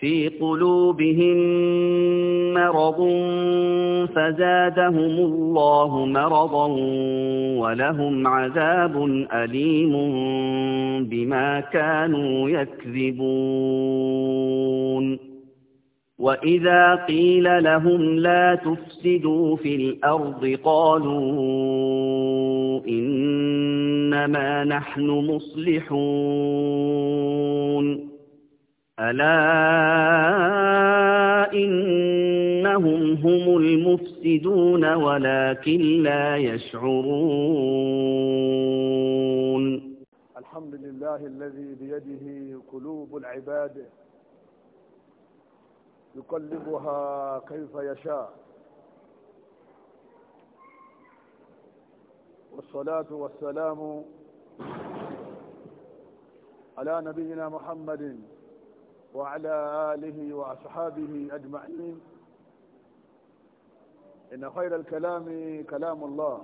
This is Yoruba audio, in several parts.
في قلوبهم مرض فزادهم الله مرضا ولهم عذاب أليم بما كانوا يكذبون وإذا قيل لهم لا تفسدوا في الأرض قالوا إنما نحن مصلحون ألا إنهم هم المفسدون ولكن لا يشعرون الحمد لله الذي بيده قلوب العباد يقلبها كيف يشاء والصلاة والسلام على نبينا محمد وعلى آله وأصحابه أجمعين إن خير الكلام كلام الله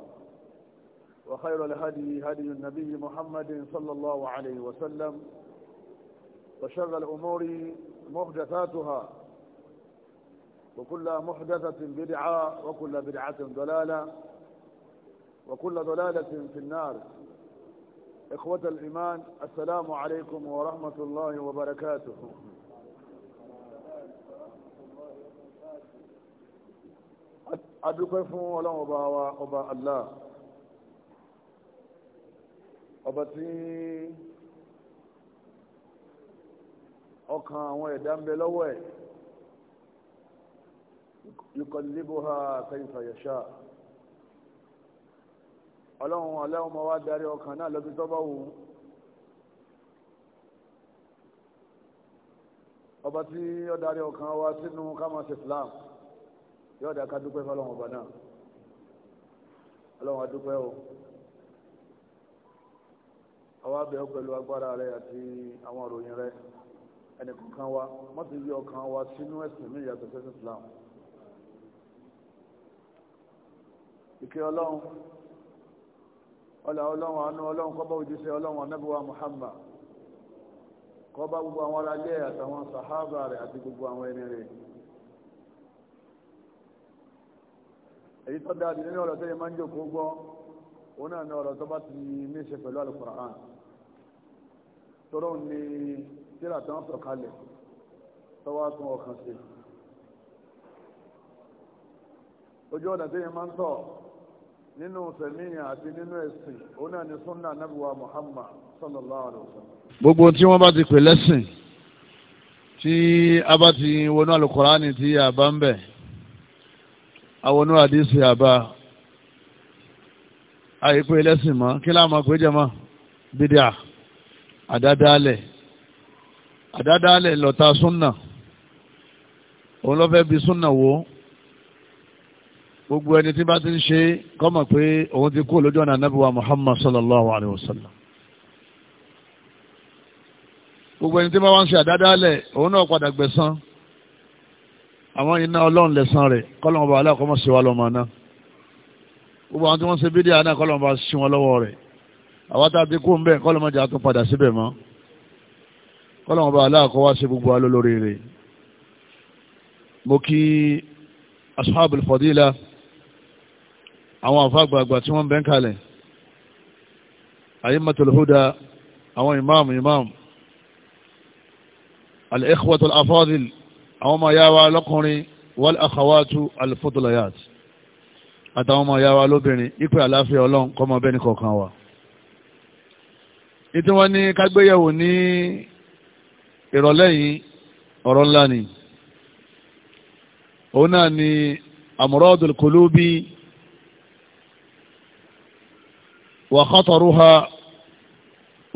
وخير الهدي هدي النبي محمد صلى الله عليه وسلم وشر الأمور محدثاتها وكل محدثة بدعة وكل بدعة ضلالة وكل ضلالة في النار إخوة الإيمان السلام عليكم ورحمة الله وبركاته adúpẹ́ fún ọlọ́run ọba wa ọba Allah ọba tí ọkàn àwọn ẹ̀dá ń bẹ lọ́wọ́ ẹ̀ yuqallibuha kayfa yasha ọlọ́run aláwọ̀ máa wá darí ọkàn náà lọ́bí tó wù ọba tí ó darí ọkàn wa sínú ká máa ṣe yóò dá ká dúpẹ́ fọlọ́run ọba náà ọlọ́run adúpẹ́ o àwa bẹ̀ ọ́ pẹ̀lú agbára rẹ àti àwọn òròyìn rẹ ẹnìkọ̀ọ̀kan wa wọ́n ti yí ọkàn wa sínú ẹ̀sìn mi ìyàtọ̀ sí Islam ìkẹ́ ọlọ́run ọlá ọlọ́run àánú ọlọ́run kọ́bá òjíṣẹ́ ọlọ́run anábíwá Muhammad kọ́bá gbogbo àwọn aráalé àtàwọn sàhábà rẹ̀ àti gbogbo àwọn ẹni rẹ̀ èyí tó dáa nínú ọ̀rọ̀ tó yẹ máa ń jò kó gbọ́ òun náà ní ọ̀rọ̀ tó bá ti ní ṣe pẹ̀lú alukur'an tọ́rọ̀ ní tíra tó ń sọ kalẹ̀ tó wá tún ọkàn sí ojú ọ̀nà tó yẹ máa ń tọ̀ nínú sẹ̀míyàn àti nínú ẹ̀sìn òun náà ní súnà nàbùwà Muhammad sallallahu alayhi wa sallam. gbogbo tí wọ́n bá ti pè lẹ́sìn tí a bá ti wọnú alukur'an tí a bá ń bẹ̀ àwọn onú àdísì àbá àìpé lẹ́sìn mọ́ kí láàmà pé jẹmọ́ bídíà àdádálẹ̀ àdádálẹ̀ lọ́ta súnnà òun lọ́fẹ́ bí súnnà wo gbogbo ẹni tí bá ti ń ṣe kọ́mọ̀ pé òun ti kú lójú ọ̀nà anábíwá Muhammad sallallahu alayhi wa sallam gbogbo ẹni tí bá wá ń ṣe àdádálẹ̀ òun náà padà gbẹ̀san àwọn iná ọlọ́run lẹ̀sán rẹ̀ kọ́lọ́mù bá aláàkọ́mọ́ sí wa lọ́mọ náà gbogbo àwọn tí wọ́n ṣe bídíà náà kọ́lọ́mù bá sí wọn lọ́wọ́ rẹ̀ àwọn tá a ti kú ń bẹ́ẹ̀ kọ́lọ́mù jà tún padà síbẹ̀ mọ́ kọ́lọ́mù bá aláàkọ́ wá sí gbogbo alólórí rẹ̀ mo kí ashabul fadila àwọn àfàgbàgbà tí wọ́n bẹ́ ń kalẹ̀ ayyimatul huda àwọn ìmáàmù ìmáàmù al àwọn ọmọ ìyá wa lọ́kùnrin wal akhawatu al-fudlayat àtàwọn ọmọ ìyá wa lóbìnrin ìpè àláfíà ọlọ́run kọ́mọ bẹ́ẹ̀ ní kọ̀ọ̀kan wa. ní tí wọ́n ní kágbéyẹ̀wò ní ìrọ̀lẹ́ yìí ọ̀rọ̀ ńlá ni òun náà ni amradul qulubi wa khataruha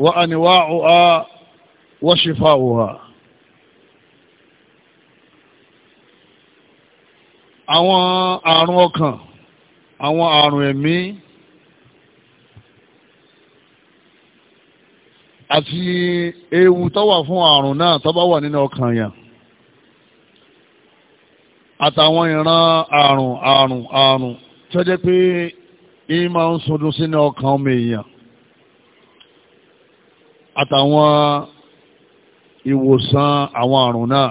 wa anwa'uha wa shifa'uha. àwọn àrùn ọkàn àwọn àrùn ẹ̀mí àti ewu tó fún àrùn náà tó wà nínú ọkàn yàn àtàwọn ìran àrùn àrùn àrùn tó jẹ́ pé yín máa ń sọdún sínú ọkàn ọmọ èèyàn àtàwọn ìwòsàn àwọn àrùn náà.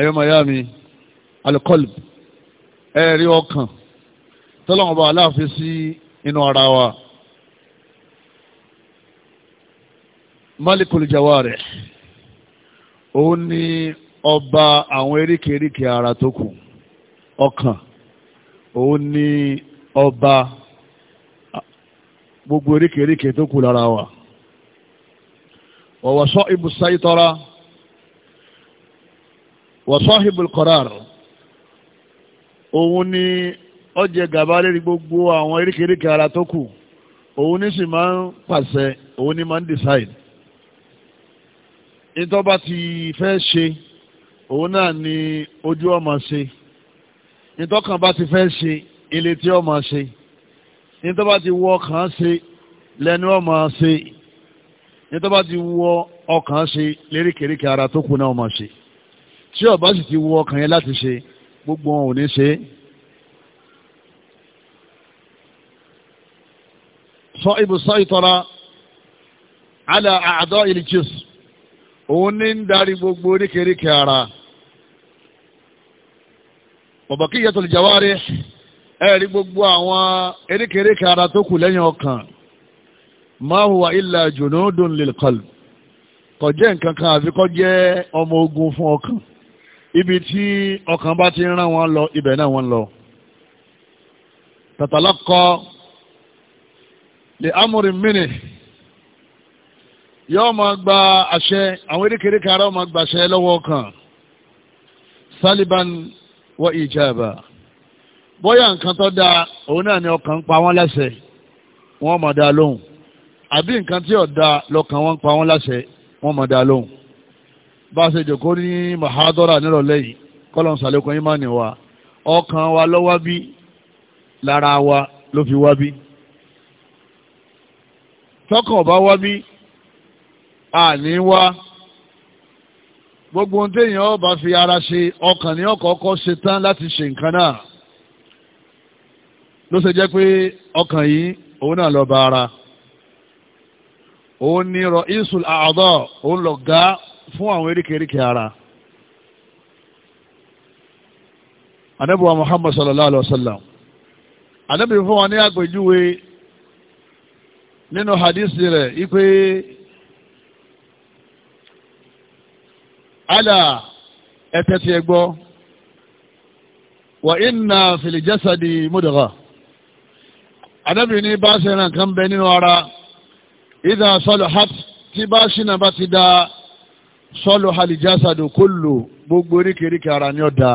ẹ̀yọ́ mayami alikọ́lù ẹ̀rí ọkàn tọ́lọ́mọba aláàfin sí inú ara wa malikul jawari òun ni ọba àwọn eríkèéríkè ara tó kù ọkàn òun ni ọba gbogbo eríkèéríkè tó kù lára wa ọ̀wọ̀sọ́ ibùsáyítọ́ra. So wa sahibul qarar òun ni ó jẹ gàba lérí gbogbo àwọn eríkèéríkèé ara tó kù òun ní sì máa ń pàṣẹ òun ní máa ń decide ìtọ́ba ti fẹ́ ṣe òun náà ni ojú ọmọ ṣe ìtọ́kàn bá ti fẹ́ ṣe ilé tí ọmọ ṣe ìtọ́ba ti wọ ọkàn ṣe lẹ́nu ọmọ ṣe ìtọ́ba ti wọ ọkàn ṣe léríkèéríkèé ara tó kù náà ọmọ ṣe tí ọba sì ti wọ ọkàn yẹn láti ṣe gbogbo wọn ò ní ṣe é. sọ ibùsọ̀ ìtọ́ra alẹ́ àádọ́ ìlìjìs òun ní ń darí gbogbo oríkèéríkèé ara bọ̀bọ̀kíyà tó lè jáwárí ẹ̀rí gbogbo àwọn eríkèéríkèé ara tó kù lẹ́yìn ọkàn ma huwa illa junudun lil qalb kò jẹ́ nǹkan kan àfi ọmọ ogun fún ọkàn ibi tí ọkàn bá ti rán wọn lọ ibẹ̀ náà wọn lọ tatalaqqa li amrin minhu yóò máa gba àṣẹ àwọn erékèrékè ara máa gba àṣẹ lọ́wọ́ kan saliban wa ijaba bóyá nǹkan tó dáa òun náà ni ọkàn ń pa wọ́n láṣẹ wọ́n máa dá lóhùn àbí nǹkan tí ò dáa lọ́kàn wọn ń pa wọ́n láṣẹ wọ́n máa dá lóhùn bá a ṣe jòkó ní mahadora nírọ̀lẹ́ yìí kọ́lọ́n sàlékún ìmánì wa ọkàn wa ló wá bí lára wa ló fi wá bí tọkàn ọba wá bí àní wá gbogbo ohun téèyàn ọba fi ara ṣe ọkàn ní ọkọ̀ọ̀kọ̀ ṣe tán láti ṣe nǹkan náà ló ṣe jẹ́ pé ọkàn yìí òun náà lọ bá ara òun ni rọ isul àádọ́ òun lọ ga fún àwọn eríkèríkè ara anabiwa muhammad sallallahu alaihi wasallam anabi fún wa ní àgbèjúwe nínú hadisi rẹ̀ ipe ala ẹtẹtì ẹgbọ wa inna fil jasadi mudgha anabi ní bá ṣe nǹkan bẹ nínú ara idha salahat tí bá ṣìnà bá ti dáa sọ́lọ̀ halijásàdò kó lò gbogbo oríkèríkè ara ní ọ̀dà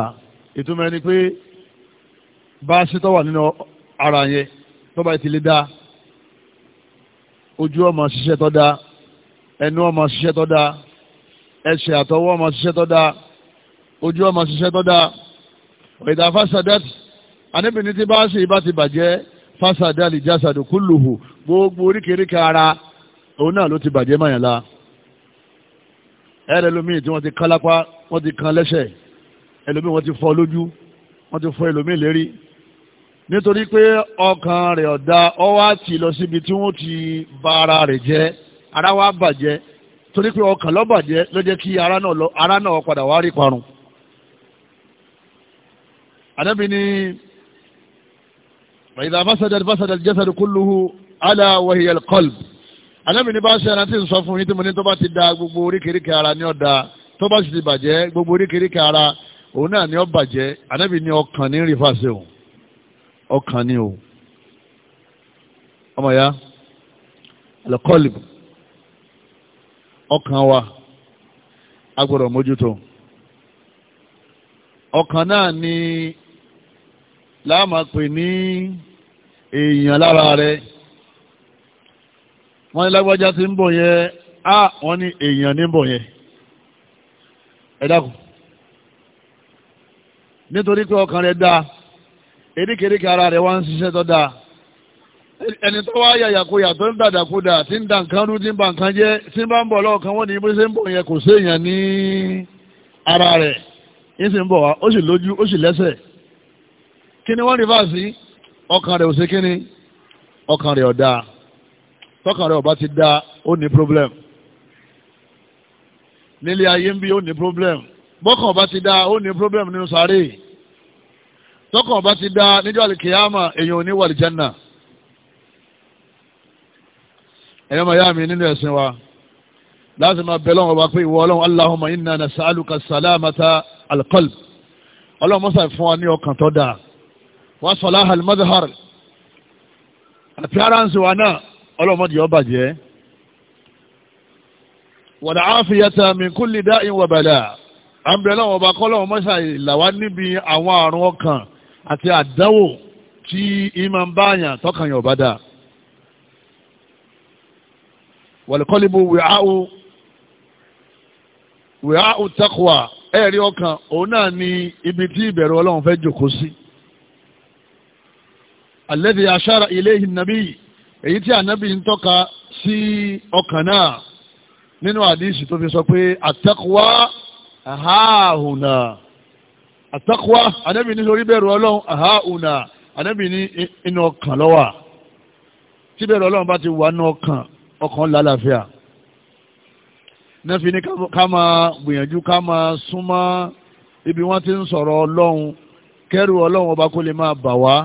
ìtumọ̀ ẹni pé bá a ṣètọ́ wà nínú ara yẹn tọ́ba ìtìlé dá ojú ọmọ ṣiṣẹ́ tọ́ da ẹnu ọmọ ṣiṣẹ́ tọ́ da ẹsẹ̀ àtọwọ́ ọmọ ṣiṣẹ́ tọ́ da ojú ọmọ ṣiṣẹ́ tọ́ da ọ̀yẹ̀dà fásádàt anábìnrin tí bá ṣe ibà ti bàjẹ́ fásádàlì jásàdò kúlùhù gbogbo oríkèríkè ara òun náà ló ti bàjẹ́ mọ̀yànlá ẹ̀rẹ̀ ẹlòmíì tí wọ́n ti kán lápá wọ́n ti kán lẹ́sẹ̀ ẹlòmíì wọ́n ti fọ́ lójú wọ́n ti fọ́ ẹlòmíì lérí nítorí pé ọkàn rẹ̀ ọ̀dà ọwọ́ àti lọ tí wọ́n ti bà ara rẹ̀ jẹ́ ara wa bàjẹ́ torí pé ọkàn ló bàjẹ́ ló jẹ́ kí ara náà padà wá rí parun. ànábì ni ìdá fásitì fásitì al-jasad kulluhu ala wa hiya anábì ní bá ṣe ẹran tí ń sọ fún yín tí mo ní tó bá ti da gbogbo oríkèéríkèé ara ní ọ̀dà tó bá sì ti bàjẹ́ gbogbo oríkèéríkèé ara òun náà ní ó bàjẹ́ anábì ní ọkàn ní rí fàṣẹ o ọkàn ní o ọmọ ya alẹ́kọ́ọ̀lì ọkàn wa a gbọ́dọ̀ mójútó ọkàn náà ni láàmà pè ní èèyàn lára rẹ̀ wọ́n ní lágbájá tí ń bọ̀ yẹn á wọ́n ní èèyàn ní bọ̀ yẹn ẹ dákun nítorí pé ọkàn rẹ̀ dáa ara rẹ̀ wá ń ṣiṣẹ́ tó dáa ẹni tó wá yàyàkóyà tó ń dàdàkúdà tí ń da nǹkan rú tí ń ba nǹkan jẹ́ tí ń bá ń bọ̀ lọ́ọ̀kan wọ́n ní ibi ń bọ̀ yẹn kò ní ara rẹ̀ sì ń bọ̀ wá ó sì lójú ó sì lẹ́sẹ̀ kí ni wọ́n rí fáàsì ọkàn rẹ̀ ò ṣe kí ni ọkàn rẹ̀ dáa. tọkàn rẹ ọba ti da ó ní problem nílé ayé ń bí ó ní problem bọ́kàn ọba ti da ó ní problem nínú sáré tọkàn ọba ti da níjọ́ àlìkèyàmà èèyàn ò ní wà lìjánà ẹ̀yọ́ màá yá mi nínú ẹ̀sìn wa láti máa bẹ̀ lọ́wọ́ ọba pé ìwọ ọlọ́run Allahumma inna nas'aluka salamata alqalb ọlọ́run mọ́sàá fún wa ní ọkàn tó dáa wa salaha almadhar appearance wa náà ọlọ́mọdé ọba jẹ́ wàdà áfíyàtà mi kú lè dá ìwà bàlá àbẹ̀lẹ̀ ọba kọ́lọ́wọ́ mọ́ṣà ìlàwá níbi àwọn àrùn ọkàn àti àdánwò tí ìmọ̀ ń bá yàn tọ́kàn yàn ọba dà wàlùkọ́líbù wìháù wìháù taqwa ẹ̀rí ọkàn òun náà ni ibi tí ìbẹ̀rù ọlọ́run fẹ́ jòkó sí alladhi ashara ilayhi an-nabi yìí èyí tí ànábì ń tọ́ka sí ọkàn náà nínú àdísì tó fi sọ pé àtẹ́kùwá àháhùnà àtẹ́kùwá ànábì ní sórí bẹ̀rù ọlọ́run àháhùnà ànábì ní inú ọkàn lọ́wà tí bẹ̀rù ọlọ́run bá ti wà ní ọkàn ọkàn lálàáfíà náà ní ká máa gbìyànjú ká máa súnmọ́ ibi wọ́n ti ń sọ̀rọ̀ ọlọ́run kẹ́rù ọlọ́run ọba kó lè máa bà wá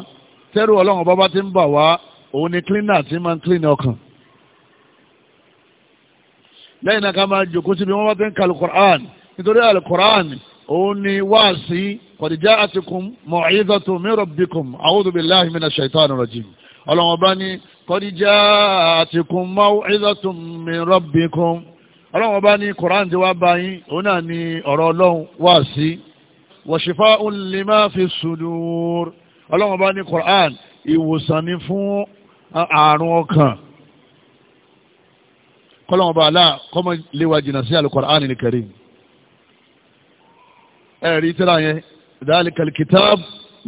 kẹ́rù ọlọ́run ọba bá ti ń bà wá òun ni cleaner ti máa ń clean ọkàn lẹ́yìn náà ká máa jòkó síbi wọ́n bá ti ń ka alukur'an nítorí alukur'an òun ni wáàsí kọ̀díjá àtikùn mọ̀ọ́yídọ́tò min rabbikum a'udhu billahi minash shaitani rajim ọlọ́wọ́n bá ní kọ̀díjá àtikùn mọ̀ọ́yídọ́tò min rabbikum ọlọ́wọ́n bá ní kur'an ti wá báyìí òun náà ni ọ̀rọ̀ ọlọ́run wáàsí wa shifa'un lima kur'an ìwòsàn ni fún àrùn ọkàn kọ́lọ́mọba alá kọ́mọ léwa jìnnà sí al-Qur'an al-Karim ẹ̀rí tíra yẹn dhalika al-kitab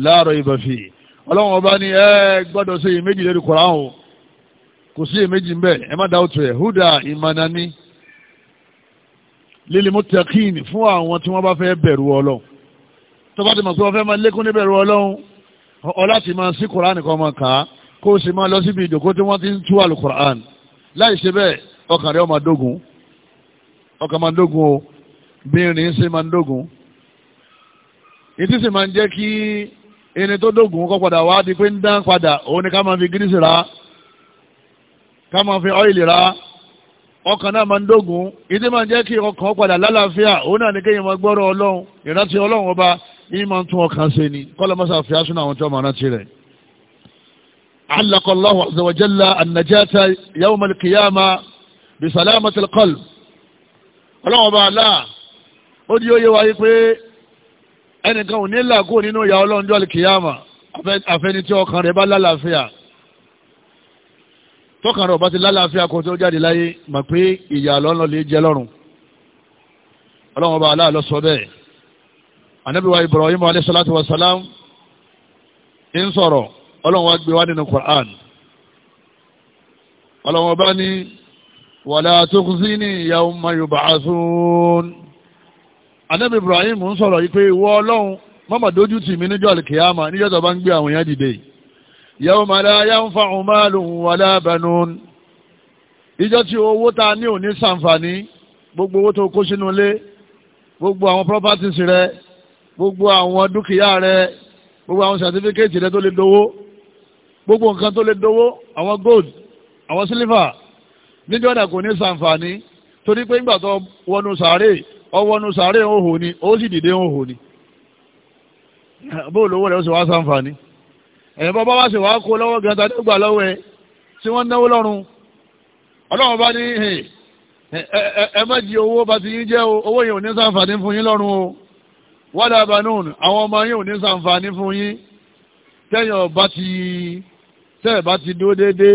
la rayba fihi ọlọ́mọba ni ẹ gbọ́dọ̀ sí iyèméjì lórí Qur'an o kò sí iyèméjì ń bẹ ẹ má dá òtún ẹ̀ húdà ìmànání lílì muttaqin fún àwọn tí wọ́n bá fẹ́ bẹ̀rù ọlọ́run tó ti mọ̀ pé wọ́n fẹ́ máa lékún níbẹ̀rù ọlọ́run ọlá ti máa sí Qur'an nìkan kó o sì máa lọ síbi ìjòkó tí wọ́n ti ń tú alukur'an láì ṣe bẹ́ẹ̀ ọkàn rẹ̀ ó máa dógùn ọkàn máa dógùn o bí irin ṣe máa dógùn ìtí sì máa ń jẹ́ kí irin tó dógùn kọ́ padà wá di pé ń dán padà òun ni ká máa fi gírísì ra ká máa fi ọ́ìlì ra ọkàn náà máa ń ìdí máa ń jẹ́ kí ọkàn padà lálàáfíà òun náà ní kéèyàn máa gbọ́rọ̀ ọlọ́run ìrántí ọlọ́run ọba yìí máa ń tún ọkàn ṣe ni kọ́lọ́mọ́sà fi asúnà àwọn tí wọ́n máa rántí rẹ̀. علق الله عز وجل النجاة يوم القيامة بسلامة القلب ọlọ́wọ́ bá aláà ó di óyé wáyé pé ẹnìkan ò ní làkó nínú ìyá ọlọ́run jọ́ alìkìyàmà àfẹni tí ọkàn rẹ̀ bá lálàáfíà tọkàn rẹ̀ bá ti lálàáfíà kó tó jáde láyé mà pé ìyá ọlọ́run lè jẹ lọ́rùn ọlọ́wọ́ bá aláà lọ sọ bẹ́ẹ̀ anábìwá Ibrahim alayhi salatu wa salam ń sọ̀rọ̀ ọlọ́run wá gbé wá nínú Qur'an ọlọ́run ọba ní wàlá tukhzini yawma yub'athun anábì Ibrahim ń sọ̀rọ̀ yìí pé ìwọ ọlọ́run mọ́mọ́ dojú tì mí níjọ́ àlùkìyàmà níjọ́ tó bá ń gbé àwọn èèyàn dìde yawma la yanfa'u malun wala banun ìjọ tí owó tá ní òní ṣàǹfààní gbogbo owó tó kó sínú ilé gbogbo àwọn properties rẹ gbogbo àwọn dúkìá rẹ gbogbo àwọn certificate rẹ tó lè dowó gbogbo nǹkan tó lè dowó àwọn gold àwọn silver níjọ́ náà kò ní sàǹfààní torí pé nígbà tó wọnú sàárè ọwọ́nú sàárè òhò ni ó sì dìde òhò ni bóòlù owó rẹ̀ ó sì wá sàǹfààní ẹ̀yìn bọ́ bá wá sí wá kó lọ́wọ́ gan tàbí gbà lọ́wọ́ ẹ tí wọ́n náwó lọ́rùn ọlọ́run bá ní ẹ má jí owó bá ti yín jẹ́ owó yìí ò ní sàǹfààní fún yín lọ́rùn o wádà banun àwọn ọmọ yìí ò ní sàǹfààní fún yín tẹ́yìn ọba ti tẹ́ ẹ̀ bá ti dúró déédéé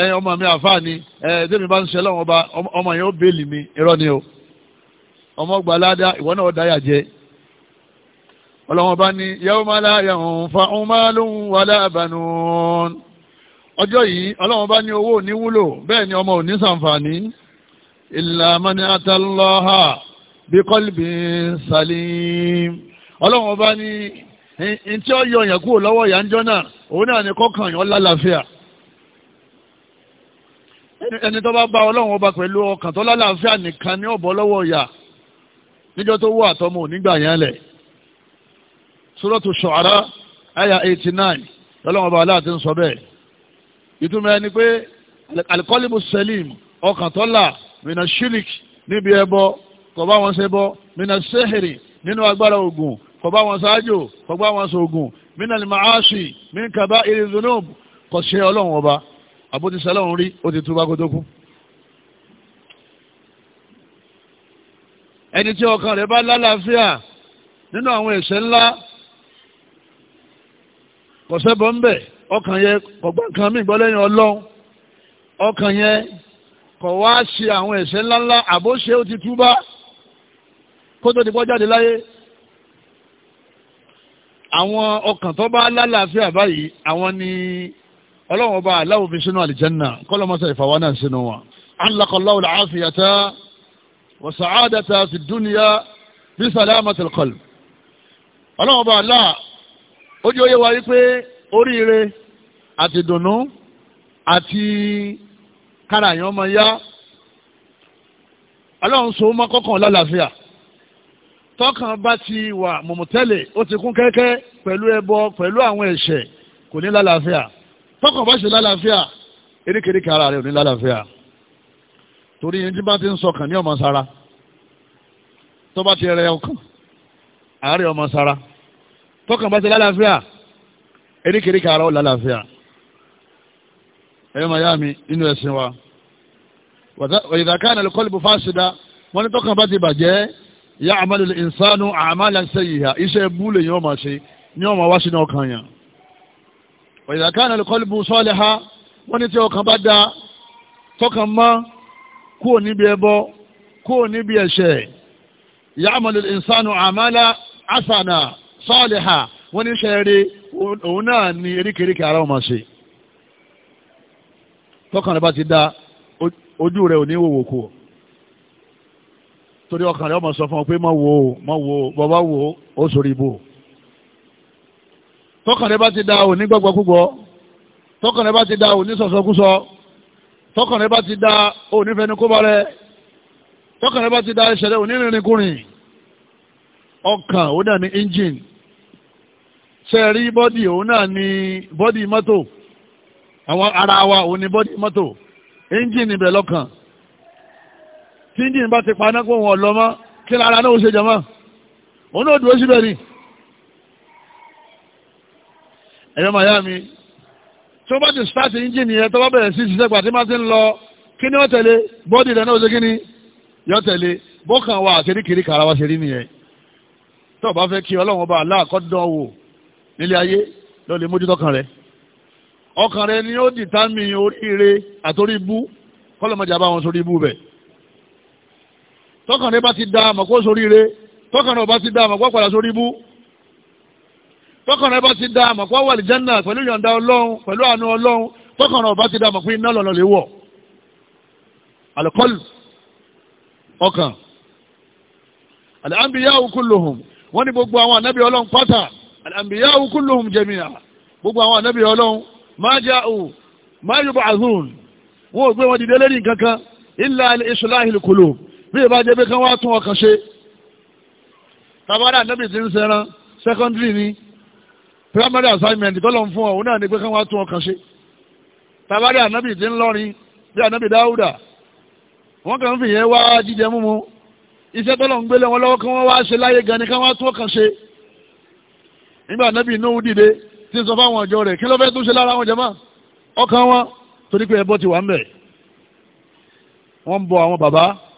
ẹ ọmọ mi àfáà ni ẹ tẹ́mi bá ń ṣe lọ́wọ́ ọba ọmọ yẹn ó béèlì mi irọ́ ni o ọmọ gba ládá ìwọ náà dáyà jẹ ọlọ́wọ́n bá ní yẹ́wọ́ máa láyà ń fa ohun máa lóhun wà láàbànú ọjọ́ yìí ọlọ́wọ́n bá ní owó òní wúlò bẹ́ẹ̀ ni ọmọ òní sàǹfààní ìlàmọ́ni àtàlọ́hà bí kọ́lìbì sàlìm ọlọ́wọ́n bá ní ntí ọyọ yẹn kúrò lọ́wọ́ yànjọ́ náà òun náà ni kọ́kàn yàn lálàáfíà ẹni tó bá bá ọlọ́run ọba pẹ̀lú ọkàn tó lálàáfíà nìkan ní ọ̀bọ lọ́wọ́ ìyà níjọ́ tó wà tọmọ onígbà yẹn lẹ̀ Suratu Shu'ara àyà 89 lọ́lọ́run ọba aláàtí ń sọ bẹ́ẹ̀ ìtumọ̀ ẹni pé alikọ́límù sẹ́lìm ọkàn tó là mina shirik níbi ẹbọ kọ̀ bá wọn ṣe bọ́ mina sehiri nínú agbára ogun kò bá wọn ṣáájò kò bá wọn ṣoògùn minal ma'asi min kaba'iri dhunub kò ṣe ọlọ́run ọba àbótisẹ́ ọlọ́run rí ó ti túbá kótó kú. ẹni tí ọkàn rẹ̀ bá lálàáfíà nínú àwọn ẹ̀ṣẹ̀ ńlá kò sẹ́bọ̀ ń bẹ̀ ọkàn yẹn kò gbọ́ mí gbọ́ ọlọ́run ọkàn yẹn kò wá ṣe àwọn ẹ̀ṣẹ̀ ńláńlá àbóṣe ó ti túbá kótó ti bọ́ jáde láyé àwọn ọkàn tó bá lálàáfíà báyìí àwọn ni ọlọ́run ọba aláwọ̀ fi sínú àlìjẹ́nà kọ́lọ́mọ́sá ìfàwọ́ náà sínú wọn. alákọ̀ọ́láwọ̀ láàfíàtà wàsàádàtà fi dúnìyà bí sàlámàtì kọlù. ọlọ́run ọba aláà ojú oyé wa wípé oríire àti dùnnú àti kára àyàn ọmọ yá ọlọ́run so mọ́ kọ́kàn lálàáfíà tọ́kàn bá ti wà mọ̀mọ̀tẹ́lẹ̀ ó ti kún kẹ́kẹ́ pẹ̀lú ẹbọ pẹ̀lú àwọn ẹ̀ṣẹ̀ kò ní lálàáfíà tọ́kàn bá ṣe lálàáfíà eríkèéríkèé ara rẹ̀ ò ní lálàáfíà torí yẹn tí bá ti ń sọkàn ní ọmọ sára tó bá ti rẹ ọkàn àárẹ̀ ọmọ sára tọ́kàn bá ṣe lálàáfíà eríkèéríkèé ara ó lálàáfíà ẹ̀yọ́ màyá mi inú ẹ̀sìn wa òyìnbá káyọ̀ lọ́kọ́lù bó fásidá wọ́n ní tọ́kàn bá ti bàjẹ́ ya àmàlẹ̀ ìsánú àmàlẹ̀ sẹ́yìhà iṣẹ́ búlẹ̀ yóò máa ṣe ní ọmọ wá sínú ọkàn yàn ọ̀yàkánà lẹ́kọ́lùbù sọ́ọ̀lẹ̀ ha wọ́n ní tí ọkàn bá da tọkàn mọ́ kúrò níbi ẹbọ kúrò níbi ẹ̀ṣẹ̀ ya àmàlẹ̀ ìsánú àmàlẹ̀ àsànà sọ́ọ̀lẹ̀ ha wọ́n ní sẹ́ẹ̀rẹ́ òun náà ní eríkèríkè ara ọmọ ṣe tọkàn rẹ̀ bá ti da ojú rẹ̀ ò ní wòwò kúrò torí ọkàn rẹ̀ ọmọ sọ fún ọ pé má wo má wo bàbá wo ó sórí ibò tọkàn rẹ̀ bá ti da ò ní gbọ́gbọ́kúgbọ́ tọkàn rẹ̀ bá ti da ò ní sọ̀sọ̀kúsọ tọkàn rẹ̀ bá ti da ò ní tọkàn rẹ̀ bá ti da ẹsẹ̀ rẹ̀ ò ọkàn òun náà ní engine ṣe rí bọ́dì òun náà ní bọ́dì mọ́tò àwọn ara wa òun ní bọ́dì mọ́tò engine ibẹ̀ lọ́kàn tí ń dìbò ti paná kó wọn lọ mọ́ kí lára náà ó ṣe jẹ òun náà dúró síbẹ̀ ni. ẹ̀yọ́ màyá mi tí wọ́n bá ti start engine yẹn tó bá bẹ̀rẹ̀ sí ṣiṣẹ́ pàtí máa ti ń lọ kí ni wọ́n tẹ̀lé bọ́ọ̀dì rẹ̀ náà ó ṣe kí ni yọ tẹ̀lé bọ́ọ̀kan wa àṣeríkiri kàrà wa ṣe rí nìyẹn tó o bá fẹ́ kí ọlọ́run ọba aláàkọ́dán wò nílé ayé lọ lè mójútó kan rẹ̀ ọkàn rẹ̀ ni ó dìtámì oríire àtorí kọ́lọ́mọjà bá wọn sórí ibú bẹ́ẹ̀ tọ́kàn rẹ bá ti da àmọ̀kó sórí rẹ tọ́kàn rẹ bá ti da àmọ̀kó padà sórí bú tọ́kàn rẹ bá ti da àmọ̀kó wà lè jẹ́nà pẹ̀lú ìyọ̀ǹda ọlọ́run pẹ̀lú àánú ọlọ́run tọ́kàn rẹ ti da àmọ̀kó iná lọ́nà lè wọ̀ alikọ́lù ọkàn alàmbíyáwó kúlùhùn wọ́n ní gbogbo àwọn ànábì ọlọ́run pátá alàmbíyáwó kúlùhùn jẹ̀míà gbogbo àwọn ànábì ọlọ́run máa já ò máa yóò bá àzùn wọn ò gbé wọn dìde lẹ́yìn kankan ilà ìṣúláhìl kúlùhùn bí ìbá jẹ́ pé kán wá tún ọkàn ṣe tàbádà nẹ́bì ti ń sẹ́ran secondary ni primary assignment tọ́lọ̀ ń fún ọ̀hún náà ni pé kán wá tún ọkàn ṣe tàbádà nẹ́bì ti ń lọ́rin bí ànẹ́bì dáúdà wọ́n kàn fi yẹn wá jíjẹ múmu iṣẹ́ tọ́lọ̀ ń gbélé wọn lọ́wọ́ kí wá ṣe láyé gan ni kán wá tún ọkàn ṣe nígbà nẹ́bì inú dìde tí ń sọ fáwọn ọjọ́ rẹ̀ kí ló fẹ́ tún ṣe lára wọn jẹ́ máa ọkàn wọn torí pé ẹbọ ti wà ń bẹ̀ wọ́n ń bọ àwọn bàbá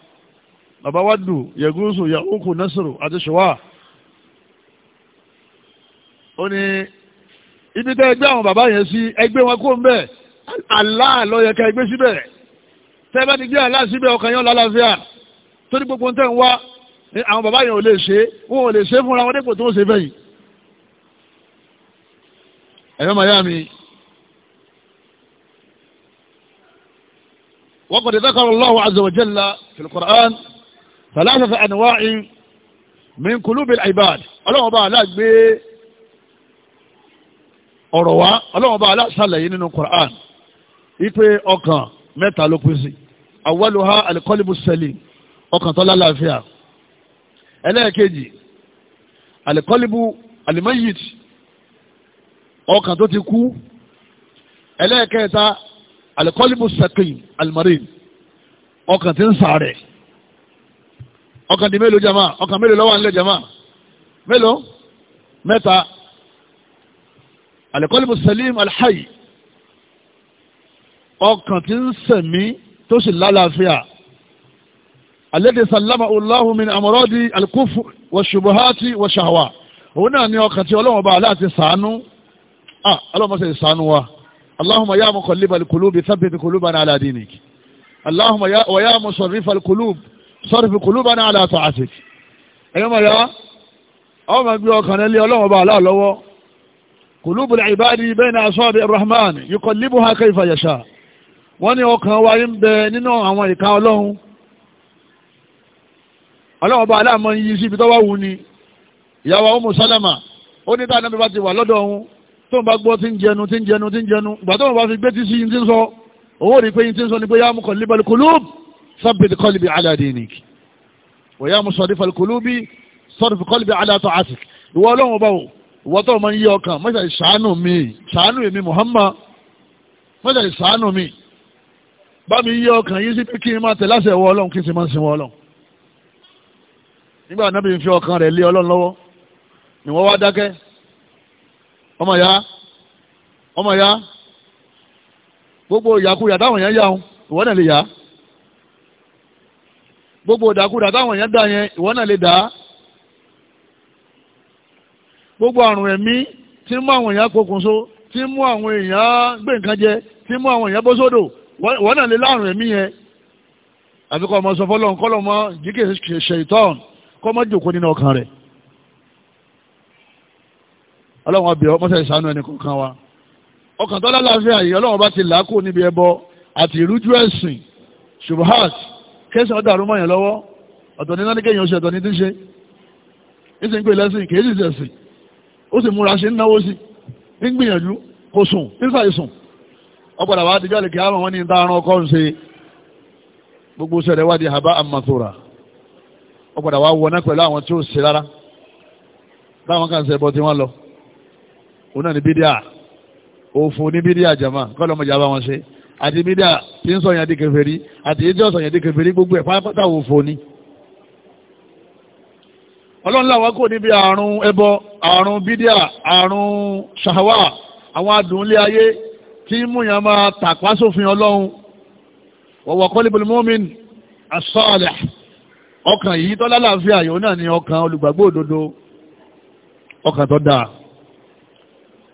bàbá wádùú yẹgúsù yàhókù násìrò àti ṣùwà ó ní ibi tẹ́ ẹgbẹ́ àwọn bàbá yẹn sí ẹgbẹ́ wọn kó ń bẹ̀ Allah ló yẹ ká ẹgbẹ́ síbẹ̀ tẹ́ bá ti gbé Allah síbẹ̀ ọkàn yẹn lálàáfíà torí gbogbo ń tẹ̀ ń wá àwọn bàbá yẹn ò lè ṣe wọn ò lè ṣe fúnra wọn dépò tó ń ṣe bẹ́yìí ẹ̀yọ́ miami wọ́n kò dé dákàrọ̀ Allahu azza wa jalla sàlásàsà àníwáì min kulubil ibad ọlọ́run ọba àlá gbé ọ̀rọ̀ wá ọlọ́run ọba àlá sàlàyé nínú Qur'an ipe ọkàn mẹ́ta ló pín sí awwaluha alikọ́líbù salim ọkàn tó lálàáfíà ẹlẹ́ẹ̀kejì alikọ́líbù alimayit ọkàn tó ti kú ẹlẹ́ẹ̀kẹta alikọ́líbù sakin alimarin ọkàn tí ń ṣàárẹ̀ ọkàn di mélòó jama ọkàn mélòó lọ́wọ́ nílẹ̀ jama mélòó mẹ́ta alikọ́lùmù salim alhayi ọkàn tí ń sẹ̀mí tó sì lálàáfíà alẹ́dẹ̀ sàlámà Allahu min àmọ́rọ́dì alkufu wàṣubuhati wàṣàwà òun náà ni ọkàn tí ọlọ́wọ́n bá aláàtì sànú ah ọlọ́wọ́n sẹ̀ sànú wa allahumma ya muqallibal qulubi thabbit qulubana ala dinik allahumma ya wa ya musarrifal qulub sọ́rọ̀fì kùlúbánà aláàtọ̀ àti ẹ̀yọ́ mọ̀ yá ọmọ gbé ọkàn nílé ọlọ́wọ́ bá aláà lọ́wọ́ kùlúbù ìbádi bẹ́ẹ̀ni asọ́bì rahman yíkọ̀ líbù ha kẹ́ ìfàyàṣà wọ́n ní ọkàn wa ń bẹ nínú àwọn ìka ọlọ́run ọlọ́wọ́ bá aláà mọ́ yí sí ibi tó wá wù ni ìyàwó ọmọ sálámà ó ní táwọn ẹbí bá ti wà lọ́dọ̀ ثبت قلبي على دينك ويا مصرف القلوب صرف قلبي على طاعتك ìwọ ọlọ́run ọba o ìwọ tó máa ń yí ọkàn mọ́ṣá ìṣàánú mi ṣàánú èmi Muhammad mọ́ṣá ìṣàánú mi bá mi yí ọkàn yí sí pé kí n máa tẹ̀ láṣẹ ìwọ ọlọ́run kí n sì máa ń sin ìwọ ọlọ́run nígbà náà bí n fi ọkàn rẹ̀ lé ọlọ́run lọ́wọ́ ni wọ́n wá dákẹ́ ọmọ ya ọmọ ya gbogbo ìyàkuyà táwọn yẹn yà ń ìwọ náà lè yà á gbogbo ìdàkúdà táwọn èèyàn dà yẹn ìwọ náà lè dà á gbogbo àrùn ẹ̀mí tí ń mú àwọn èèyàn pokùnso tí ń mú àwọn èèyàn gbé nǹkan jẹ tí ń mú àwọn èèyàn bó sódò ìwọ náà lè láàrùn ẹ̀mí yẹn àfikọ́ ọmọ sọ fọlọ́n kọ́ lọ́mọ jíkè ṣèitán kọ́ mọ́ jòkó nínú ọkàn rẹ̀ ọlọ́run ọbẹ̀ ọmọọṣẹ́ ìṣàánú ẹni kọ̀ọ̀kan wa ọkàn tó lálàáfíà yìí ọlọ́run bá ti làákò níbi ẹbọ àti ìrújú ẹ̀sìn ṣubuhat kẹsàn ọdọ àrùn mọyàn lọwọ ọ̀tọ̀ ní náníkẹ yẹn oṣù ọ̀tọ̀ ní tí ń ṣe ń si ń pè lẹ́sìn kì í sì sẹsìn ó sì múra ṣe ń náwó sí ń gbìyànjú kò sùn ń ọgbàdà wa àtijọ́ àlèkè àwọn ọkọ ń ṣe gbogbo sẹ̀rẹ̀ wá di haba amatora ọgbàdà wa wọná pẹ̀lú àwọn tí ó ṣe rárá báwọn kan ṣe tí lọ òun náà ní bídíà àti bídà tí ń sọ̀yàn di kèfèrí àti èyí tí ọ̀sọ̀yàn di kèfèrí gbogbo ẹ̀ pátá òfò ni. ọlọ́run làwọn kò níbi àrùn ẹbọ àrùn bídà àrùn ṣàwà àwọn adùnlé ayé tí múyàn máa tàpá sófin ọlọ́run wọ̀wọ̀ kọ́líbùl mọ́mìn as ọkàn yìí tọ́lá láàfíà yòó náà ni ọkàn olùgbàgbọ́ òdodo ọkàn tó dáa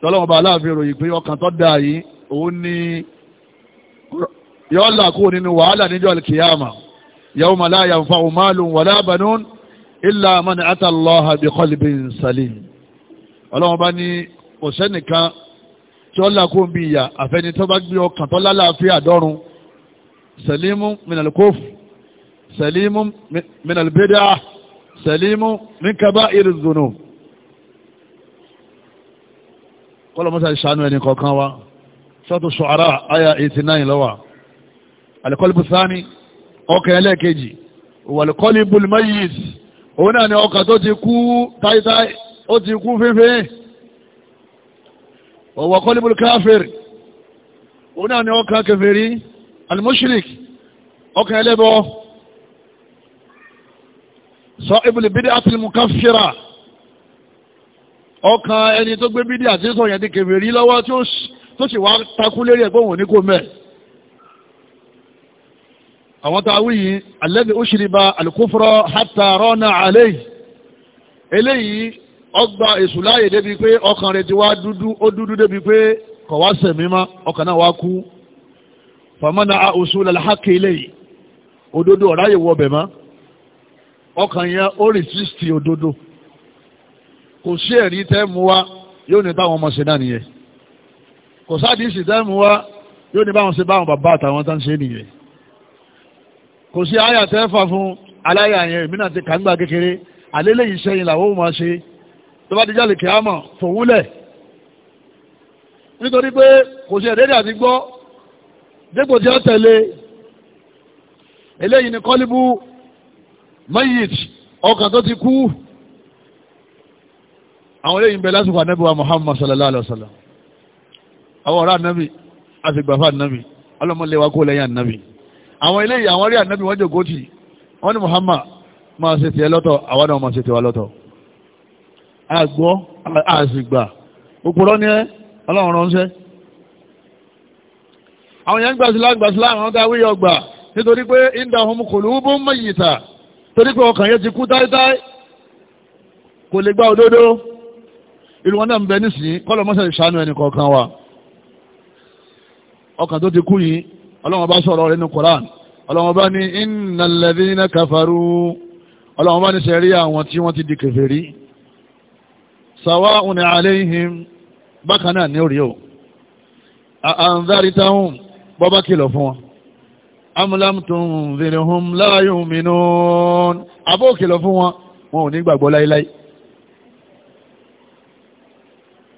tọ́lọ́wọ́n bá aláàfin ròyìn pé yọ́ là kúrò nínú wàhálà níjọ́ alkiyama yawma la yanfa'u malun wala banun illa man ata Allaha bi qalbin salim ọlọ́run bá ní òṣẹ́nìkan tí ó là kúrò bí ìyà àfẹ́ni tó bá gbé ọkàn tó lálàáfíà dọ́run salimu minal kuf salimu minal bid'ah salimu min kaba'iri dhunub kọ́lọ́mọ́sá ẹni kọ̀ọ̀kan wa sọ́tù Shu'ara àyà 89 lọ́wọ́ alikọ́líbù sáni ọkàn ẹlẹ́ẹ̀kejì wàlùkọ́líbù mayis òun náà ni ọkàn tó ti kú táítáí ó ti kú fífẹ́ wàlùkọ́líbù káfíìrì òun náà ni ọkàn kẹfẹ́rí alimushrik ọkàn ẹlẹ́bọ sọ ibùlì bídí àti mukafira ọkàn ẹni tó gbé bídí àti sọ yẹn di kẹfẹ́rí lọ́wọ́ tó sì wá takú lérí ẹ̀gbọ́n òní kò mẹ́ẹ̀ àwọn tó awí yìí alẹ́bí ó ṣìrìbà alkufra hatta rọ́nà àlẹ́ eléyìí ọgbà èṣù láàyè débi pé ọkàn rẹ̀ ti wá dúdú ó dúdú débi pé kọ̀ wá sẹ̀mí má ọkàn náà wá kú fàmọ́nà usul al eléyìí òdodo ọ̀ráyè wọ bẹ̀ ọkàn yẹn ó rìsísítì òdodo kò sí ẹ̀rí tẹ́ mu wá yóò ní táwọn ọmọ ṣe náà nìyẹn kò sáà dì tẹ́ mu wá yóò ní báwọn ṣe báwọn bàbá àtàwọn tá ń ṣe nìyẹn kò sí àyà tẹ́ fà fún aláyà yẹn èmi náà ti kà ń gbà kékeré àlélẹ́ yìí sẹ́yìn làwọn ò máa ṣe tó bá ti jáde kíámà fòwúlẹ̀ nítorí pé kò sí ẹ̀dẹ́dẹ́ àti gbọ́ dépò tí ó tẹ̀lé eléyìí ni kọ́líbù mayit ọkàn tó ti kú àwọn eléyìí ń bẹ lásìkò ànábì wa Muhammad sallallahu alaihi wa sallam àwọn ọ̀rá ànábì àti gbàfà ànábì ọlọ́mọlẹ́wà kó lẹ́yìn ànábì àwọn eléyìí àwọn rí ànábì wọ́n jòkó tì wọ́n ní Muhammad máa ṣe tiẹ̀ lọ́tọ̀ àwọn náà máa ṣe tiwa lọ́tọ̀ àgbọ́ àṣìgbà òpòrọ́ ni ẹ́ ọlọ́run ránṣẹ́ àwọn yẹn gbàsílá gbàsílá àwọn tá a wíyọ gbà nítorí pé indahum qulubun mayyita torí pé ọkàn yẹn ti kú táítáí kò lè gba òdodo ìlú wọn náà ń bẹ nísìnyí kọ́lọ̀ ìṣàánú ẹnì kọ̀ọ̀kan wa ọkàn tó ti kú yìí ọlọ́wọ́n bá sọ̀rọ̀ rẹ̀ ní Koran ọlọ́wọ́n bá ní innal ladhina kafaru ọlọ́wọ́n bá ní sẹ́rí àwọn tí wọ́n ti di kèfèrí sawa'un alayhim bákan náà ní orí o àǹdáritahun bọ́bá kìlọ̀ fún wọn am lam tunzirhum la yu'minun abó kìlọ̀ fún wọn wọn ò ní gbàgbọ́ láíláí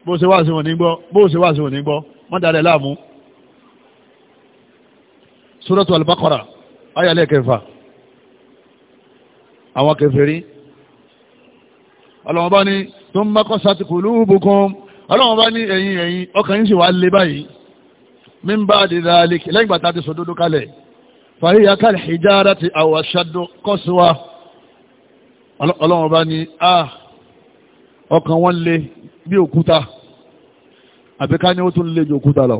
bó ṣe wá sí wọn ní gbọ́ bó ṣe wá sí wọn ní gbọ́ wọ́n láàmú suratu al-Baqara ayàlẹ́ kẹfà àwọn kèfèrí ọlọ́wọ́n bá ní thumma qasat qulubukum ọlọ́wọ́n bá ní ẹ̀yìn ẹ̀yìn ọkàn yín sì wá lé báyìí min ba'di dhalik lẹ́yìn gbàtà ti sòdodo kalẹ̀ fahiya kal-hijarati aw ashaddu qaswa ọlọ́wọ́n bá ní a ọkàn wọn lé bí òkúta àbíká ni ó tún lé ju òkúta lọ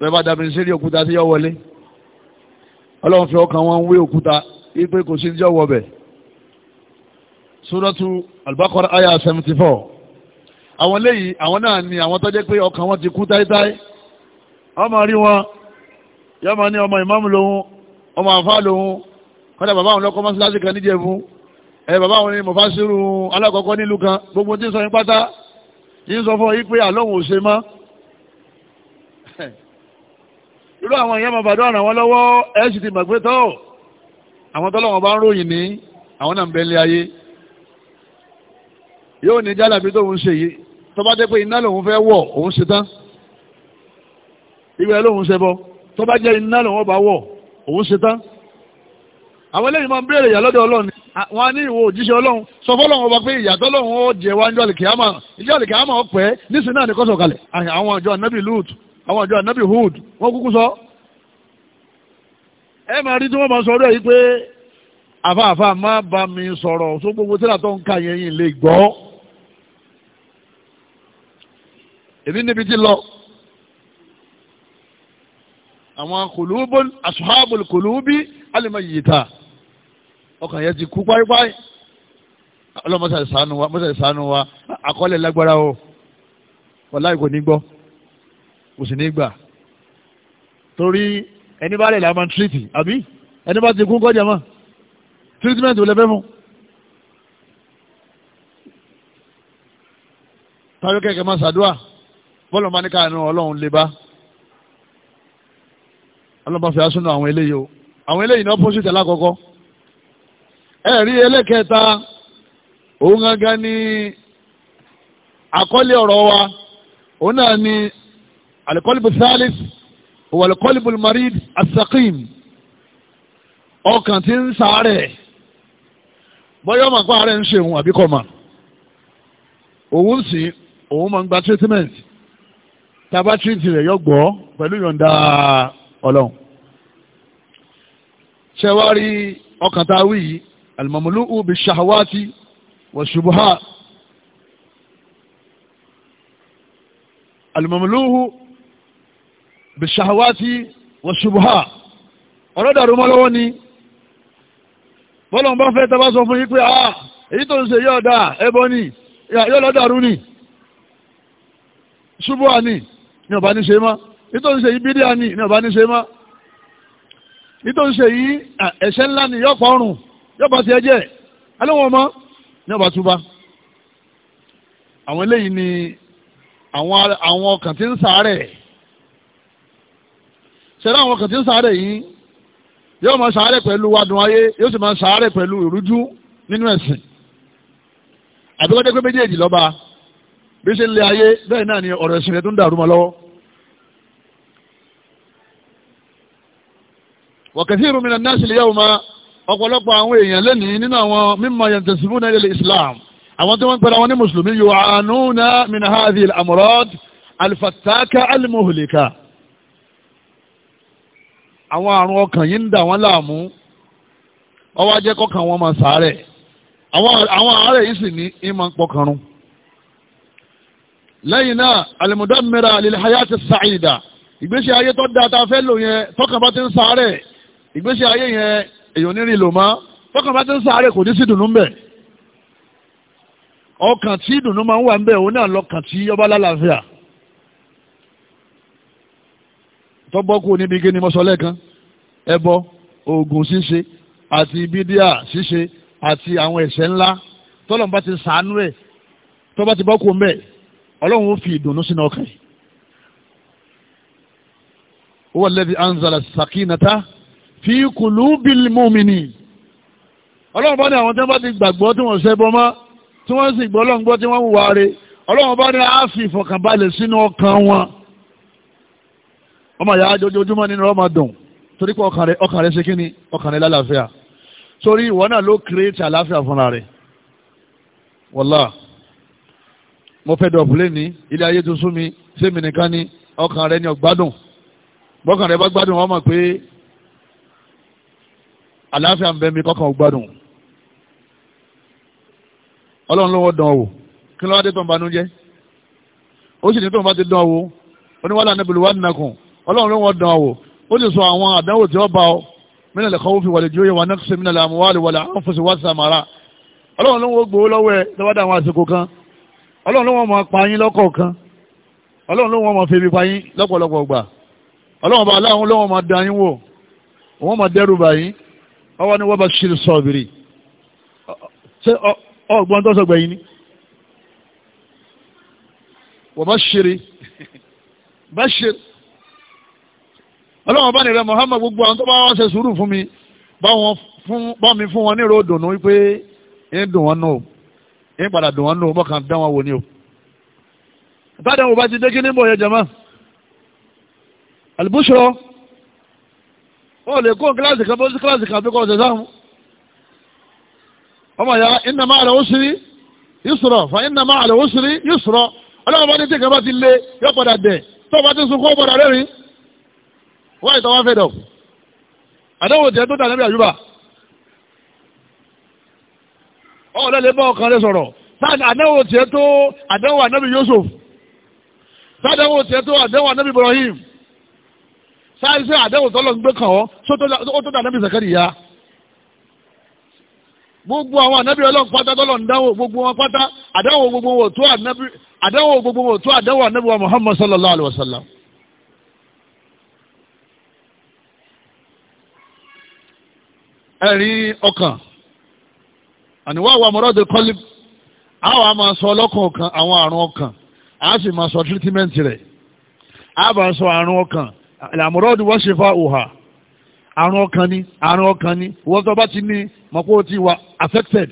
bẹ́ẹ̀ bá dàbí sí rí òkúta sí yọ wọlé ọlọ́run fi ọkàn wọn wé òkúta ipe kò sí jọ wọbẹ̀ suratu Al-Baqarah aya seventy four àwọn léyìí àwọn náà ni àwọn tó jẹ́ pé ọkàn wọn ti kú táítáí ọmọ rí wọn yọ máa ní ọmọ ìmáàmù lòun ọmọ àfáà lòun kọ́dà bàbá àwọn lọ́kọ́ mọ́sálásí kan níjẹ̀bú ẹ bàbá àwọn ni mọ̀fásírù alákọ̀ọ́kọ́ nílùú kan gbogbo tí ń sọ yín pátá yín sọ fún ọ yí pé àlọ́hùn ò ṣe mọ́ irú àwọn ìyá màbàdó ọ̀nà wọn lọ́wọ́ ẹ̀ sì ti màgbé tọ́ àwọn tọ́lọ́wọ́n bá ń ròyìn ní àwọn náà ń bẹ́lẹ̀ ayé yóò ní tóun ṣe yìí tó bá jẹ́ pé iná lòun fẹ́ wọ̀ òun ṣe tán ibẹ̀ lòun ṣe bọ́ tó bá jẹ́ iná lòun bá wọ̀ òun ṣe tán àwọn eléyìí máa ń lọ́dọ̀ ọlọ́run wọn á ní ìwò òjíṣẹ́ ọlọ́run sọ àwọn ìjọ ànábì Hud wọ́n kúkú sọ ẹ máa rí tí wọ́n máa sọ ọdún yìí pé àfààfà má bá mi sọ̀rọ̀ tó gbogbo tíra tó ń ka yẹn yìí lè gbọ́ èmi níbi tí lọ àwọn asuhabul kòlúbí alimayita ọkàn yẹn ti kú páyipáyi ọlọ́mọṣẹ́ ìsánú wa mọ́ṣẹ́ ìsánú wa àkọọ́lẹ̀ lágbára o wọ́n láì kò ní gbọ́ kò sì ní gbà torí ẹni bá lè la máa tírìtì àbí ẹni bá ti kún kọjá mọ́ tírítímẹ́ǹtì ò lè fẹ́ fún. táwọn kẹ̀kẹ́ máa ṣàdúrà bọ́ọ̀lù máa ní káàánú ọlọ́run lè bá ọlọ́run bá fi asúnú àwọn eléyìí o àwọn eléyìí náà pósìtì alákọ̀ọ́kọ́ ẹ̀rí ẹlẹ́kẹta òun gangan ni àkọ́lé ọ̀rọ̀ wa òun náà ni alikọ́lìbù salis wà alikọ́lìbù marid asakim ọkàn tí ń sàárẹ̀ bọ́yọ̀ máa pa ààrẹ ń ṣe òun àbíkọ́ ma òun sì òun máa ń gba treatment tàbá treat rẹ̀ yọ gbọ́ pẹ̀lú yọ̀ǹda ọlọ́run ṣe wá rí ọkàn tá a wí yìí alimamulu ubi shahawati wa shubuha alimamuluhu bìṣàwátì wọ̀ṣubuhà ọ̀rọ̀ dàrú mọ́ lọ́wọ́ ni bọ́lọ̀n bá fẹ́ tọ́bá sọ fún yí pé àà ah, èyí tó ń ṣe yóò dáa ẹbọ ni yóò lọ ni ṣubuhà ni ní ọba ní ṣe mọ́ èyí tó ń ṣe yí bídíà ni ní ọba ní ṣe mọ́ èyí tó ń ṣe yí ẹ̀ṣẹ̀ ńlá ni yóò pa ọrùn yóò bá ti ẹjẹ́ alóhùn ọmọ ní ọba túbá àwọn eléyìí ni àwọn ọkàn ti ń sàárẹ̀ ṣẹlẹ̀ àwọn kan ti ń sáré yìí yóò máa sáré pẹ̀lú adùn ayé yóò sì máa sáré pẹ̀lú ìrújú nínú ẹ̀sìn àbíkọ́jẹ́ pé méjèèjì lọ́ba bí ṣe ń lé ayé bẹ́ẹ̀ náà ni ọ̀rọ̀ ẹ̀sìn rẹ̀ tó ń dàrú mọ́ lọ́wọ́. wọ̀kẹ́sí ìrùmìnà náà sì lè yẹ́wò máa ọ̀pọ̀lọpọ̀ àwọn èèyàn lẹ́nìí nínú àwọn mímọ yẹntẹ̀sìmú náà àwọn àrùn ọkàn yìí ń dà wọ́n láàmú ọwọ́ ajẹ́ kọ́kàn wọn máa sàárẹ̀ àwọn àárẹ̀ yìí sì ní ìmọ̀ pọkànrún lẹ́yìn náà alimudammira lilhayati sa'ida ìgbésí ayé tó dáa tá a fẹ́ lò yẹn tọkàn bá ti ń sàárẹ̀ ìgbésí ayé yẹn èyàn lò tọkàn bá ti ń sàárẹ̀ kò ní sí dùnú mbẹ̀ ọkàn tí dùnú máa ń wà òun tọ́bọ́kù níbi gíní mọ́sọ́lẹ́ kan ẹbọ oògùn ṣíṣe àti bídíà ṣíṣe àti àwọn ẹ̀ṣẹ̀ ńlá tọ́lọ̀ bá ti sàánú ẹ̀ tọ́ba ti bọ́kù mẹ́ ọlọ́run ó fi ìdùnnú sínú ọkàn yìí. huwa alladhi anzala sakinata fi qulubil mu'minin ọlọ́run bá ní àwọn tí wọ́n bá ti gbàgbọ́ tí wọ́n ṣẹbọ mọ́ tí wọ́n sì gbọ́ ọlọ́run gbọ́ tí wọ́n wù wá re ọlọ́run bá ní á fi ìfọ̀kànbalẹ̀ sínú ọkàn wọn ọmọ ìyá ojoojúmọ́ nínú ọmọ dùn torí pé ọkàn rẹ̀ ṣe kí ni ọkàn rẹ̀ lálàáfíà torí ìwọ náà ló kírètì àlàáfíà fúnra rẹ̀ wọ́lá mo fẹ́ dọ̀bùlé ní ilé ayé tuntun mi sẹ́mi nìkan ni ọkàn rẹ̀ ni ọ̀gbádùn bọ́kàn rẹ̀ bá gbádùn wọ́n mọ̀ pé àlàáfíà ń bẹ mi kọ́kàn ọ̀gbádùn ọlọ́run ló wọ́n dán o kí ló wá dé tó ń banú jẹ́ ó sì ní tó ń bá ti dán o oníwàlá níbi olùwádìí nàkùn ọlọ́run ló wọ́n dán ọ wò ó lè sọ àwọn àdánwò tí wọ́n bá ọ mínà lè kọ́wọ́ fi wọlé ju oyè wa náà ṣe mínà lè àmúwá lè wọlé àwọn fòsì wá sàmàrà ọlọ́run ló wọ́n gbowó lọ́wọ́ ẹ lọ́wọ́ dá àwọn àsìkò kan ọlọ́run ló wọ́n máa pa yín lọ́kọ̀ọ̀kan ọlọ́run ló wọ́n máa febi pa yín lọ́pọ̀lọpọ̀ gbà ọlọ́run bá aláwọn ló wọ́n máa dán yín wò wọ́n máa dẹ́rù bà yín ọwọ́ ni wọ́n bá ṣe sọ̀bìrì ṣé ọgbọ́n tó sọgbẹ́ yín ni wọ́n bá ṣeré bá ṣeré ọlọ́run bá nìrẹ Muhammad gbogbo àwọn tó bá wá ṣe sùúrù fún mi bá mi fún wọn ní ìró dùnú wípé ń dùn wọn nù ó ń padà dùn wọn nù ó mọ̀kàn dán wọn wò ni o. ìbádàn wo bá ti dé kí ní bò yẹ jẹ̀mọ́ àlùbúṣọ ó lè kó kíláàsì kan bó sí kíláàsì kan àbíkọ́ ọ̀sẹ̀ sáà ọmọ ya iná máa rẹ̀ ó sí yusra fa iná máa rẹ̀ ó sí yusra ọlọ́run bá ní tí kan bá ti lé yọ Why is our up? I don't wọ́n ìtọ́ wọn fẹ́ dọ̀ àdáwò tiẹ̀ tó dànù bí àyùbá ọ̀ọ́dọ̀ lè bá ọkàn rẹ sọ̀rọ̀ àdáwò tiẹ̀ tó àdáwò ànábì Yusuf I don't want to be oh, Ibrahim I don't want sáyẹnsì àdáwò tọ́lọ̀ ń gbé kàn ọ́ ó tó dànù bí Zakariya gbogbo àwọn ànábì ọlọ́run pátá tọ́lọ̀ ń dáwò gbogbo wọn pátá àdáwò gbogbo wọn tó ànábì àdáwò gbogbo wọn tó àdáwò ànábì wa Muhammad sallallahu alayhi wa sallam. ẹ̀rí ọkàn àníwá àwọn àmọ́rọ́dẹ kọ́lí àwọn àmọ́ sọ ọlọ́kàn ọkàn àwọn àrùn ọkàn a sì máa sọ tírítímẹ́ǹtì rẹ̀ a bá sọ àrùn ọkàn àmọ́rọ́dẹ wọ́n ṣe fa òhà àrùn ọkàn ni àrùn ọkàn ni wọ́n tó bá ti ní mọ̀pọ̀ ti wà affected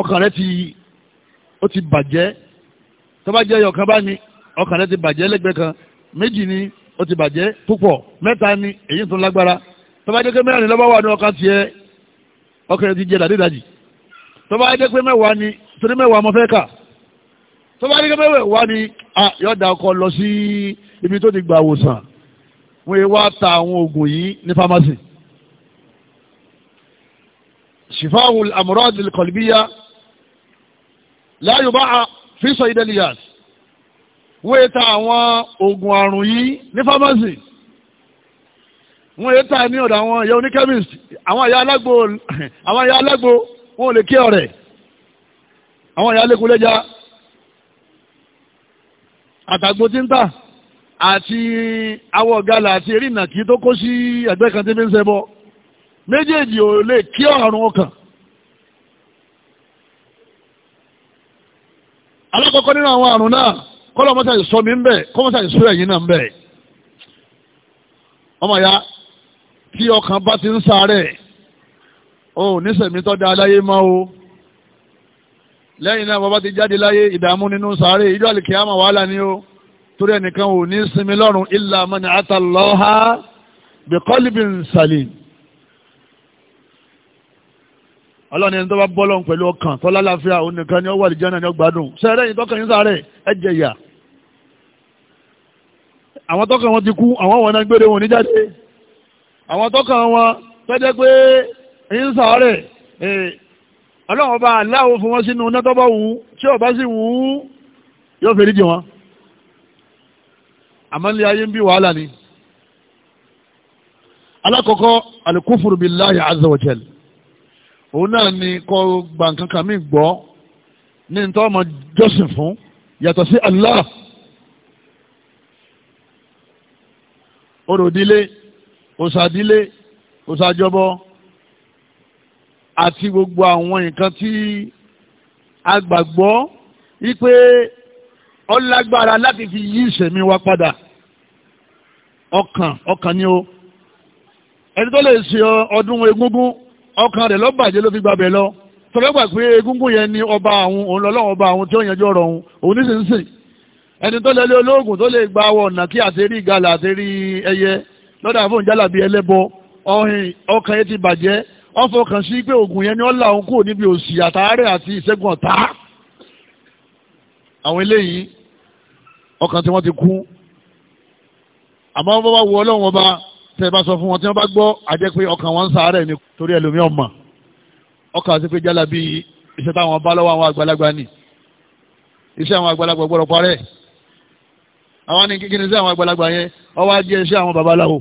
ọkàn rẹ ti ó ti bàjẹ́ tó bá jẹ́ ọkàn bá ní ọkàn rẹ ti bàjẹ́ lẹ́gbẹ̀ẹ́ kan méjì ni ó ti bàjẹ́ púpọ̀ mẹ́ta ni èyí tó lágbára tó bá jẹ́ pé mẹ́rin lọ́wọ́ wà ní ọkàn tiẹ̀ ọkùnrin ti jẹ dàdé dàjì tó bá jẹ́ pé mẹ́wàá ni torí mẹ́wàá mọ́ fẹ́ kà tó bá jẹ́ pé mẹ́wàá ni yọ̀dà ọkọ lọ sí ibi tó ti gba àwòsàn wọ́n yẹ wá ta àwọn oògùn yìí ní pharmacy. شفاء الأمراض القلبية لا يباع في صيدليات wọ́n yẹ ta àwọn oògùn àrùn yìí ní pharmacy wọ́n yẹ ta ní ọ̀dọ̀ àwọn ìyá oníkẹ́mìsì àwọn ìyá àwọn ìyá alágbo wọn ò lè kí ọ̀rẹ́ àwọn ìyá lẹ́kùn lẹ́jà tí ń tà àti awọ gala àti tó kó sí ẹgbẹ́ kan tí ń méjèèjì ò lè kí ọ̀run ọkàn. alákọ̀ọ́kọ́ nínú àwọn àrùn náà ọmọ ya tí ọkàn bá ti ń sáré o nísẹ̀mí tọ́ da aláyé mọ́ o lẹ́yìn náà bàbá ti jáde láyé ìdààmú nínú sáré ìjọ àlìkíyàmà wàhálà ni o torí ẹnìkan ò ní sinmi lọ́rùn illa man ata Allaha bi salim ọlọ́ni ẹni tó bá bọ́ lọ́n pẹ̀lú ọkàn tó lálàáfíà òun nìkan ni ó wà lè jẹ́nà ní ọgbàdùn sẹ́rẹ́ yìí tọ́kàn yín sáré ẹ jẹ ìyà àwọn tọ́kàn wọn ti kú àwọn wọn náà gbére wọn ní jáde àwọn tọ́kàn wọn tó jẹ́ pé èyí ń sàárẹ̀ ọlọ́run ọba aláwo fún wọn sínú iná tọ́bọ̀ wù ú tí ọba sì wù ú yóò fèrè jì wọn àmọ́ ayé ń bí wàhálà ni alákọ̀ọ́kọ́ alikufuru billahi azza wa òun náà ni kọ́ gba nǹkan gbọ́ ní nítorí ọmọ jọ́sìn fún yàtọ̀ sí Allah orò dílé òsàdílé òsàjọbọ àti gbogbo àwọn nǹkan tí a gbàgbọ́ wípé ó lágbára láti fi yí ìṣẹ̀mí wa padà ọkàn ọkàn ni o ẹni tó lè ṣe ọdún egúngún ọkàn rẹ̀ lọ́bàjẹ́ ló fi gbàbẹ̀ lọ tọ́lọ́gbà pé egúngún yẹn ni ọba àwọn òun lọ́lọ́wọ́ ọba àwọn tí ó yanjú ọ̀rọ̀ òun òun nísinsìnyí ẹni tó lè lé olóògùn tó lè gba ọ̀nà kí àtẹ́rí ìgalà àtẹ́rí ẹyẹ lọ́dà fún ìjálàbí ẹlẹ́bọ ọ̀hìn ọkàn yẹn ti bàjẹ́ wọ́n fọkàn sí pé oògùn yẹn ni wọ́n là òun kúrò níbi òsì àtàárẹ̀ àti ìṣẹ́gun ọ̀tá àwọn eléyìí ọkàn tí wọ́n ti kú àmọ́ wọ́n bá wọ ọlọ́run ọba tẹ́ ẹ bá sọ fún wọn tí wọ́n bá gbọ́ àjẹ́ pé ọkàn wọn ń sàárẹ̀ ni torí ẹlòmíì ọmọ ọkàn àti pé jálàbí iṣẹ́ táwọn bá lọ́wọ́ àwọn àgbàlagbà ni iṣẹ́ àwọn àgbàlagbà gbọ́dọ̀ parẹ́ àwọn ní kíkiri sí àwọn àgbàlagbà yẹn ọwọ́ ajé iṣẹ́ àwọn babaláwo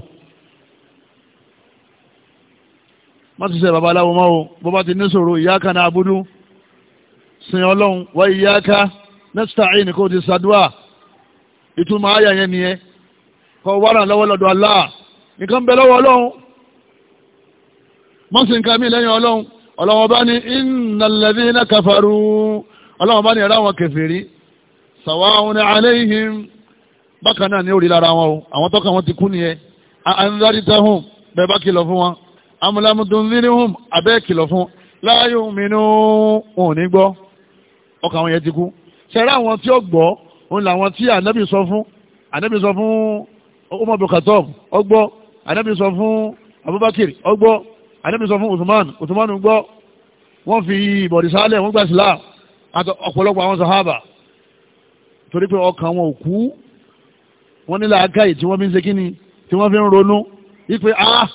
má ti ṣe babaláwo mọ́ o bó bá ti ní sòrò ìyáka náà abúdú sin ọlọ́run wá ìyáka nasta'in kò ti ṣàdúà ìtumọ̀ ayà yẹn nìyẹn kọ wàrà lọ́wọ́ lọ́dọ̀ Allah nǹkan bẹ lọ́wọ́ ọlọ́run má sì nǹkan mí lẹ́yìn ọlọ́run ọlọ́run bá ní innal ladhina kafaru ọlọ́run bá ní ẹ̀rọ àwọn kèfèrí sawa'un alayhim bákan náà ni ó rí lára wọn o àwọn tọ́ka wọn ti kú nìyẹn anzaritahum bẹ́ẹ̀ bá kìlọ̀ fún wọn amúlámúdúnzínihùn abẹ́ kìlọ̀ fún láàyò mìínú òun ní gbọ́ ọkàn wọn yẹn ti kú ṣẹlẹ̀ àwọn tí ó gbọ́ òun làwọn tí ànábì sọ fún ànábì sọ fún Umar bin Khattab ó gbọ́ ànábì sọ fún Abubakar ó gbọ́ sọ fún Usman Usman gbọ́ wọ́n fi ìbọ̀dìsálẹ̀ wọ́n gbà sílá àti ọ̀pọ̀lọpọ̀ àwọn sahaba torí pé ọkàn wọn ò kú wọ́n ní làákàyè tí wọ́n fi ń se kíni tí wọ́n fi ń ronú wípé ah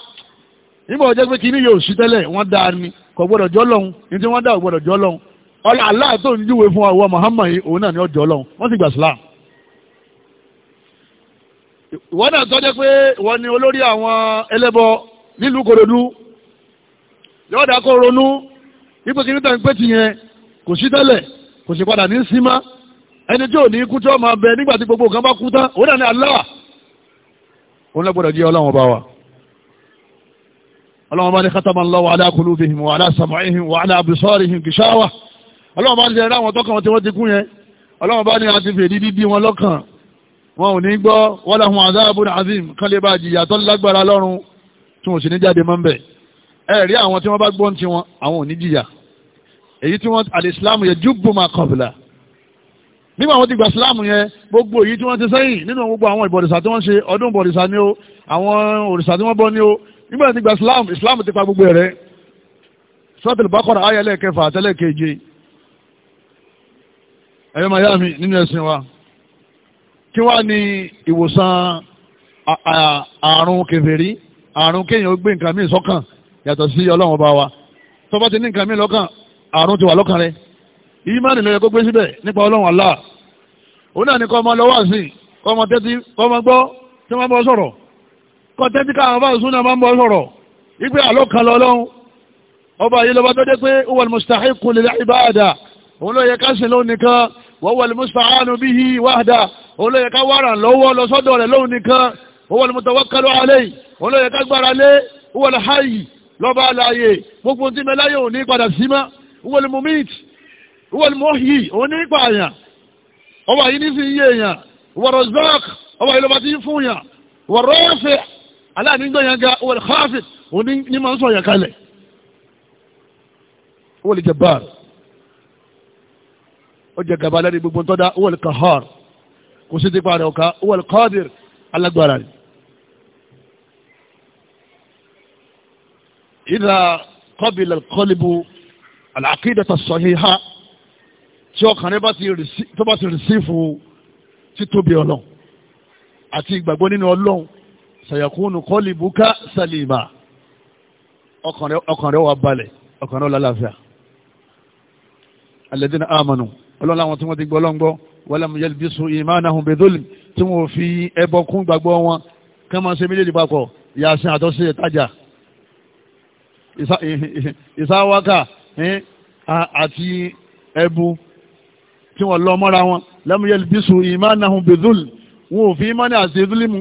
nígbà wọ́n jẹ́ pé kíní yóò sí tẹ́lẹ̀ wọ́n dáa ni kò gbọ́dọ̀ jọ́ lọ́hùn ní tí wọ́n dá gbọ́dọ̀ jọ́ lọ́hùn ọlá aláà tó ń júwe fún àwọn Muhammad yìí òun náà ni ọjọ́ lọ́hùn wọ́n sì gbà Islam. ìwọ náà pé wọ́n ni olórí àwọn ẹlẹ́bọ nílùú ẹni tí ò ní ikú tí ó máa bẹ nígbà tí gbogbo nǹkan bá kú tán òun náà ni Allah òun lọ́gbọ́dọ̀ jẹ́ ọlọ́run ọba wa ọlọ́run bá ní khatama Allahu ala qulubihim wa ala sam'ihim wa ala absarihim gishawa ọlọ́run bá ní ẹ̀rọ àwọn tọkàn tí wọ́n ti kún yẹn ọlọ́run bá ní àti fèdí dídí wọn lọ́kàn wọn ò ní gbọ́ wa lahum azabun azim wọ́n bá gbọ́ ń nígbà wọn ti gbà sílámù yẹn gbogbo èyí tí wọ́n ti sẹ́yìn nínú gbogbo àwọn ìbọ̀rìṣà tí wọ́n ṣe ọdún ìbọ̀rìṣà ni ó àwọn òrìṣà tí wọ́n bọ́ ni ó nígbà tí gbà sílámù ìsìlámù ti pa gbogbo rẹ̀ sọ́tìlì bákọ́rà ayé ẹlẹ́ẹ̀kẹfà àtẹ́lẹ́ẹ̀keje ẹ̀yọ́ miami nínú ẹ̀sìn wa kí wá ní ìwòsàn àrùn kèfèrí àrùn kéèyàn ó gbé nǹkan míì sọ́kàn yàtọ̀ sí ọlọ́run ọba wa tó ti ní nǹkan míì lọ́kàn àrùn ti wà lọ́kàn rẹ̀ ìmánì ló yẹ kó gbé síbẹ̀ nípa ọlọ́run Allah òun náà ni kọ́ ọmọ lọ́wọ́ sí kọ́ ọmọ tẹ́tí kọ́ ọmọ gbọ́ tí wọ́n bọ́ sọ̀rọ̀ kọ́ tẹ́tí káwọn bá sún náà máa ń bọ́ sọ̀rọ̀ ipe àlọ́ kan lọ lọ́hún ọba yìí lọ́ba tó dé pé ó wà mustahiqu lil ibada òun ló yẹ ká sìn lóun nìkan wọ́n wà musta'anu bihi wahda òun ló yẹ wọ́n ni mo yí òun ní nípa àyàn ọba yìí ní sí iye èèyàn wọ̀rọ̀ zak ọba yìí lọ́ba tí ń fún yàn wọ̀rọ̀ ọ̀fẹ́ aláàánú gbọ́ yàn ga wọ́n káfí òun kalẹ̀ wọ́n ó jẹ gàba lẹ́ni gbogbo ń tọ́da wọ́n kò sí tipa rẹ̀ ọ̀ka wọ́n alágbára rẹ̀. ìdá kọ́bìlẹ̀ kọ́líbu àlàkídàtà sọ̀híhá tí ọkàn rẹ tó bá ti rìsífù títóbi ọlọ́run àti ìgbàgbọ́ nínú ọlọ́run sàyàkúnù kọ́lì búká sàlìmà ọkàn rẹ wà balẹ̀ ọkàn rẹ wà lálàáfíà alladhina amanu ọlọ́run láwọn tí wọ́n ti gbọ́ ọlọ́run gbọ́ walam yalbisu imanahum bidhulm tí wọ́n fi ẹbọ kún gbàgbọ́ wọn kí wọ́n ṣe méjèèjì papọ̀ yàtọ̀ àtọ́sí ìtajà ìsáwákà àti ẹbu tí wọ́n lọ mọ́ra wọn lẹ́múyẹ́ bísù ìmánahùn bìdúl wọn ò fi ìmánà àti ìdúlímù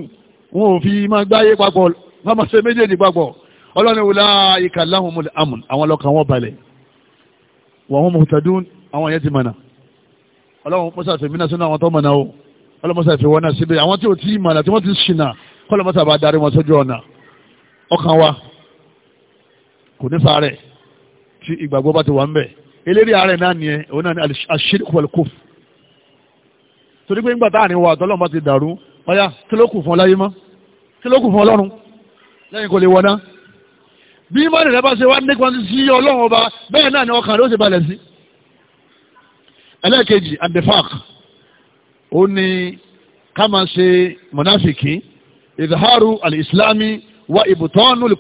wọn ò fi ìmá gbáyé papọ̀ wọ́n máa ṣe méjèèjì papọ̀ ọlọ́ni wùlá ìkàláhùn múlẹ̀ amùn àwọn ọlọ́kàn wọn balẹ̀ wọ́n mú tàdún àwọn yẹn ti mọ̀nà ọlọ́run mọ́sá ti mínà sínú àwọn tó mọ̀nà o ọlọ́run mọ́sá ti wọ́nà síbẹ̀ àwọn tí ò tí mọ̀nà tí wọ́n ti ṣìnà kọ́lọ́ bá darí wọn sójú ọ̀nà ọkàn wa kò ní sáré tí ìgbàgbọ́ bá ti wà ń bẹ̀ eléré ààrẹ náà nìyẹn òun náà ni àṣírí pẹ̀lú kò torí pé nígbà táà ní wa àtọ́lọ́run bá ti dàrú ọ̀yá kí ló kù fún ọláyé mọ́ kí ló kù fún ọlọ́run lẹ́yìn kò lè wọ́n náà bí mọ́ni rẹ bá ṣe wá nípa sí ọlọ́run ọba bẹ́ẹ̀ náà ni ọkàn rẹ ó ṣe balẹ̀ sí. ẹlẹ́ẹ̀kejì andefak ó ní ká máa ṣe mọ̀náfìkì ìdáhàrú alìsílámì wa ìbùtọ́nù lè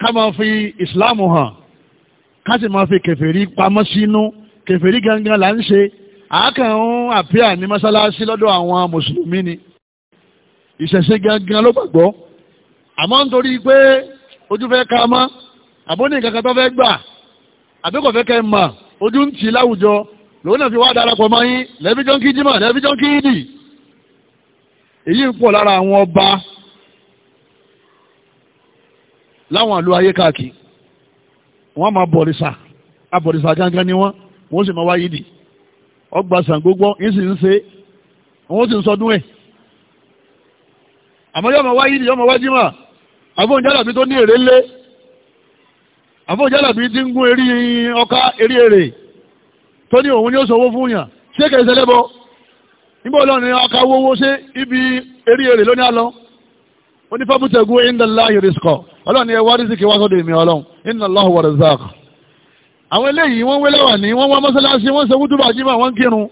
ká máa fi ìsìlámù hàn ká sì máa fi kèfèrí pamọ́ sínú kèfèrí gangan là ń ṣe àákàrún àpíà ní mọ́sálásí lọ́dọ̀ àwọn mùsùlùmí ni ìṣẹ̀ṣe gangan ló gbàgbọ́ àmọ́ nítorí pé ojú fẹ́ ká mọ́ àbóní kankan tó fẹ́ gbà àbíkọ̀ fẹ́ kẹ́ mọ̀ ojú ń tì láwùjọ lòun náà fi wá darapọ̀ mọ́ yín lẹ́bí jọ́ ń kí jímọ̀ lẹ́bí jọ́ kí yídì èyí ń pọ̀ lára àwọn ọba láwọn ìlú ayé káàkiri wọ́n máa bọ̀rìṣà abọ̀rìṣà gángan ni wọ́n wọ́n sì máa wáyé dì ọgbà Ṣàngó gbọ́ yín sì ń ṣe wọ́n sì ń sọdún ẹ̀ àmọ́ yọ́ máa wáyé dì yọ́ máa wájú mà àfọ̀njálàbí ti ń gún ọká èrè ni ó sanwó fún yàn ṣé wọ́wọ́ ṣe ibi eré èrè lónìí àlọ́ ọlọ́run wá wá sọ́dọ̀ ọlọ́run inna Allahu wa razaq àwọn eléyìí wọ́n wé lẹ́wà ní wọ́n wá mọ́sálásí wọ́n ṣe wúdúbà jímà wọ́n kírun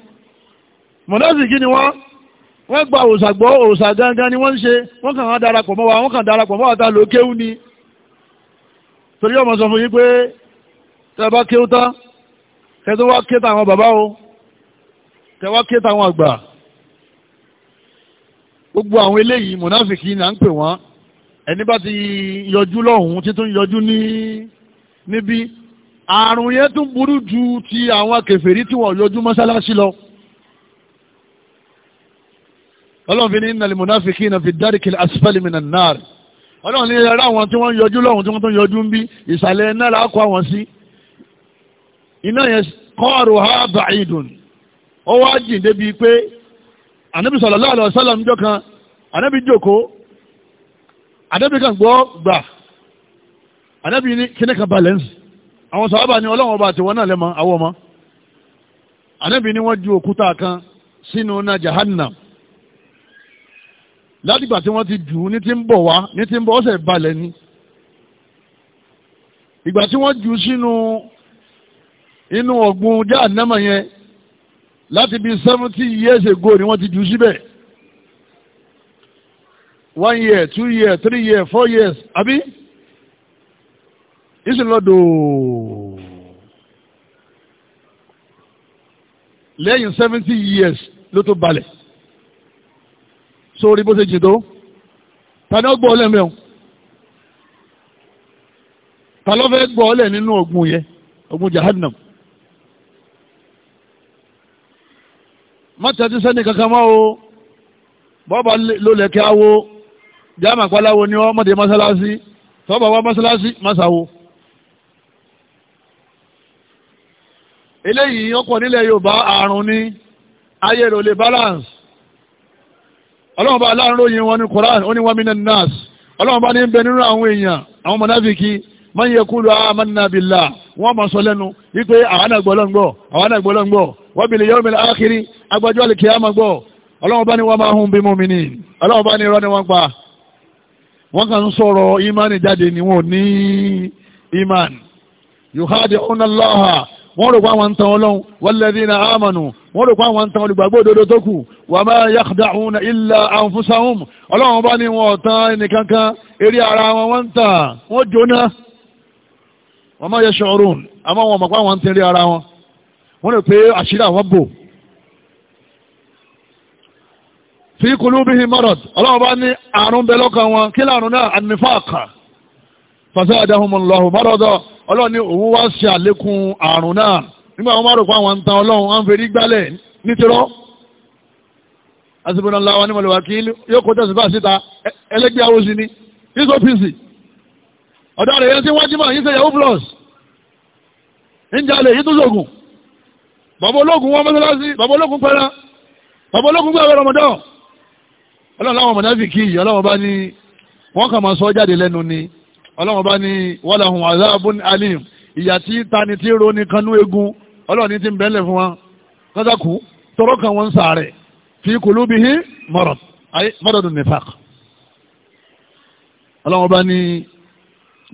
mọ̀nàsì kí ni wọ́n wọ́n gba òòṣà gbọ́ òòṣà gangan ni wọ́n ń ṣe wọ́n kàn án darapọ̀ mọ́ wa wọ́n kàn darapọ̀ mọ́ wa ta ló kéwú ni torí ọmọ sọ fún yín pé tẹ kéwú tán tẹ wá ké táwọn bàbá o tẹ ké táwọn àgbà gbogbo àwọn eléyìí mọ̀nàsì kí ni à ń pè wọ́n ẹni bá ti yọjú lọ́hùn títún yọjú ní níbí àrùn yẹn tún burú ju ti àwọn kèfèrí tí wọ́n yọjú mọ́sálásí lọ ọlọ́run fi ní innal munafiqina fi darikil asfali minan nar ọlọ́run ní ẹ̀rọ àwọn tí wọ́n yọjú lọ́hùn tí wọ́n tún yọjú ń bí ìsàlẹ̀ náà là kó àwọn sí iná yẹn kọ́ọ̀rù ha ba'idun ó wá jìn débi pé ànábì sallallahu alaihi ànábì kan gbọ́ gbà ànábì ní kíní kan balẹ̀ ń sì àwọn sàábà ní ọlọ́run ọba àtiwọn náà lẹ́mọ àwọn ọmọ ànábì ní wọ́n ju òkúta kan sínú náà jahannam ládìgbà tí wọ́n ti jù ú ní ti ń bọ̀ wá ní ti ń bọ̀ ọ̀sẹ̀ balẹ̀ ni ìgbà tí wọ́n jù sínú inú ọ̀gbun jahannama yẹn láti bí seventy years ago ni wọ́n ti jù síbẹ̀. Si one year two year three year four years Abi, àbí ìsìnlọ́dọ̀ lẹ́yìn seventy years ló tó balẹ̀ sórí bó ṣe jìn tó tani ó gbọ́ ọ lẹ́mẹ̀ọ́ ta ló fẹ́ gbọ́ ọ lẹ̀ nínú ogun yẹn ogun jahannam. mọ́tẹ́tí sẹ́ni kankan máa wo bọ́ọ̀bà lólẹ̀kẹ́ awo jáàmà pàláwo ni wọ́n mọ̀dé mọ́sálásí tọ́bọ̀ wá mọ́sálásí mọ́sàwó eléyìí ọkọ̀ nílẹ̀ Yorùbá àrùn ní ayé rò balance ọlọ́run bá aláàrùn ròyìn wọn ní Quran ó ní wọ́n mìíràn nas ọlọ́run bá ní bẹ nínú àwọn èèyàn àwọn mọ̀náfíkì man yakulu amanna billah wọ́n mọ̀ sọ lẹ́nu wípé àwọn àgbọ̀lọ́ngbọ̀ àwọn àgbọ̀lọ́ngbọ̀ wa bil yawmil akhir agbọ́jọ́ àlìkìyàmọ̀ gbọ́ ọlọ́run bá ní wọ́n máa hum bi mu'minin ọlọ́run bá ní irọ́ ni wọ́n pa wọ́n kàn ń sọ̀rọ̀ imani jáde ni wọn ò ní imani yuhadi onallaha wọ́n rò pé àwọn ń tan ọlọ́run walladhina amanu wọ́n rò pé àwọn ń tan olùgbàgbọ́ òdodo tó kù wa ma yakhda'una illa anfusahum ọlọ́run bá ní wọn ọ̀tán ẹnìkankan eré ara wọn wọ́n ń tà wọ́n jóná wa ma yash'urun àmọ́ wọn mọ̀ pé àwọn ń tẹ̀lé ara wọn wọ́n rò pé àṣírí àwọn bò fi kulubihim marad ọlọ́wọ́ bá ní àrùn bẹ lọ́kàn wọn kí láàrùn náà ànífàkà fasadahumullahu marada ọlọ́wọ́ ní òun wá ṣe àlékún àrùn náà nígbà wọn márùn fún àwọn ntàn ọlọ́run wọn fèrè gbálẹ̀ nítorọ́ asibuna lawa ni mọ̀lẹ́wà kí yóò kó tẹ̀sí bá síta ẹlẹ́gbẹ́ àwọn sí ni yíṣọ́ pc ọ̀dọ́ rẹ̀ yẹn sí wájú mọ̀ yíṣẹ́ yahoo plus níjàlẹ̀ yìí bàbá ológun wọn mọ́sálásí bàbá ológun pẹ́ràn bàbá ológun gbé ọ̀rọ̀ mọ̀dọ́ ọlọ́run láwọn mọ̀nàfíkì yìí ọlọ́run bá ní wọ́n kàn máa sọ jáde lẹ́nu ni ọlọ́run bá ní walahum azabun alim ìyà tí tani tí ro ní kanú egun ọlọ́run ní ti ń bẹ́lẹ̀ fún wa kọ́sàkú tọrọ kan wọn sàárẹ̀ fi kulubihi marad ayé maradun nifaq ọlọ́run bá ní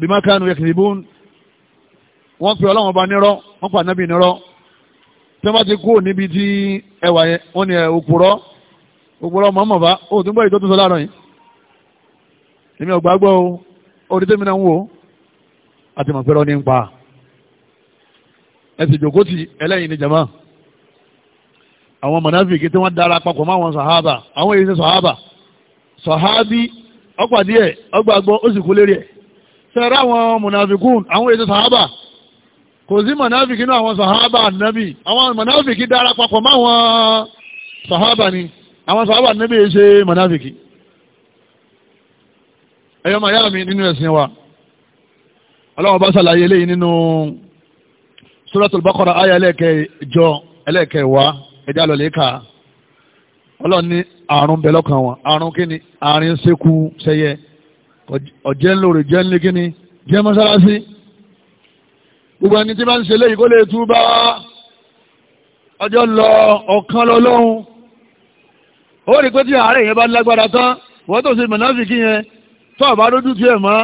bima kanu yakdhibun wọ́n pe ọlọ́run bá nírọ́ wọ́n pa nábì nírọ́ tí wọ́n bá ti kú níbi tí ẹwà yẹn wọ́n ní ẹ̀ òkúrọ́ gbogbo ọmọ ọmọ bá o tún gbọ́ ìjọ tún sọ láàárọ̀ yìí èmi ọ̀gbà gbọ́ o orí tẹ́mi náà ń wò àti mọ̀ pẹ́rọ ní ń pa ẹ sì jòkó ti ẹlẹ́yìn ní jama àwọn tí wọ́n dára papọ̀ mọ́ àwọn sàhábà àwọn èyí ṣe sàhábà sàhábì ọ̀pàdé ẹ̀ ọgbà gbọ́ ó sì kú lérí ẹ̀ sẹ́rẹ́ ni. àwọn sàábà níbi ṣe mọ̀náfìkì ẹ̀yọ́ màá yára mi nínú ẹ̀sìn wa ọlọ́wọ́n bá ṣàlàyé eléyìí nínú Suratul Baqara ayé ẹlẹ́ẹ̀kẹjọ ẹlẹ́ẹ̀kẹwàá ẹ̀dá lọ́lẹ́ ká ọlọ́run ní àrùn bẹ̀ lọ́kàn wọn àrùn kíni àrùn ṣekú ṣẹyẹ ọ̀jẹ́ ńlórí jẹ́ ńlé kíni jẹ́ mọ́ṣáláṣí gbogbo ẹni tí bá ń ṣe léyìí kó lè tú ọjọ́ lọ ọ̀kan lọ́lọ́run ó rí pé tí àárẹ̀ yẹn bá lágbára tán wọ́n tó ṣe mọ̀náfíkì yẹn tó àbá lójú tí ẹ̀ mọ́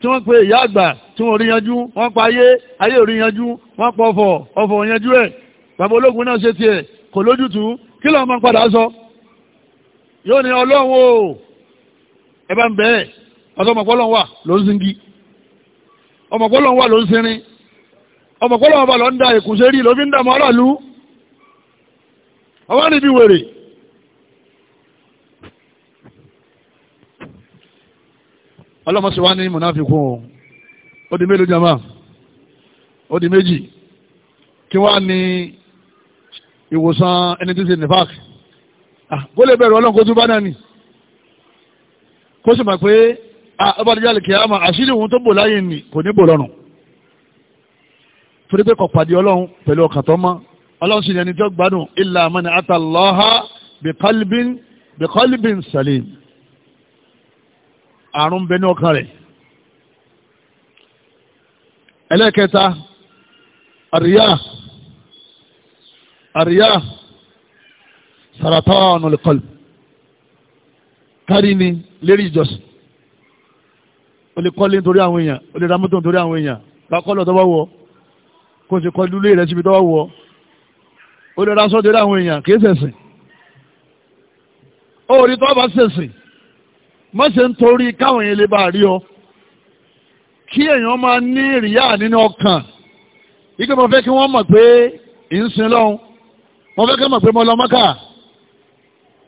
tí wọ́n pe ìyá àgbà tí wọ́n rí yanjú wọ́n pa ayé ayé ò rí yanjú wọ́n pọ̀ ọ̀fọ̀ ọ̀fọ̀ yanjú ẹ̀ bàbá ológun náà ṣe tiẹ̀ kò kí máa padà sọ o ẹ bá ń bẹ́ẹ̀ ọ̀sọ́mọ̀pọ́lọ́run wà ló ń wà ló ń sinrin ọlọ́mọsí wa ní mùnáfikún o ó di mélòó jama ó di méjì kí wá ní ìwòsàn ẹni tí ń ṣe nifak ah, kó lè bẹ̀rù ọlọ́run kó tún bá náà nì kó sì mọ̀ pé ọba ah, àdìjá lè kíá mà àṣírí òun tó bò láyé nì kò ní bò lọ́rùn torí pé kò pàdé ọlọ́run pẹ̀lú ọkàn tó mọ́ ọlọ́run sì ní ẹni tó gbádùn illa man atallaha biqalbin biqalbin salim àrùn ń bẹ ní ọkàn rẹ̀ ẹlẹ́kẹta àríyá àríyá sàràtàn olùkọlù kárí ni lérí ìjọsìn o lè kọ́lé nítorí àwọn èèyàn o lè ra mọ́tò nítorí àwọn èèyàn bá kọ́lọ̀ tó bá wọ̀ kó o sì kọ́ lulẹ̀ rẹ̀ síbi tó bá wọ̀ o nítorí àwọn èèyàn kì í ṣẹ̀sìn o rí tó bá ṣẹ̀sìn má ṣe ń torí káwọn yẹn lè bá rí ọ kí èèyàn máa ní ìrìyà nínú ọkàn ike mo fẹ́ kí wọ́n mọ̀ pé ìsìn lọ́hùn mo fẹ́ kí wọ́n mọ̀ pé mo lọ mọ́kà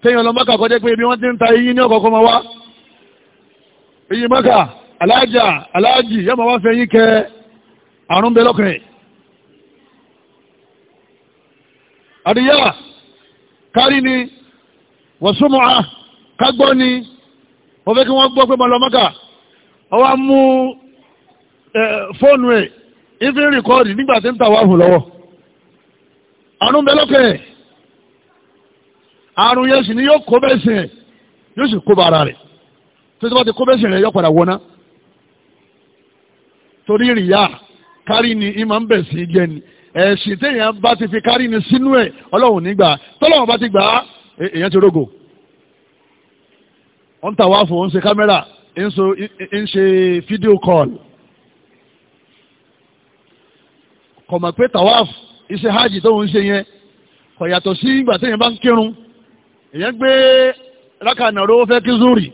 kéèyàn lọ mọ́kà kọjá pé ibi wọ́n ti ń ta eyín ní ọ̀kọ̀ọ̀kan mọ́ wá eyín mọ́kà aláàjà aláàjì yẹ́n mọ̀ wá fẹ́ yín kẹ àrùn bẹ lọ́kùnrin àríyá kárí ni wọ́sùnmọ́ra kágbọ́ ni. ofe fẹ́ kí wọ́n gbọ́ pé mo lọ mọ́kà ọwọ́ mú fóònù ẹ̀ ìfín rìkọ́ọ̀dì nígbà tí ń tà wáhùn lọ́wọ́ àrùn bẹ lọ́kẹ̀ àrùn yẹn sì ni yóò kó bẹ́ẹ̀ sìn ẹ̀ yóò wọná torí rìyà kárí ni ìmọ̀ ń bẹ̀ sí ni ẹ̀sìn téèyàn bá ti fi kárí ni sínú ẹ̀ ọlọ́run ó ń tàwáfò ó ń ṣe kámẹ́rà ń ṣe fídíò kọ́ọ̀lù kò mọ̀ pé tàwáfò iṣẹ́ hajj tó ń ṣe yẹn kò yàtọ̀ sí ìgbà téèyàn bá ń kírun èèyàn gbé rákànà rówó fẹ́ kí zúrì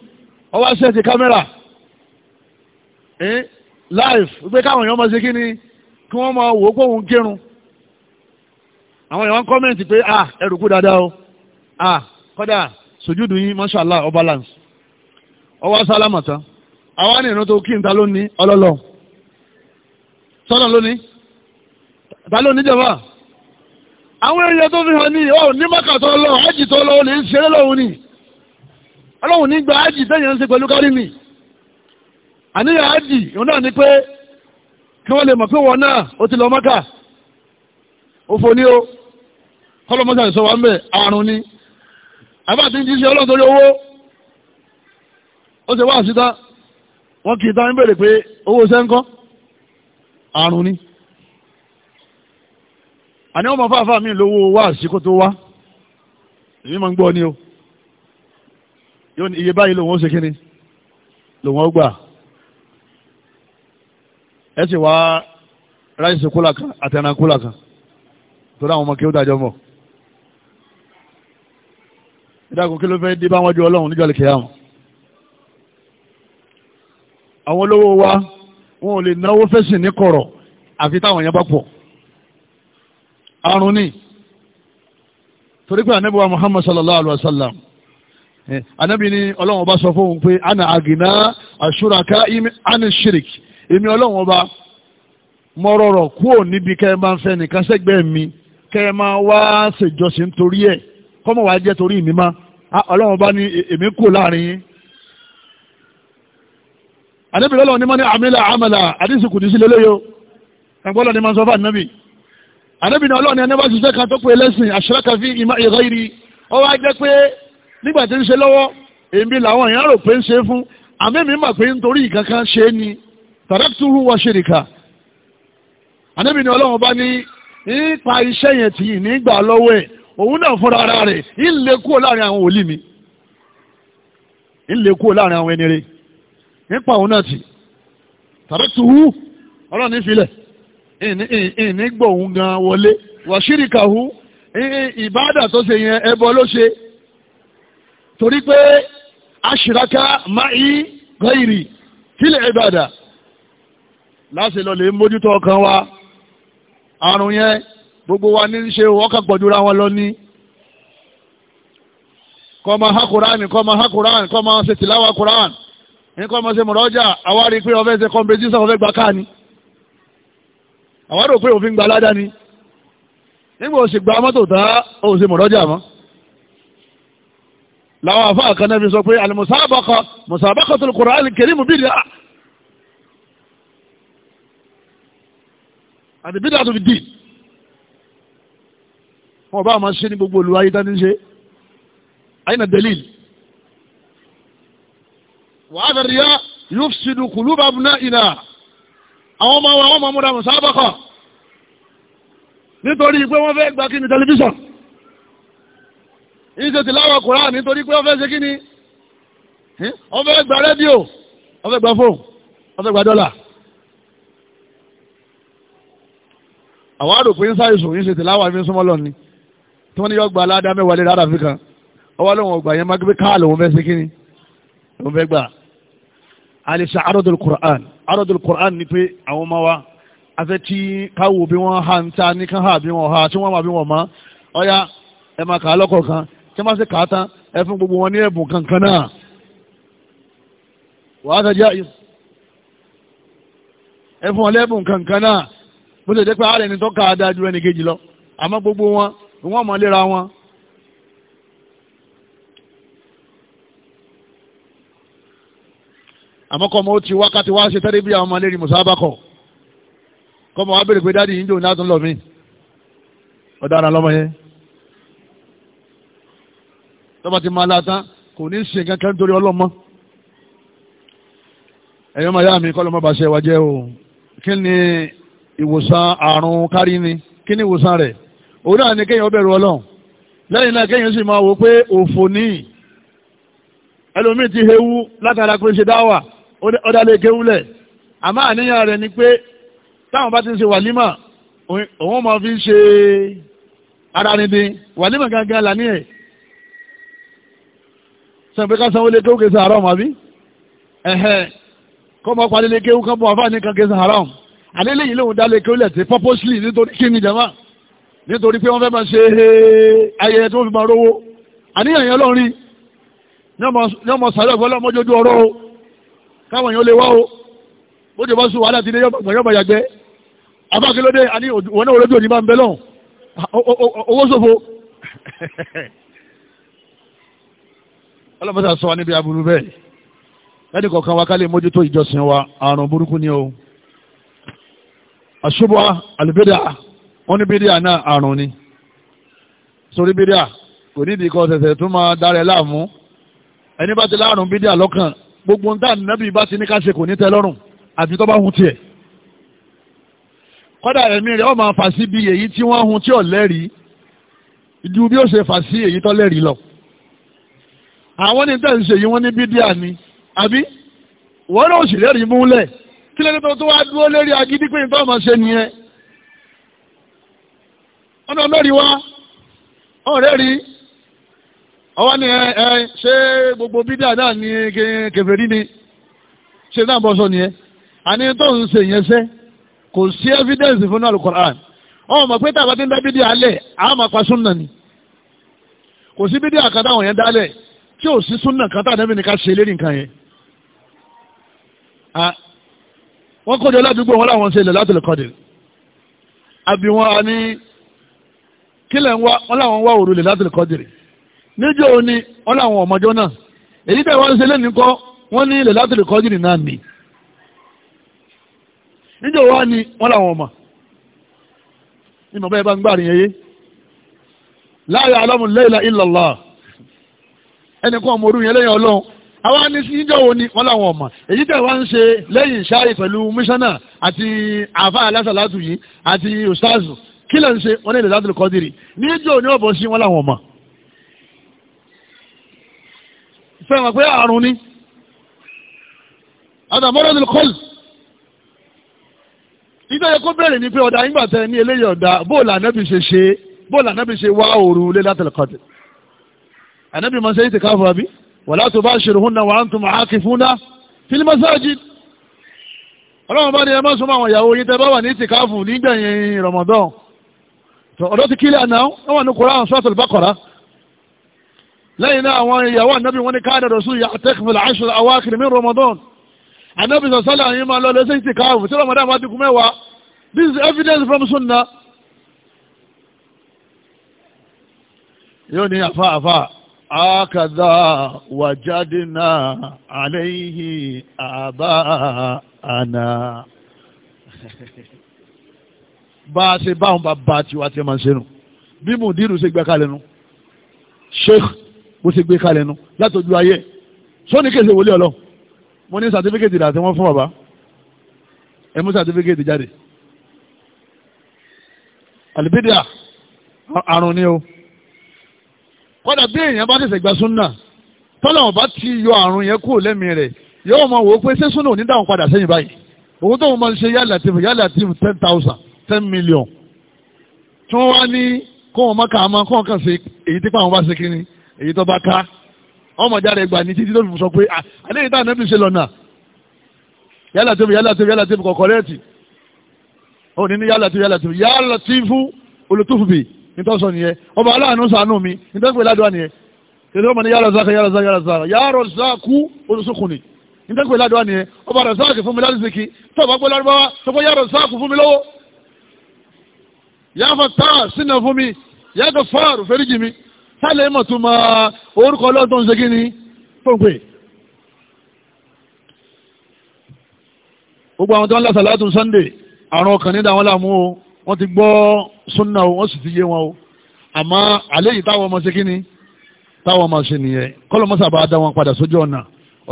ó wá ṣẹ́ẹ̀tì kámẹ́rà live gbé káwọn èèyàn máa ṣe kí ni kí wọ́n máa wò ó pé òun kírun àwọn èèyàn kọ́mẹ̀ntì pé ah ẹrù kú dáadáa o ah kọ́dà sojúdù yín mashallah o balance ọwọ́ sálámà tán àwa tó kí n ta lónìí ọlọ́lọ́ sọ́nà lónìí jọba àwọn èèyàn tó fi hàn ní ọ ní mọ́kà lọ ájì tó lọ ní ṣeré ni ọlọ́hùn ní gba ájì tẹ́yàn ń ṣe pẹ̀lú kárí mi àníyàn ájì òun náà ni pé kí wọ́n lè mọ̀ pé wọ́n náà ó ni ó kọ́lọ́mọ́sà ń ó ṣe wá síta wọ́n kì í tán ń bèrè pé owó sẹ́ńkọ́ àrùn ni àní ọmọ fáfá mi lówó wá sí tó wá èmi máa ń gbọ́ ni o yóò ní iye báyìí lòun ó ṣe kíni lòun ó gbà ẹ sì wá ráìsì kúlà kan àti ẹran kúlà kan tó dáwọn ọmọ kí ó dájọ́ mọ̀ ìdáàkùn kí ló fẹ́ dé bá ju ọlọ́run níjọ́ lè kéèyàn àwọn olówó wa wọn ò lè náwó fẹ́sìn ní kọ̀rọ̀ àfi táwọn yẹn bá pọ̀ àrùn ni torí pé anábíwá Muhammad sallallahu alaihi wa sallam anábí eh, ni ọlọ́run ọba sọ fóun pé ana àgìná àṣúraka ana shirik èmi ọlọ́run ọba mọ́rọ̀rọ̀ kúò níbi kẹ́ ẹ máa ń fẹ́ nìkan sẹ́gbẹ́ mi kẹ́ ẹ máa wá ṣèjọsìn torí ẹ̀ kọ́mọ̀ wá jẹ́ torí mi má ah, ọlọ́run ọba ni èmi kù láàrin yín ànábì lọ́lọ́ ní mọ́ni àmìlà àmàlà àdísì kùdí sí lélẹ́yọ ẹgbọ́lọ́ ní máa sọ fún ànábì ànábì ní ọlọ́ọ̀ni ẹni bá ṣiṣẹ́ kan tó pé lẹ́sìn ashraka fi ìmọ̀ ìrọ̀ ìrì ó wá jẹ́ pé nígbà tí ń ṣe lọ́wọ́ èmi làwọn èèyàn rò pé ń ṣe fún àmì mi mà pé nítorí ìkankan ṣe ni tàràtúrú wa ṣèrìkà ànábì ní ọlọ́run bá ní ipa iṣẹ́ yẹn tì nígbà lọ́wọ́ ẹ̀ òun mi ń lè kúrò láàrin nípa òun náà tì tàbí tuhu ọlọ́run nífilẹ̀ ìní gbòhun gan wọlé wàṣíríkàhu ìbáàdà tó ṣe yẹn ẹbọ ló ṣe torí pé aṣìraka máì gọ́ìrì kílẹ̀ ìbáàdà láti lọ lè mójútó wa àrùn gbogbo wa ní ṣe ọkàn wọn lọ ní kọ́ ha kùránì kọ́ ha kùránì kọ́ máa ṣe ní kọ́ ọmọ ṣe mọ̀rọ̀ ọjà àwárí pé ọfẹ́ ṣe competition ọfẹ́ gba káà ni àwárò pé òfin gba aládá ni nígbà òsì gba mọ́tò tá òun ṣe mọ̀rọ̀ ọjà mọ́ làwọn àfa àkànnà fi sọ pé àlùmùsàbàkọ mùsàbàkọ tó kùrọ̀ àlùkèrè mú bìdì àti bìdì àti bìdì wọn bá máa ṣe ní gbogbo olùwáyé tán ní ṣe àyìnà dẹ́líìlì wàá fẹ́ ríyá yóò fi ṣìdù kùlú bá buná ìnà àwọn ọmọ wa wọ́n máa múra mùsábàkọ̀ nítorí pé wọ́n fẹ́ gba kí ni tẹlifíṣàn ìṣe ti láwọ̀ kùrá nítorí pé wọ́n fẹ́ ṣe kí ni wọ́n fẹ́ gba rédíò wọ́n fẹ́ gba fóònù wọ́n fẹ́ gba dọ́là àwọn àròpé ń sáyẹ̀sùn yìí ṣe tìláwà fi ń súnmọ́ lọ ni tí wọ́n ní yọ gba aládá mẹ́wàá lé rárá fi kan ọwọ́ lóun ọgbà yẹn mágbé káàlù òun fẹ́ sí kíni òun fẹ́ gbà alisa aradul quran aradul quran ni pé àwọn ọmọ wa afẹ́ tí káwò bí wọ́n ha ń ta ní kán ha bí wọ́n ha tí wọ́n ma bí wọ́n ma ọya ẹ máa kà á lọ́kọ̀ọ̀kan tí wọ́n bá sì kà ẹ fún gbogbo wọn ní ẹ̀bùn kankan náà wàá tẹ̀já ẹ fún wọn lẹ́bùn kankan náà bó ṣe jẹ́ pé ààrẹ ni tó kà á dájú ẹnì kejì lọ àmọ́ gbogbo wọn wọ́n mọ̀ wọn àmọ́ kọ́ ọmọ ó ti wákàtí wá ṣe tẹ́lẹ̀ bí àwọn ọmọ lérí mùsàbákọ̀ kọ́ ọmọ wa béèrè pé dáàdi yìí ń dòun látún lọ mí ọ̀daràn lọ́mọ yẹn tọ́ba ti máa látán kò ní ṣe nǹkan kan torí ọlọ́mọ ẹ̀yọ́ màá yá mi kọ́ lọ́mọ bá ṣe wájẹ́ o kí ni ìwòsàn àrùn kárí ni kí ni ìwòsàn rẹ̀ òun náà ni kéèyàn bẹ̀rù ọlọ́run lẹ́yìn náà kéèyàn sì máa wò pé òfò níyì ẹlòmíì ti hewu látara pé ṣe dáwà ọ̀dàlẹ̀ kéwúlẹ̀ àmọ́ àníyàn rẹ̀ ni pé táwọn bá ti ń ṣe wàlímà òun máa fi ń ṣe ara nìdín wàlímà gangan làní ẹ̀ sọ pé ká sanwó lé kéwú kẹsàn haram àbí ẹ̀hẹ́ kọ́ mọ́ parí lé kéwú kan bọ̀ àfáà ní kan kẹsàn haram àlélẹ́ yìí lòun dálé kéwú lẹ̀tí purposely nítorí kí ni jama nítorí pé wọ́n fẹ́ máa ṣe ayẹyẹ tó fi máa rówó àníyàn yẹn lọ́rin ní ọmọ sàrẹ́ ọ̀gbọ́n lọ́mọdé ojú ọ̀rọ̀ o káwọn èèyàn lè wá o bó ti bá sùn wàhálà ti dé yọ̀bà yàgbẹ́ abákilódé àní wọn náà olójú òní máa ń bẹ lọ́hùn owó ṣòfò ọlọ́mọdé sọ wa níbi aburú bẹ́ẹ̀ lẹ́nu kọ̀ọ̀kan wa ká lè mójútó ìjọsìn wa àrùn burúkú ni o àṣùbọ̀ àlùbẹ́dà wọn ní bídíà náà àrùn ni sórí bídíà kò nídìí kọ́ tẹ̀sẹ̀ tó máa dára ẹ̀ láàmú ẹni bá ti láàrùn bídíà lọ́kàn gbogbo ń dá nàbí bá ti ní ká ṣe kò ní tẹ́ lọ́rùn àbí tó bá hun tiẹ̀ kọ́dà ẹ̀mí rẹ̀ ọ máa fà sí bí èyí tí wọ́n hun tí ò lẹ́rìí ju bí ó ṣe fà sí èyí tó lẹ́rìí lọ àwọn ní tẹ̀sí ṣèyí wọ́n ní bídíà ni àbí wọ́n náà sì lẹ́rìí múlẹ̀ kí lẹ́ni tó tó wá dúró lérí agídí pé nítorí ọmọ ṣe nìyẹn ọ̀nà mẹ́rin wá ọ̀rẹ́ rí ọwọ́ ni ẹ ṣé gbogbo bídà náà ni kèfèrí ni ṣe náà bọ́ sọ nìyẹn àní tó ń ṣe yẹn ṣe kò sí evidence fún náà Al-Qur'an ọmọ mọ̀ pé tàbá tí ń dá bídà alẹ̀ a máa pa súnà ni kò sí bídà kan táwọn yẹn dálẹ̀ tí ò sí súnà kan táwọn ẹ̀mí ni ká ṣe lérí nǹkan yẹn wọ́n kó ládùúgbò wọn láwọn ṣe ilẹ̀ látòlè kọ́dì àbí wọn a kílẹ̀ ń wọn láwọn wá òrùlé látòlè kọ́dì rẹ̀ níjọ́ òní wọ́n láwọn ọmọjọ́ náà èyí tẹ́ wọ́n ń ṣe lẹ́nu kọ́ wọ́n ní ilẹ̀ láti lè kọ́ jìnnì náà nì níjọ́ wa ni wọ́n láwọn ọmọ ní bàbá yẹn bá ń gbà rìn yẹyẹ láàyè alámù lẹ́yìn ìlọ́lá ẹnì kan ọmọ orúyẹn lẹ́yìn ọlọ́run àwọn ní níjọ́ wo ni wọ́n láwọn ọmọ èyí tẹ́ wọ́n ń ṣe lẹ́yìn ṣáì pẹ̀lú mísánà àti àfa alásàlátù yìí àti ustazu kí lẹ́ ń ṣe wọ́n ní ilẹ̀ láti lè kọ́ jìnnì níjọ́ ni ọ̀bọ̀ sí wọ́n láwọn ọmọ fẹ́ràn pé àrùn ni àtàmọ́rọ́ ní kọ́lù ìjọ yẹ kó bẹ̀rẹ̀ ní pé ọ̀dà nígbà tẹ ní eléyìí ọ̀dà bóòlù ànábì ṣe ṣe bóòlù ànábì ṣe wá òru lé látàlẹ́kọ̀tẹ̀ ànábì máa ṣe é ti káfọ́ àbí wala tubashiruhunna wa antum aakifuna fil masajid ọlọ́run bá ní ẹ má súnmọ́ àwọn ìyàwó yìí tẹ bá wà ní ìtìkáfù nígbẹ̀yìn Ramadan ọ̀dọ́ ti kílẹ̀ àná wọ́n wà ní Kùránì lẹ́yìn náà àwọn ìyàwó ànábì wọn ní káàdà rọ̀sùn ìyà àtẹ́kùnfẹ̀lá àṣọ àwákìrì min Ramadan ànábì sọ̀sọ́lá yìí máa lọ lẹ́sẹ̀ ìtì káàbù tí Ramadan bá ti kú mẹ́wàá this is evidence from sunna yóò ní àfa àfa àkàdà wàjádìnà àlẹ́yìí àbá àná bá a ṣe báwọn bá bá tiwa tí a máa ń ṣe nù bí mùdírù ṣe gbẹ́kálẹ̀ nù sheikh bó ṣe gbé kalẹ̀ nu látọjú ayé sọ́ni kése wòlé ọlọ́ mo ní sàtífíkètì dà tí wọ́n fún bàbá ẹ mú sàtífíkètì jáde àlùbídíà àrùn ni o kọ́dà bí èèyàn bá ṣẹ̀ṣẹ̀ gba súnà tọ́lọ́wọ̀n bá ti yọ àrùn yẹn kúrò lẹ́mìí rẹ̀ yóò mọ wò ó pé ṣé súnà ò ní dáhùn padà sẹ́yìn báyìí owó tó ń mọ ṣe yálà tìfù yálà tìfù ten thousand ten million tí wọ́n wá ní kó wọn mọ́ kàá mọ́ kó wọn kàn ṣe èyí tí pàwọn bá ṣe kínní èyí tó bá ká ọmọ jáde gbà ní títí tó fi sọ pé àléyìí tá ànábì ṣe lọ́nà yálà tó fi yálà tó fi yálà tó fi kọ̀ọ̀kọ̀ rẹ́ẹ̀tì ó ní ní yálà tó fi yálà tó fi yálà tó fi olùtúfù bì nítorí sọ nìyẹn ọba aláàánú sànú mi nítorí pé ládùá nìyẹn tètè ọmọ ní yálà zaka yálà zaka yálà zaka yàrá zaku olùsókun ni nítorí pé ládùá nìyẹn ọba rẹ̀ sáàkì fún mi láti sèkì tó bá gbé lárúbáwá tó bá fún mi lọ́wọ́ yàfa táà sínú fún mi yàgò fáàrù fẹ́ríjì mi sálẹ̀ mọ̀ tó mọ orúkọ ọlọ́dún ṣe kí ni tó gbogbo àwọn tó ń lásà látún sunday àrùn ọkàn nídà wọn làmú o wọ́n ti gbọ́ súnà o wọ́n sì ti yé wọn o àmọ́ àlẹ́ yìí táwọn ọmọ ṣe kí táwọn ọmọ ṣe nìyẹn kọ́lọ̀ mọ́sà bá dá wọn padà sójú ọ̀nà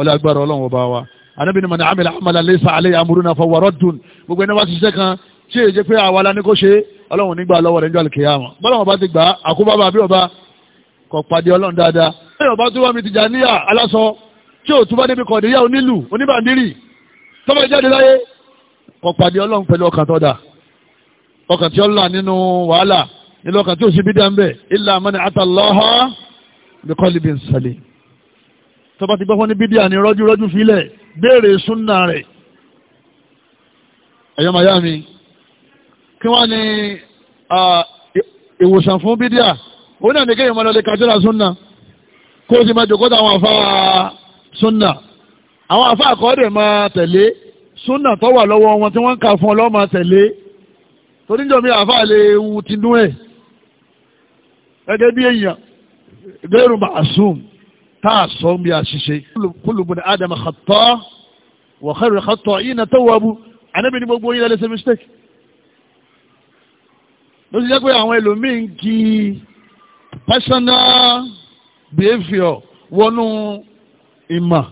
ọlọ́ agbára ọlọ́run ọba wa anábìnrin mọ̀nà àmìlà àmàlà lẹ́sà àlẹ́ àmúrúnà fọwọ́rọ́ dùn gbogbo ẹni wá ṣiṣẹ́ kan tí èyí jẹ́ pé àwa la ní kó ṣe ọlọ́run nígbà lọ́wọ́ rẹ̀ níjọ́ àlùkìyàmọ̀ bọ́lá wọn bá ti gbà á àkóbá bàbí ọba kò pàdé ọlọ́run dáadáa. lẹ́yìn ọba tó wá mi Tìjàníyà aláṣọ tí ò túbọ̀ débi kọ̀déyà onílù oníbàndírì tọ́mọ ìjáde láyé kò pàdé ọlọ́run pẹ̀lú ọkàn tó dà ọkàn tí ó là nínú wàhálà nílò ọkàn tí ò sí bídà ń bẹ̀ illa man ata Allaha bi qalbin salim tọ́ba ti gbọ́ fún ní bídíà ní rọ́júrọ́jú filẹ̀ béèrè súnà rẹ̀ ẹ̀yọ́ màyá mi kí wọ́n ní ìwòsàn fún bídíà òun náà ní kéèyàn máa lọlé kàtírà súnà kó o sì máa jòkó táwọn àfa súnà àwọn àfa àkọọ́dẹ̀ máa tẹ̀lé súnà tó wà lọ́wọ́ wọn tí wọ́n ń kà fún ọ lọ́ọ́ máa tẹ̀lé toríjọ́ mi àfa lè wu tinú ẹ̀ gẹ́gẹ́ bí èèyàn gẹ́rù màásùm tá a sọ bí a ṣiṣe kúlùbùn ádámù xatọ́ wọ́n kẹ́rù xatọ́ yìí na tọ́wọ́ bu anábì ní gbogbo yín lálẹ́ ṣe mistake ló ti jẹ́ pé àwọn ẹlòmíín personal behaviour wọnú ìmọ̀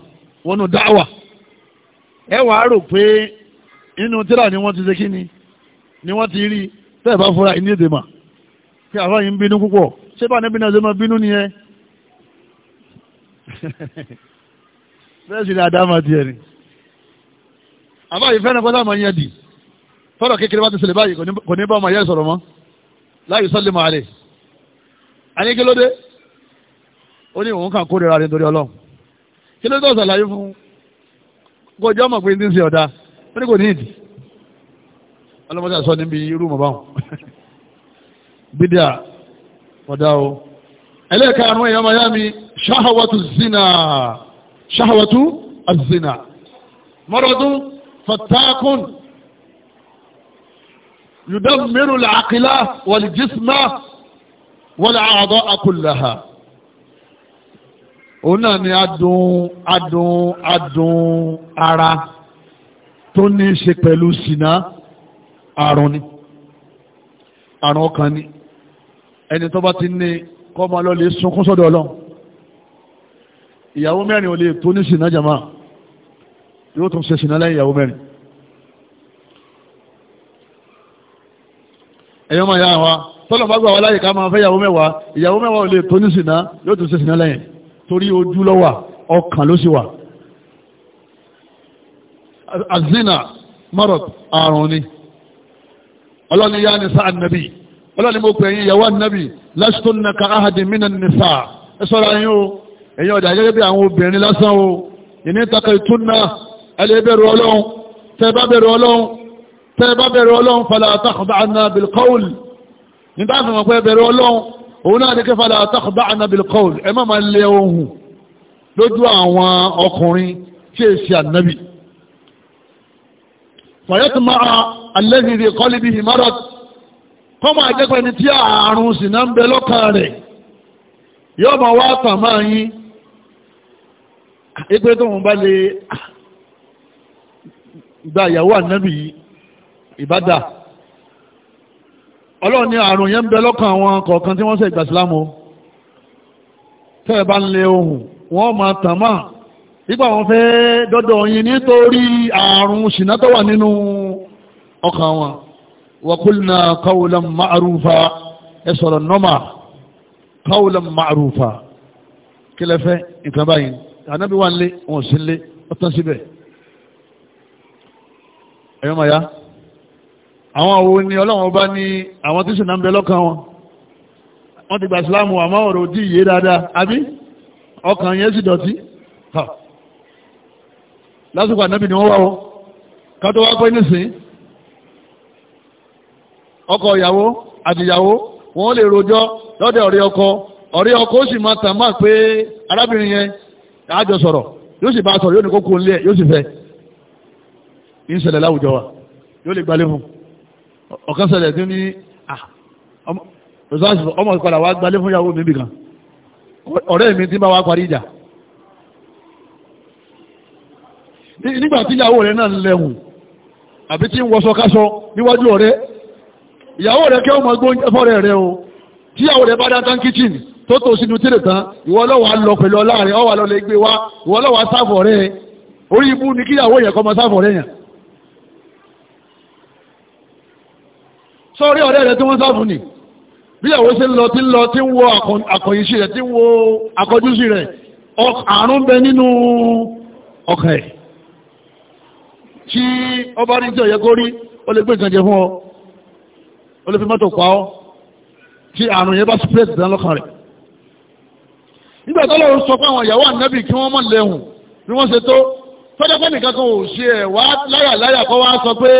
wọnú dáwà ẹ wàá rò pé inú tíra ni wọ́n ti ṣe kí ni ni wọ́n ti rí tẹ́ẹ̀ bá fura ìní èdè mà kí àwọn yìí ń bínú púpọ̀ ṣé bá níbi náà ṣe máa bínú nìyẹn bẹ́ẹ̀ sì ni àdámà tiẹ̀ ni àbáyé fẹ́ràn kọ́tà máa ń dì tọ́rọ̀ kékeré bá ti ṣẹlẹ̀ báyìí kò ní bá ọmọ ayé sọ̀rọ̀ mọ́ láyé sọ́lé màálè àní kí ló dé ó ní òun kàn kórìíra rẹ̀ nítorí ọlọ́run kí ló dé tó ṣàlàyé fún kó jẹ́ ọmọ pé ní ṣe ọ̀dà ó ní kò ní ìdí ọlọ́mọdé àṣọ níbi irú mọ̀ báwọn bídíà ọ̀dà o ẹlẹ́ẹ̀ka àrùn èèyàn miami ṣáhàwátú zina ṣáhàwátú azina mọ́rọ̀dún fatakun yudammiru al-aqila wọ́lá àádọ́ akùlàhà òun náà ni adùn adùn adùn ara tó ní í ṣe pẹ̀lú sínà àrùn ni àrùn ọkàn ni ẹni tó bá ti ní kọ́ máa lọ lè sunkún sọ́dọ̀ ọlọ́run ìyàwó mẹ́rin ò lè tó ní sínà jàmá yóò tún ṣe sínà lẹ́yìn ìyàwó mẹ́rin ẹ̀yọ́ máa yá wa tọ́lọ̀ bá gbà wá láyè ká máa fẹ́ ìyàwó mẹ́wàá ìyàwó mẹ́wàá ò lè tó ní sìnà yóò tún ṣe sìnà lẹ́yìn torí ojú ló wà ọkàn ló sì wà. azina marot àrùn ni ọlọ́ni yá ni sáà nàbì ọlọ́ni mo pè yín ìyàwó nàbì lásìtò nàka ahadi mina nìfà ẹ sọ́ra yín o èyí ọ̀dà gẹ́gẹ́ bí àwọn obìnrin lásán o ìní takà ìtúnná ẹ ọlọ́run tẹ́ bẹ̀rù ọlọ́run tẹ́ bẹ̀rù ọlọ́run fàlà àtàkùnbà àná bìlkọ́ọ̀lì nígbà tó mọ̀ pé ẹbẹ̀rẹ̀ ọlọ́run òun náà ní kí fàdà àtàkùbá ànàbìl kọ́ọ̀l ẹ má máa lẹ ohun lójú àwọn ọkùnrin tí è ṣe ànábì fàyẹ́tù máa alẹ́gìrì kọ́lì bíi himarot kọ́ máa jẹ́ pẹ́ni tí ààrùn sì náà ń bẹ lọ́kàn rẹ̀ yóò máa wá tàn máa yín ipe tó ń bá lè gba ìyàwó ànábì ìbádà ọlọ́run ní àrùn yẹn ń bẹ lọ́kàn àwọn kọ̀ọ̀kan tí wọ́n ṣe ìgbà sílámù tẹ́ẹ̀ bá ń lé ohùn wọ́n máa tàn máa nígbà wọn fẹ́ dọ́dọ̀ yín nítorí àrùn ṣìnà tó wà nínú ọkàn wọn wa qulna qawlan ẹ sọ̀rọ̀ nọ́mà qawlan ma'rufa kí nǹkan báyìí ànábì ń lé wọn sí ń lé ọtán síbẹ̀ ẹ̀yọ́ yá àwọn àwọn ni ọlọ́run bá ní àwọn tí ṣìnà ń bẹ lọ́kàn wọn wọ́n ti gbà ìsìláàmù àmọ́ ọ̀rọ̀ dí ìyé dáadáa àbí ọkàn yẹn sì dọ̀tí lásìkò ànábì ni wọ́n wá wọn kátó wá pé nísìn ọkọ ìyàwó àtìyàwó wọ́n lè rojọ́ lọ́dẹ̀ ọ̀rẹ́ ọkọ ọ̀rẹ́ ọkọ ó sì máa tàn máa pé arábìnrin yẹn àjọ sọ̀rọ̀ yóò sì bá sọ̀rọ̀ yóò ní kókó ńlẹ̀ yóò sì fẹ́ ìṣẹ̀lẹ̀ láwùjọ wa yóò lè gbalẹ̀ fún un ọ̀kan ṣẹlẹ̀ tí ó ní ah, ọmọ ìpadà wá gbalé fún ìyàwó mi bìkan ọ̀rẹ́ mi tí bá wá parí ìjà nígbà tí ìyàwó rẹ̀ náà lẹ́hùn àbí tí ń wọṣọ káṣọ níwájú ọ̀rẹ́ ìyàwó rẹ̀ kẹ́ ọmọ gbóúnjẹ fọ́rẹ̀ rẹ̀ o tí ìyàwó rẹ̀ bá dá tán kíchìn tó tó sínú tírè tán ìwọ lọ́wọ́ lọ pẹ̀lú ọlá rẹ̀ ọwà lọ lè gbé wá ìwọ sáfọ̀ rẹ̀ orí ibú ni kíyàwó yẹn kọ́ mọ sáfọ̀ rẹ̀ yẹn sọ́ọ́rí ọ̀rẹ́ rẹ̀ tí wọ́n sáfún ni bí ìyàwó ṣe ń lọ tí ń lọ tí ń wo àkọ̀yìnṣí rẹ̀ tí ń wo àkọjúṣí rẹ̀ àrùn bẹ nínú ọkàn ẹ̀ tí ọba rí tí ọ̀yẹ́ kó rí ó lè gbé ìtànjẹ fún ọ ó lè fi mọ́tò pa ọ́ tí àrùn yẹn bá spread dán lọ́kàn rẹ̀ nígbà tó lọ́wọ́ sọ fáwọn ìyàwó ànábì kí wọ́n mọ̀ lẹ́hùn bí wọ́n ṣe tó tọ́jọ́ pé nìkan kan ò ṣe ẹ̀ wá láyà láyà kọ́ wá sọ pé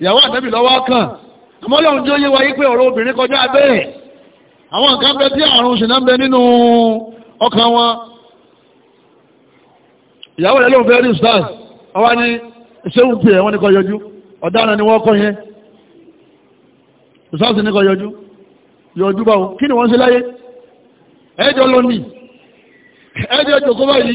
ìyàwó ànábì lọ́wọ́ kàn àmọ́ lọ́run tí yé wáyé pé ọ̀rọ̀ obìnrin kọjá àwọn nǹkan bẹ tí àrùn ṣìnà bẹ nínú ọkàn wọn ìyàwó rẹ̀ fẹ́ rí stars ọwá ní ṣéhùn pè ní kọ yọjú ọ̀daràn ni wọ́n kọ́ yẹn wọ́n ṣe láyé ẹjọ́ lónìí ẹjọ́ jòkó báyìí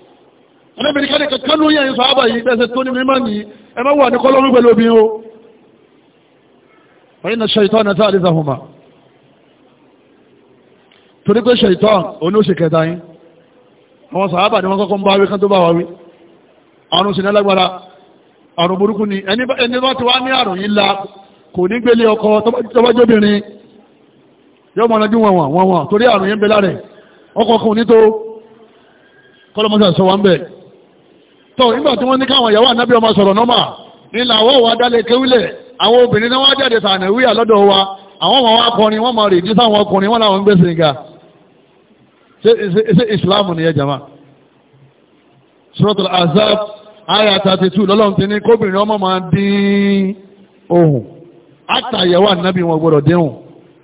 ẹlẹ́bìnrin kẹ́lẹ́ kankan ló yẹ̀yìn sọ́ábà yìí bẹ́ẹ̀ tó ní mímọ́ ní ẹmọ́ wà ní kọ́lọ́rú pẹ̀lú obìnrin o wọ́n iná ṣẹ̀tọ́n náà ṣẹ̀tọ́n òní ó ni wọ́n kọ́kọ́ ń bá wí kán tó la kò ní gbélé ọkọ tọ́bájóbìnrin yóò mọ̀ lọ́jú wọn wọn wọn torí àrùn yìí ń bẹ lára ọkọ̀ ọkùnrin tó kọ́lọ́mọ́sà sọ wọn bẹ́ẹ̀ so nígbà tí wọ́n ní káwọn ìyàwó ànábì ọmọ sọ̀rọ̀ nọ́mà ní làwọ́ wa dálé kéwìlẹ̀ àwọn obìnrin náà wá jáde sànàwíyà lọ́dọ̀ wa àwọn ọmọ wa kọrin wọ́n mọ̀ rèé jí sáwọn ọkùnrin wọ́n làwọn ń gbé sìnga ṣe ìsìláàmù ni ẹ jama suratul azab aya thirty two lọ́lọ́run ti ní kóbìnrin ọmọ máa dín ohùn àtàyẹ̀wò ànábì wọn gbọ́dọ̀ déhùn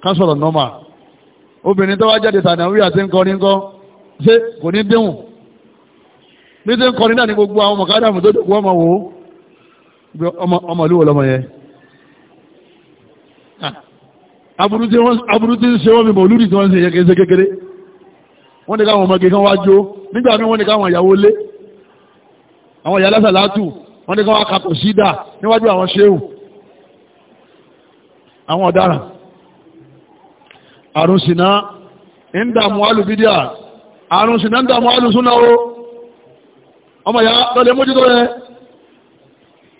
ká sọ̀rọ̀ nọ́mà bí ṣe ń kọrin náà ní gbogbo àwọn mọ̀kádàmù tó dùkú ọmọ wò ọmọ ìlú ọlọmọ yẹn ah, aburú tí ń ṣe wọ́n mi mọ̀ olúrí tí wọ́n ń ṣe yẹ kéṣe kékeré wọ́n ní káwọn ọmọge kan wá jó nígbà míì wọ́n ní káwọn ìyàwó lé àwọn ìyá lásà látù wọ́n ní káwọn akapọ̀ sídà níwájú àwọn ṣéhù àwọn ọ̀daràn àrùn sínà ń dààmú alùbídíà àrùn sínà ń dààmú alùsúnà ọmọ ya lọ́lẹ̀ mójútó rẹ̀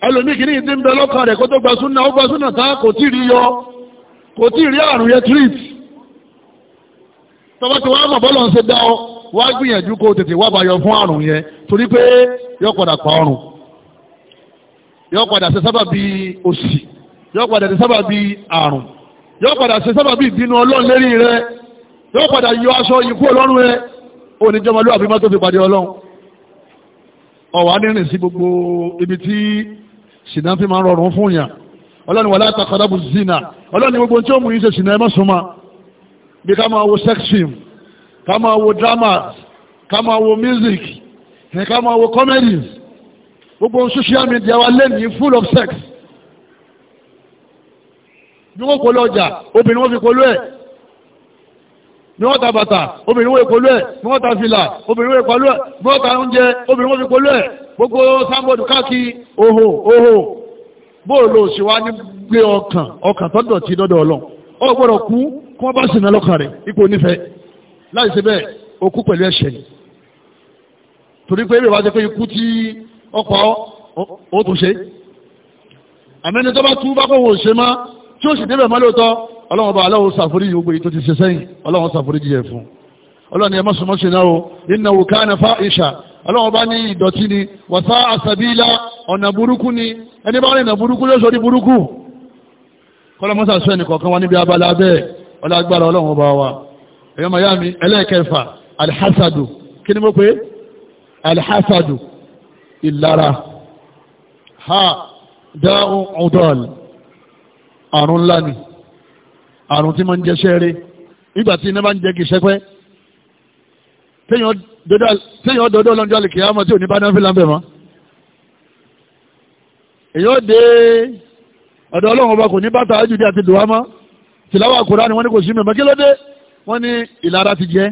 ẹlòmí kìíní ìdí ń bẹ lọ́kàn rẹ̀ kó tó gba súnà ó gba súnà tá kò tí rí yọ kò tí rí àrùn yẹn tọ́wọ́ tí wọ́n mọ̀ bọ́lọ̀ ń ṣe dá ọ gbìyànjú kó tètè wá fún àrùn yẹn torí pé yọ padà pa ọrùn yọ padà ṣe sábà bí yọ padà ṣe sábà bí àrùn yọ padà ṣe sábà bí ìbínú ọlọ́run lérí rẹ yọ padà yọ aṣọ ọlọ́run rẹ má tó fi pàdé ọ̀wà nírìn sí gbogbo ibi tí ṣìnà fi máa rọrùn fún yàn ọlọ́ni wàlá àtàkọ́dábù zina ọlọ́ni gbogbo tí ó mú yín ṣe ṣìnà ẹ má súnmọ́ bí ká máa wo sex film ká máa wo dramas ká máa wo music ká máa wo comedies gbogbo social media wa lẹ́nìí full of sex bí wọ́n kọ́ lọ́jà obìnrin wọ́n fi kọ́ lọ́ ni wọ́n ta bàtà obìnrin wọ́n ìkọlú ẹ̀ ni wọ́n ta fìlà obìnrin wọ́n ìkọlú ẹ̀ ni wọ́n ta oúnjẹ obìnrin wọ́n fi kọlú ẹ̀ gbogbo sáńbọ̀dù káàkiri oho oho bóòlù òṣìwá ní gbé ọkàn ọkàn tọ́dọ̀ tí dọ́dọ̀ ọlọ́run ọ gbọ́dọ̀ kú kí wọ́n bá sì ná lọ́kàn rẹ̀ ipò onífẹ́ láì ṣe bẹ́ẹ̀ okú pẹ̀lú ẹ̀ṣẹ̀ ni torí pé èrè wá jẹ́ pé ikú tí ọkọ̀ ó tún ṣe àmẹ́ni tó bá tú bá kó ọlọ́run ọba aláwọ̀ sàforíjì gbogbo èyí tó ti ṣe sẹ́yìn ọlọ́run sàforíjì yẹ fún ọlọ́run ni ẹ mọ́sùn mọ́sùn náà o innahu kana fa'isha ọlọ́run bá ní ìdọ̀tí ni wa sa'a sabila ọ̀nà burúkú ni ẹni bá rìn ọ̀nà burúkú ló sọ ní burúkú kọ́lọ́mọ́sà sọ ẹnì kọ̀ọ̀kan wa níbi abala bẹ́ẹ̀ ọlágbára ọlọ́run ọba wa ẹ̀yọ́ mayami ẹlẹ́ẹ̀kẹfà alhassadu àrùn ńlá ni àrùn tí máa ń jẹ sẹ́ẹ̀rẹ́ nígbà tí iná bá ń jẹ kì í sẹ́pẹ́ téèyàn dọ́dọ́ lọ́jọ́ àlèkè àmọ́ tí ò ní bá náà fi láǹbẹ̀ mọ́ èyàn dé ọ̀dọ̀ ọlọ́run ọba kò ní bàtà ajúdí àti dùwà mọ́ tìláwà Kùránì wọ́n ní kò sí mẹ́mọ́ kí ló dé wọ́n ní ìlara ti jẹ́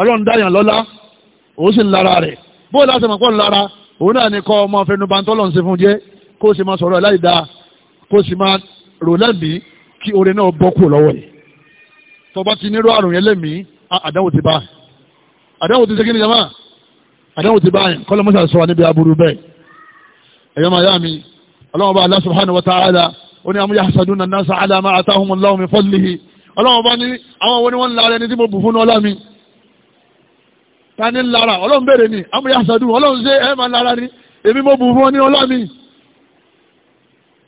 ọlọ́run dáyàn lọ́lá òun sì ń lara rẹ̀ bó láti mọ̀ pọ̀ lara òun náà ní kọ́ ọmọ fẹnubantọ́lọ́run ṣe fún jẹ́ kó o sì máa sọ̀rọ̀ láì dáa kó o sì máa rò lẹ́mìí kí oore náà bọ́ kúrò lọ́wọ́ yìí tó bá ti nírú àrùn yẹn lẹ́mìí àdáwò ti bá àdáwò ti segin ní jama àdáwò ti bá yẹn kọ́lọ́ mọ́sá sọ wa níbi aburú bẹ́ẹ̀ ẹ̀yọ́ máa yá mi ọlọ́wọ́n bá Allah subhanahu wa ta'ala ó ní amúyá hasadun náà sa ala ma atahum Allahu min fadlihi ọlọ́wọ́n bá ní àwọn wo ni wọ́n ń lára ẹni tí mo bù fún ọlá mi ta ni ń lára ọlọ́run béèrè ni amúyá hasadun ọlọ́run ṣe ẹ̀ máa lára ni èmi mo bù fún ọ ní ọlá mi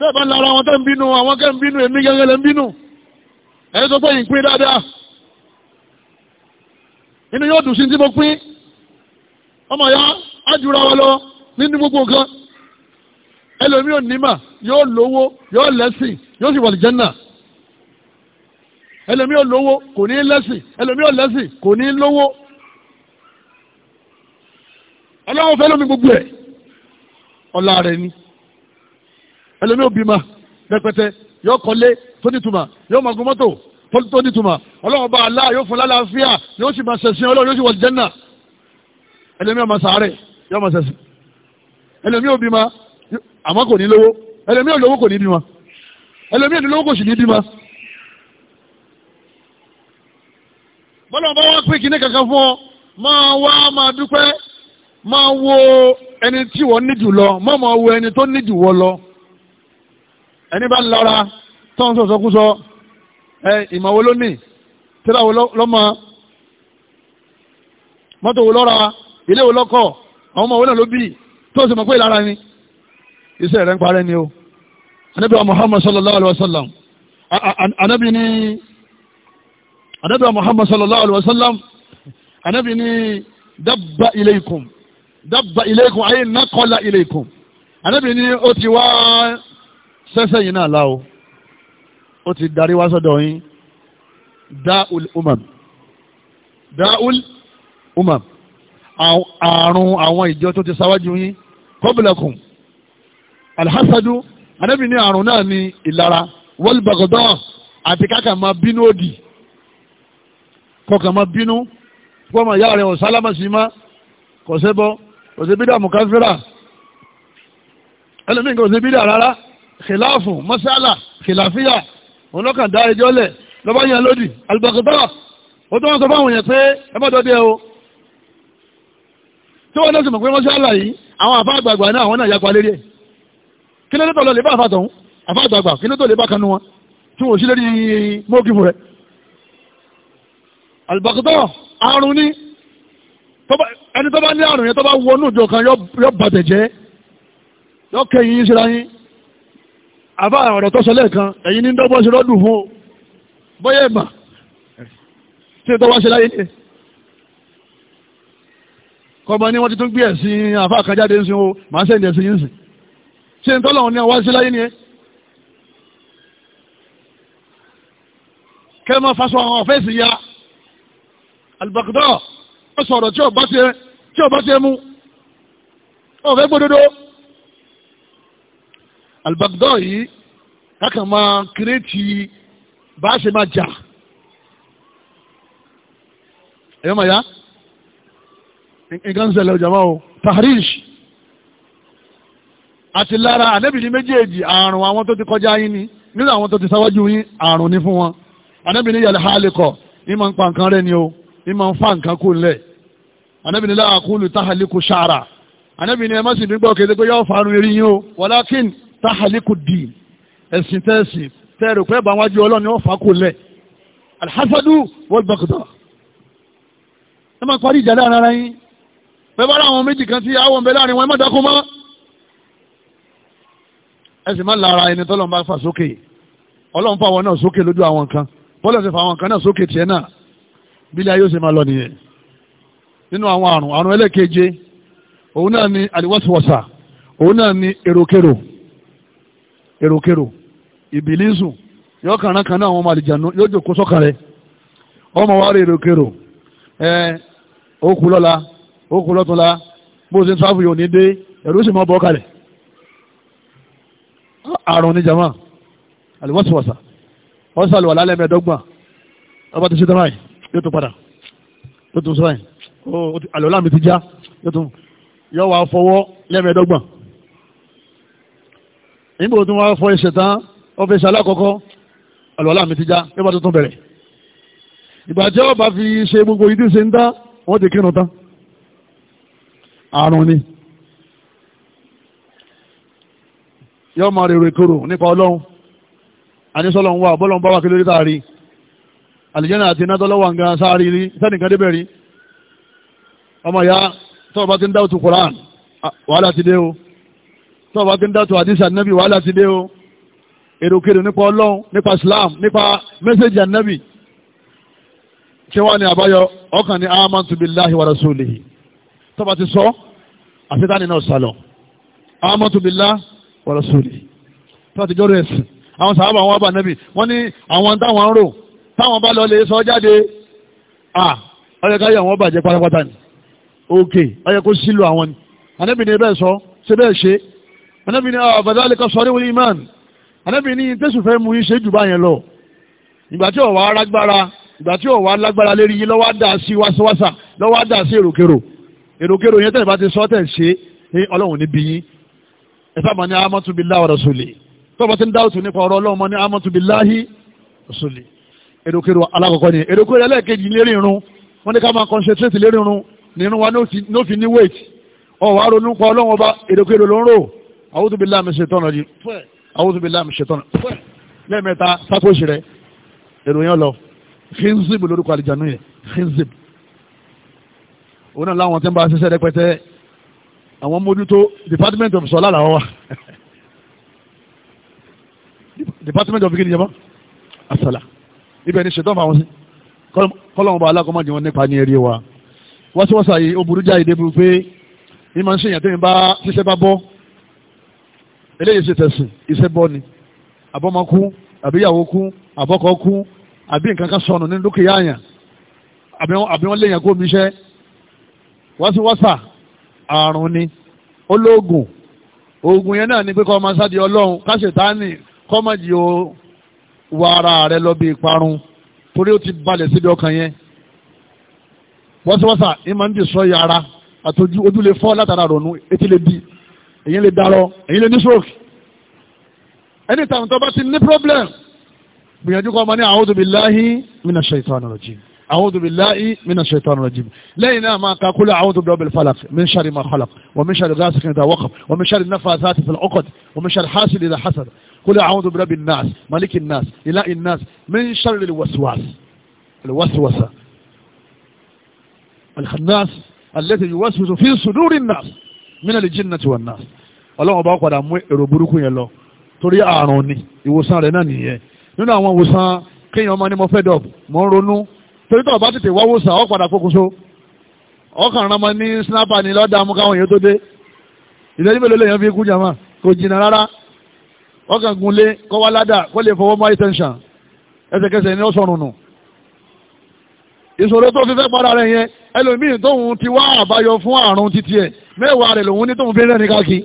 bẹ́ẹ̀ bá lára wọn tẹ́ ń bínú àwọn kẹ́ ń bínú èmi gẹ́gẹ́ lẹ́ ń bínú ẹ̀yẹ́ tó pé ìpín dáadáa inú yóò dùn sí tí mo pín ọmọ ya ájúra wa lọ nínú gbogbo nǹkan ẹlòmíì ò ní mà yóò lówó yóò lẹ́sìn yóò sì wà lìjẹ́nà ẹlòmíì ò lówó kò ní lẹ́sìn ẹlòmíì ò lẹ́sìn kò ní lówó ọlọ́run fẹ́ lómi gbogbo ẹ̀ ọlá rẹ̀ ni ẹlòmí ò bímọ rẹpẹtẹ yóò kọ́lé tó nítumọ̀ yóò magun mọ́tò tó nítumọ̀ ọlọ́run bá aláà yóò fún lálàáfíà yóò sì máa ṣẹ̀sìn ọlọ́run yóò sì wọ jẹ́nà ẹlòmí ọmọ sàárẹ̀ yóò máa ṣẹ̀sìn ẹlòmí ò bímọ àmọ́ kò ní lówó ẹlòmí ò lówó kò ní bímọ ẹlòmí ò ní lówó kò sì ní bímọ. bọ́lá bá wá pé kíní kankan fún ọ máa wá máa dúpẹ́ máa wo ẹni tí wọ́n ní jù lọ máa máa wo ẹni tó ní jù wọ́ lọ ẹni bá lára tọ́n sọ̀sọ́ kú sọ ẹ ìmọ̀wó ló ní tíráwó lọ́mọ mọ́tò wo lọ́ra ilé wo lọ́kọ̀ àwọn ọmọ wo náà ló bí tó sì mọ̀ pé ìlara ni iṣẹ́ rẹ̀ ń parẹ́ ni o anabi wa muhammad sallallahu alaihi wa sallam anabi ni anabi wa muhammad sallallahu alaihi wa sallam anabi ni dabba ilaykum dabba ilaykum ayé nakọ́la ilaykum anabi ni ó ti wá sẹ́sẹ́ yìí náà láwo ó ti darí wá sọ́dọ̀ yín dáúl umam dáúl umam àrùn àwọn ìjọ tó ti sáwájú yín kọ́bùlẹ̀kùn alhassadu anábì ní àrùn náà ní ìlara wọ́lùbàgọ́dọ́ àti káka máa bínú òdì kọkàn máa bínú kọ́ máa yá rẹ̀ ọ̀ sálámà sí kọ̀ọ̀sẹ́bídà mùkáfírà ẹlẹ́mìí rárá kìláàfù mọ́sálà kìláàfíà òun lọ́kàn dá ẹjọ́ lẹ̀ lọ́bá yẹn lódì alùbàkàtàrà ó tó wọ́n sọ fáwọn èèyàn pé ẹ má dọ́dẹ o tí wọ́n lọ́sùn mọ̀ pé mọ́sálà yìí àwọn àfa àgbààgbà náà àwọn náà yapa lérí ẹ̀ kí ló tó lọ lè bá àfa tọ̀hún àfa àgbààgbà kí ló tó lè bá kanú wọn tí wọ́n sí lórí mọ́ọ̀kì fún rẹ̀ alùbàkàtàrà àrùn ní ẹni tó bá ní àrùn yẹn tó bá wọnú ìjọ kan yọ bàtẹ̀ jẹ́ yọ kẹyìn yín síra àbá ọ̀rọ̀ tó sọ lẹ́ẹ̀kan ẹ̀yin ní dọ́gbọ́n ṣe rọ́dùn fún bọ́yẹ̀ mà tí tó wá ṣe láyé ní kọmọ ní wọ́n ti tún gbé ẹ̀sìn àfá kan jáde ń sin o màá sẹ́yìn ẹ̀sìn yìí sìn ṣe ń tọ́lọ̀ ní wá sí láyé ní ẹ kẹ́ mọ́ àwọn ọ̀fẹ́sì ya albakdọ́ ó sọ̀rọ̀ tí ò bá ti ẹ mú ọ̀fẹ́ gbódódó alibagdọ́ yìí kákan máa kírètì bá a ṣe máa jà ẹ̀yọ́ màá yá nǹkan ń ṣẹlẹ̀ ọ̀jàmá o tahrish àti lára ànábìlí méjèèjì àrùn àwọn tó ti kọjá yín ni nínú àwọn tó ti sáwájú yín àrùn ni fún wọn ànábìlí yàrá hálíkọ̀ ní máa ń pa nǹkan rẹ̀ ni o ní máa ń fa nǹkan kù ńlẹ̀ ànábìlí láàkúlù táhàlíkù ṣáàrà ànábìlí ẹ má sì ní kété pé yóò fa àrùn eré yín o wàlákìn tahaliku di ẹ̀sìn tẹ́sìn tẹ́rù pé bá wájú ọlọ́ni wọ́n fà kò lẹ̀ alhassadu wal bagda ẹ máa parí ìjà láàrin ara yín bẹ́ẹ̀ bá láwọn méjì kan sí àwọn ọ̀bẹ láàrin wọn ẹ má dákun mọ́ ẹ sì má lára ẹni tọ́lọ́n bá fà sókè ọlọ́run fà wọn náà sókè lójú àwọn kan bọ́lọ̀ sì fà àwọn kan náà sókè tiẹ̀ náà bílẹ̀ ayé ó sì máa lọ nìyẹn nínú àwọn àrùn àrùn ẹlẹ́keje òun náà ni àdìwọ́sowọ́sà òun náà ni èròkèrò èròkèrò ìbílísù yóò kànáà kan náà àwọn ọmọ àlìjànú yóò jòkó sọ́kàn rẹ̀ ọmọ wa rí èròkèrò ẹ òkú lọ́la òkú lọ́túnla bó ṣe ń sáfù yóò ní dé ẹ̀rú sì mọ́ bọ́ kalẹ̀ àrùn ní jama àlùwọ́sowọ́sà wọ́n sàlùwà lálẹ́ mẹ́ẹ̀ẹ́dọ́gbọ̀n ọba tó ṣe tán báyìí yóò tún padà yóò tún sọ báyìí mi ti já yóò tún yọ wà fọwọ́ lẹ́mẹ̀ẹ́dọ́gbọ̀n níbo tí wọ́n fọ ẹsẹ̀ tán ọ́fíìsì alákọ̀ọ́kọ́ àlùwàlá mi ti já ẹ bá tuntun bẹ̀rẹ̀ ìgbà tí ọba fi ṣe gbogbo ìdí ṣe ń dá wọ́n ti kírun tán àrùn ni yọ́ọ́ máa rèrò ìkorò nípa ọlọ́run àníṣọ́lọ́ ń wà bá wà kí lórí táàrí àlìjẹ́nà àti iná tọ́lọ́wà ń gan sáàrí rí sẹ́nìkan débẹ̀ rí ọmọ ìyá tọ́ọ̀bá ti ń dáwọ́tù koran wàhálà ti dé o tó bá ti ń dátò àdísà nẹ́bì wàhálà ti dé o èròkèrò nípa ọlọ́run nípa islam nípa mẹ́sẹ̀jì ànẹ́bì tí wọ́n ní àbáyọ ọkàn ní amantu billahi wa rasulihi tó bá ti sọ àṣetánì náà sálọ amantu billahi wa rasulihi tó bá ti jọ́rọ̀ ẹ̀sìn àwọn sàábà wọn bá nẹ́bì wọ́n ní àwọn táwọn ń rò táwọn bá lọ lè sọ jáde à ọyẹ́káyọ̀ wọn bàjẹ́ pátápátá ni ok ọyẹ́ kó sílò àwọn ni ànẹ́bì ni bẹ́ẹ̀ sọ ṣe bẹ́ẹ̀ ṣe anábì ní ah, àbàdà lè kọ́ sọ́rí wọlé imán anábì ní tẹ́sù fẹ́ mú iṣẹ́ jù báyẹn lọ ìgbà tí ọ̀wá arágbára ìgbà tí ọ̀wá lágbára lérí yín lọ́wọ́ dà sí wáṣíwáṣà lọ́wọ́ dà sí èròkèrò èròkèrò yẹn tẹ̀lé bá ti sọ́ tẹ̀ ní ọlọ́run níbi yín ẹ̀fà mọ̀ ní amatu billahi wa rasuli tó bá ti ń nípa ọ̀rọ̀ ọlọ́run mọ̀ ní amatu billahi rasuli èròkèrò alákọ̀ọ́kọ́ ni èròkèrò ẹlẹ́ẹ̀kejì lérí irun wọ́n ní ká máa concentrate wa ní ó fi ní weight ọ̀wá ronú pa ọlọ́run ọba èròkèrò ló ń àwùjọ bí láàmì ṣe tọ́nà rí àwùjọ bí láàmì ṣe tọ́nà lẹ́ẹ̀mẹ́ta sákòṣì rẹ èrò yẹn lọ hinzib lórúkọ àlìjánu yẹn hinzib òun náà láwọn tí ń bá ṣiṣẹ́ rẹpẹtẹ àwọn mójútó department of sọlá làwọn wa department of gíní yẹn bọ́ asala ibẹ̀ ni ṣètò fáwọn sí kọ́lọ́mù bá alákọ̀ọ́mọ́jì wọn nípa ní eré wa wáṣíwáṣá yìí ó burú jáde débi pé ní máa ń ṣèyàn bá ṣiṣẹ́ bá bọ́ eléyìí ṣe tẹ̀sìn iṣẹ́ bọ́ ni àbọ́mọ kú àbíyàwó kú àbọ́kọ kú àbí nǹkan kan sọnù ní dúkìá àyàn àbí wọ́n léèyàn kó mi iṣẹ́ wáṣíwáṣà àrùn ni olóògùn oògùn yẹn náà ni pé kọ́ ọmọ sáde ọlọ́run káṣetánì kọ́mọ̀jì o wà ara rẹ lọ bí ìparun torí ó ti balẹ̀ síbi ọkàn yẹn wáṣíwáṣà ìmọ̀ ń dì sọ yàrá àtòjú ojú lè fọ́ látara rònú etí lè bíi èyí lè darọ èyí lè ní stroke ẹni tàwọn tó bá ti ní problem gbìyànjú kọ́ ọmọ ní a'udhu billahi minash shaitani rajim a'udhu billahi minash shaitani rajim lẹ́yìn náà máa ka kul a'udhu bi rabbil falaq min sharri ma khalaq wa min sharri ghasiqin idha waqab wa min sharri naffathati fil 'uqad wa min sharri hasidin idha hasad kul a'udhu bi rabbin nas malikin nas ilahin nas min sharri al-waswas al-waswasa al-khannas التي يوسوس في صدور الناس mínà lè jìnnà ti wà náà ọlọ́run ọba padà mú èrò burúkú yẹn lọ torí àrùn ni ìwòsàn rẹ̀ náà nìyẹn nínú àwọn ìwòsàn kéèyàn ọmọ ni mo fẹ́ dọ̀ mo ń ronú torí tó o bá tètè wá wòsàn ọ̀ padà fokùnso ọkàn rán ma ní sinapa ni lọ́dà mú káwọn èèyàn tó dé ìdẹ́jú mélòó lèèyàn fi kú jàmá kò jìnnà rárá ọkàn gunlé kọ́ wá kó lè fọwọ́ mọ́ attention ẹsẹ̀kẹsẹ̀ ni ó sọ̀rùn nù ìṣòro tó fi fẹ́ para rẹ̀ yẹn ẹlòmíì tóun ti wá àbáyọ fún àrùn títí ẹ̀ mẹ́wàá rẹ̀ lòun ní tóun fi rẹ́ni káàkiri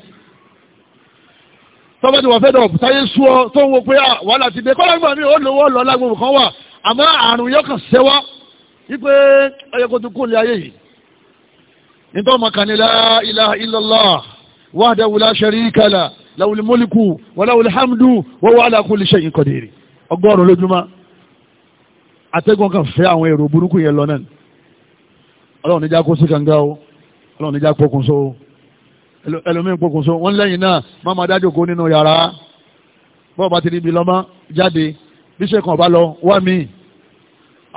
tọ́bẹ̀ tí wọ́n fẹ́ dọ̀ táyé sú tóun wo pé wàhálà ti dé kọ́lá nígbà míì lówó lọ lágbègbè kan wà àmọ́ àrùn yóò kàn ṣẹ́wá wípé ọyọ kó ti kú ilé ayé yìí nítorí ọmọ kan ní la ilaha illallah wahdahu la sharika lah lahul mulku wa lahul hamdu wa huwa ala kulli ọgọ́rùn-ún lójúmọ́ atẹ́gùn kan fẹ́ àwọn èrò burúkú yẹn lọ náà ni ọlọ́run níjà kó sí kànga o ọlọ́run níjà pokùn so ẹlòmíín pokùn so wọ́n lẹ́yìn náà má máa dájò kó nínú yàrá bọ́ọ̀ bá ti rí lọ́mọ jáde bí ṣe kàn lọ wá mí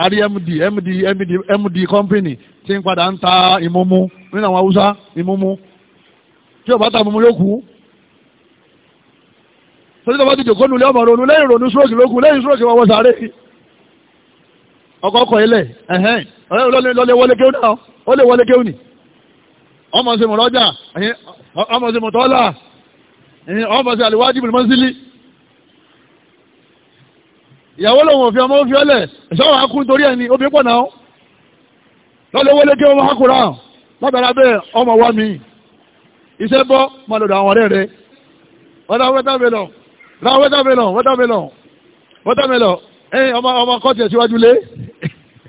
àrí md md md md company ti ń padà ń ta ìmúmú nínú àwọn haúsá ìmúmú tí ò bá ta ìmúmú yóò kú bá ti jòkó nulẹ̀ ọmọ ronú lẹ́yìn ronú stroke lókun lẹ́yìn stroke wọ́wọ́ sáré ọkọ̀ ọkọ̀ ilẹ̀ ẹ̀hẹ́n lọ́lẹ̀ wọlé kéwù náà ó lè wọlé kéwù nì ọmọ sí mọ̀lọ́jà ọmọ sí mọ̀tọ́lá ọmọ sí àlèwájú mọ̀lọ́sílì ìyàwó lòun òfin ọmọ òfin ọlẹ̀ ìṣọ́wọ́ akún torí ẹni obìnrin pọ̀ náà lọ́lẹ̀ wọlé kéwù ọmọ akùrà lábẹ́ra bẹ́ẹ̀ ọmọ wa mi iṣẹ́ bọ́ máa lòdà àwọn ọ̀rẹ́ rẹ̀ ọ̀dà wẹ́tàmẹ́lọ̀ ọmọ kọ́ọ̀tì ẹ̀ síwájú lé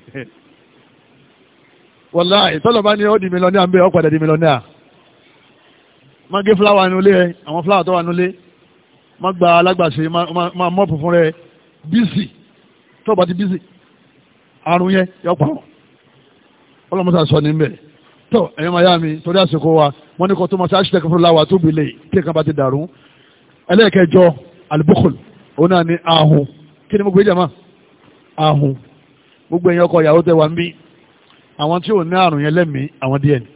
wàláì tọ́lọ̀ bá ní ó di mílíọ̀nìyà ń bẹ́ ó padà di mílíọ̀nìyà má gé fúláwà nulẹ̀ ẹ àwọn fúláwà tó wà nulẹ̀ má gba alágbàṣe má mọ́ọ̀pù fún rẹ bíìsì tó bá ti bíìsì àrùn yẹn yọ pa wọn ọlọ́mọta sọ ní bẹ́ẹ̀ tó ẹ̀yọ́ màá yá mi torí àsìkò wa wọ́n ní kò tó máa ṣe àṣìṣe kan fún láwa tó bìlẹ̀ kí nǹkan bá ti dàrú ẹlẹ́ẹ̀kẹjọ alibukul òun náà ní ahun kí ni mo gbé jàmá ahun gbogbo ẹ̀yin ọkọ ìyàwó tẹ wà ń bí àwọn tí ò ní àrùn yẹn lẹ́mìí àwọn díẹ̀ ni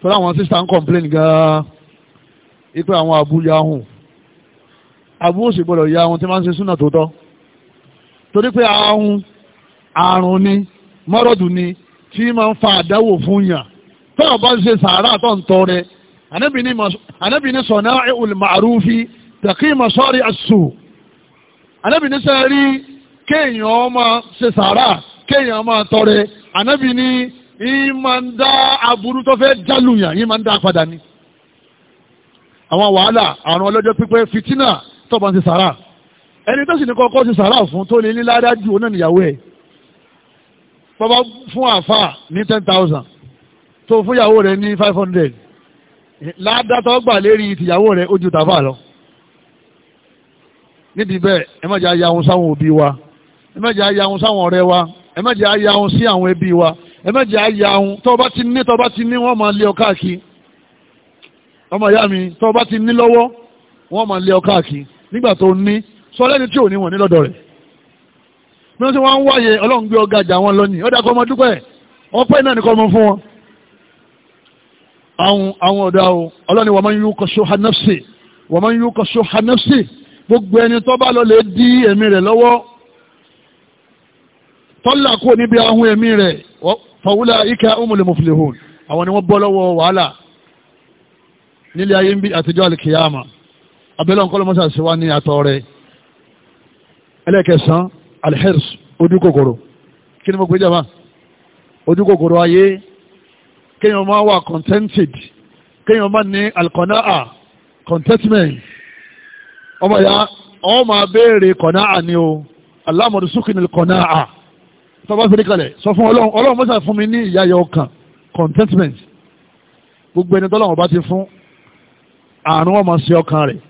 tọ́lá àwọn sísá ń kọ̀m̀plẹ́n gan-an ipe àwọn àbú ya hùn àbú ó sì gbọ́dọ̀ ya ohun tí máa ń ṣe súnà tòótọ́ torí pé ahun àrùn ni mọ́rọ̀dù ni tí máa ń fa àdáwò fún yàn tọ́lá bá ń ṣe sàárà tó ń tọrẹ ànábì ní sọ̀nà ìhùn màrúfi tẹ̀kí mọ̀sọ́rí àṣù ànábì ní sẹ́rí kéèyàn máa ṣe sàárà kéèyàn máa tọrẹ ànábì ní yín máa ń dá aburú tó fẹ́ jálùyàn yín máa ń dá padà ni. àwọn wàhálà àrùn ọlọ́jọ́ pípẹ́ fìtínà tó bá ń ṣe sàárà ẹni tó sì ní kọ́kọ́ ṣe sàárà fún tó lè ní ládàá ju ọ̀nà níyàwó ẹ̀ bàbá fún àáfà ní ten thousand tó fún ìyàwó rẹ̀ ní five hundred ládàá tó gbà lérí tìyàwó rẹ̀ ó ju tàfà lọ nídìí bẹ́ẹ̀ ẹ má jẹ́ àyà àwọn sáwọn òbí wa ẹ má jẹ́ ayahun sáwọn ọ̀rẹ́ wa ẹ má jẹ́ ayahun sí àwọn ẹbí wa ẹ má jẹ́ ayahun tó bá ti ní tó bá ti ní wọ́n máa lé ọ káàkiri ọmọ ìyá mi tó bá ti ní lọ́wọ́ wọ́n máa lé ọ káàkiri nígbà tó ní sọ lẹ́ni tí ò ní wọ̀n ní lọ́dọ̀ rẹ̀ bí wọ́n ti wá ń wáyé ọlọ́run gbé ọgá àjà wọn lọ́nìí ó dákọ́ ọmọ dúpẹ́ ọpẹ́ náà nìkan mọ fún wọn. àwọn àwọn ọ̀dà o ọlọ́ni wọ́n máa ń yú kọ́sọ́ hanafsi wọ́n máa ń yú kọ́sọ́ hanafsi gbogbo ẹni tó bá lọ lè dí ẹ̀mí rẹ̀ lọ́wọ́ tọ́lá kó níbi ahun ẹ̀mí rẹ̀ fàwúlà ika umul muflihun àwọn ni wọ́n bọ́ lọ́wọ́ wàhálà nílé ayé ń bí àtijọ́ alìkìyàmà abẹ́lẹ́ ọ̀kọ́ lọ́mọ́sà sí wá ní àtọ́ rẹ̀ ẹlẹ́kẹsàn alhirs ojúkòkòrò kí ni mo pè jàmá ojúkòkòrò ayé kéèyàn máa wà contented kéèyàn máa ní alkọ̀náà contentment ọmọ ya ọ máa béèrè kọ̀náà ni o alámọ̀dúsùkì ni tọ́ba fi ní kalẹ̀ sọ fún ọlọ́run ọlọ́run mọ́sà fún mi ní ìyáyọ ọkàn contentment gbogbo ẹni tọ́lọ́run bá ti fún àrùn ọmọ sí ọkàn rẹ̀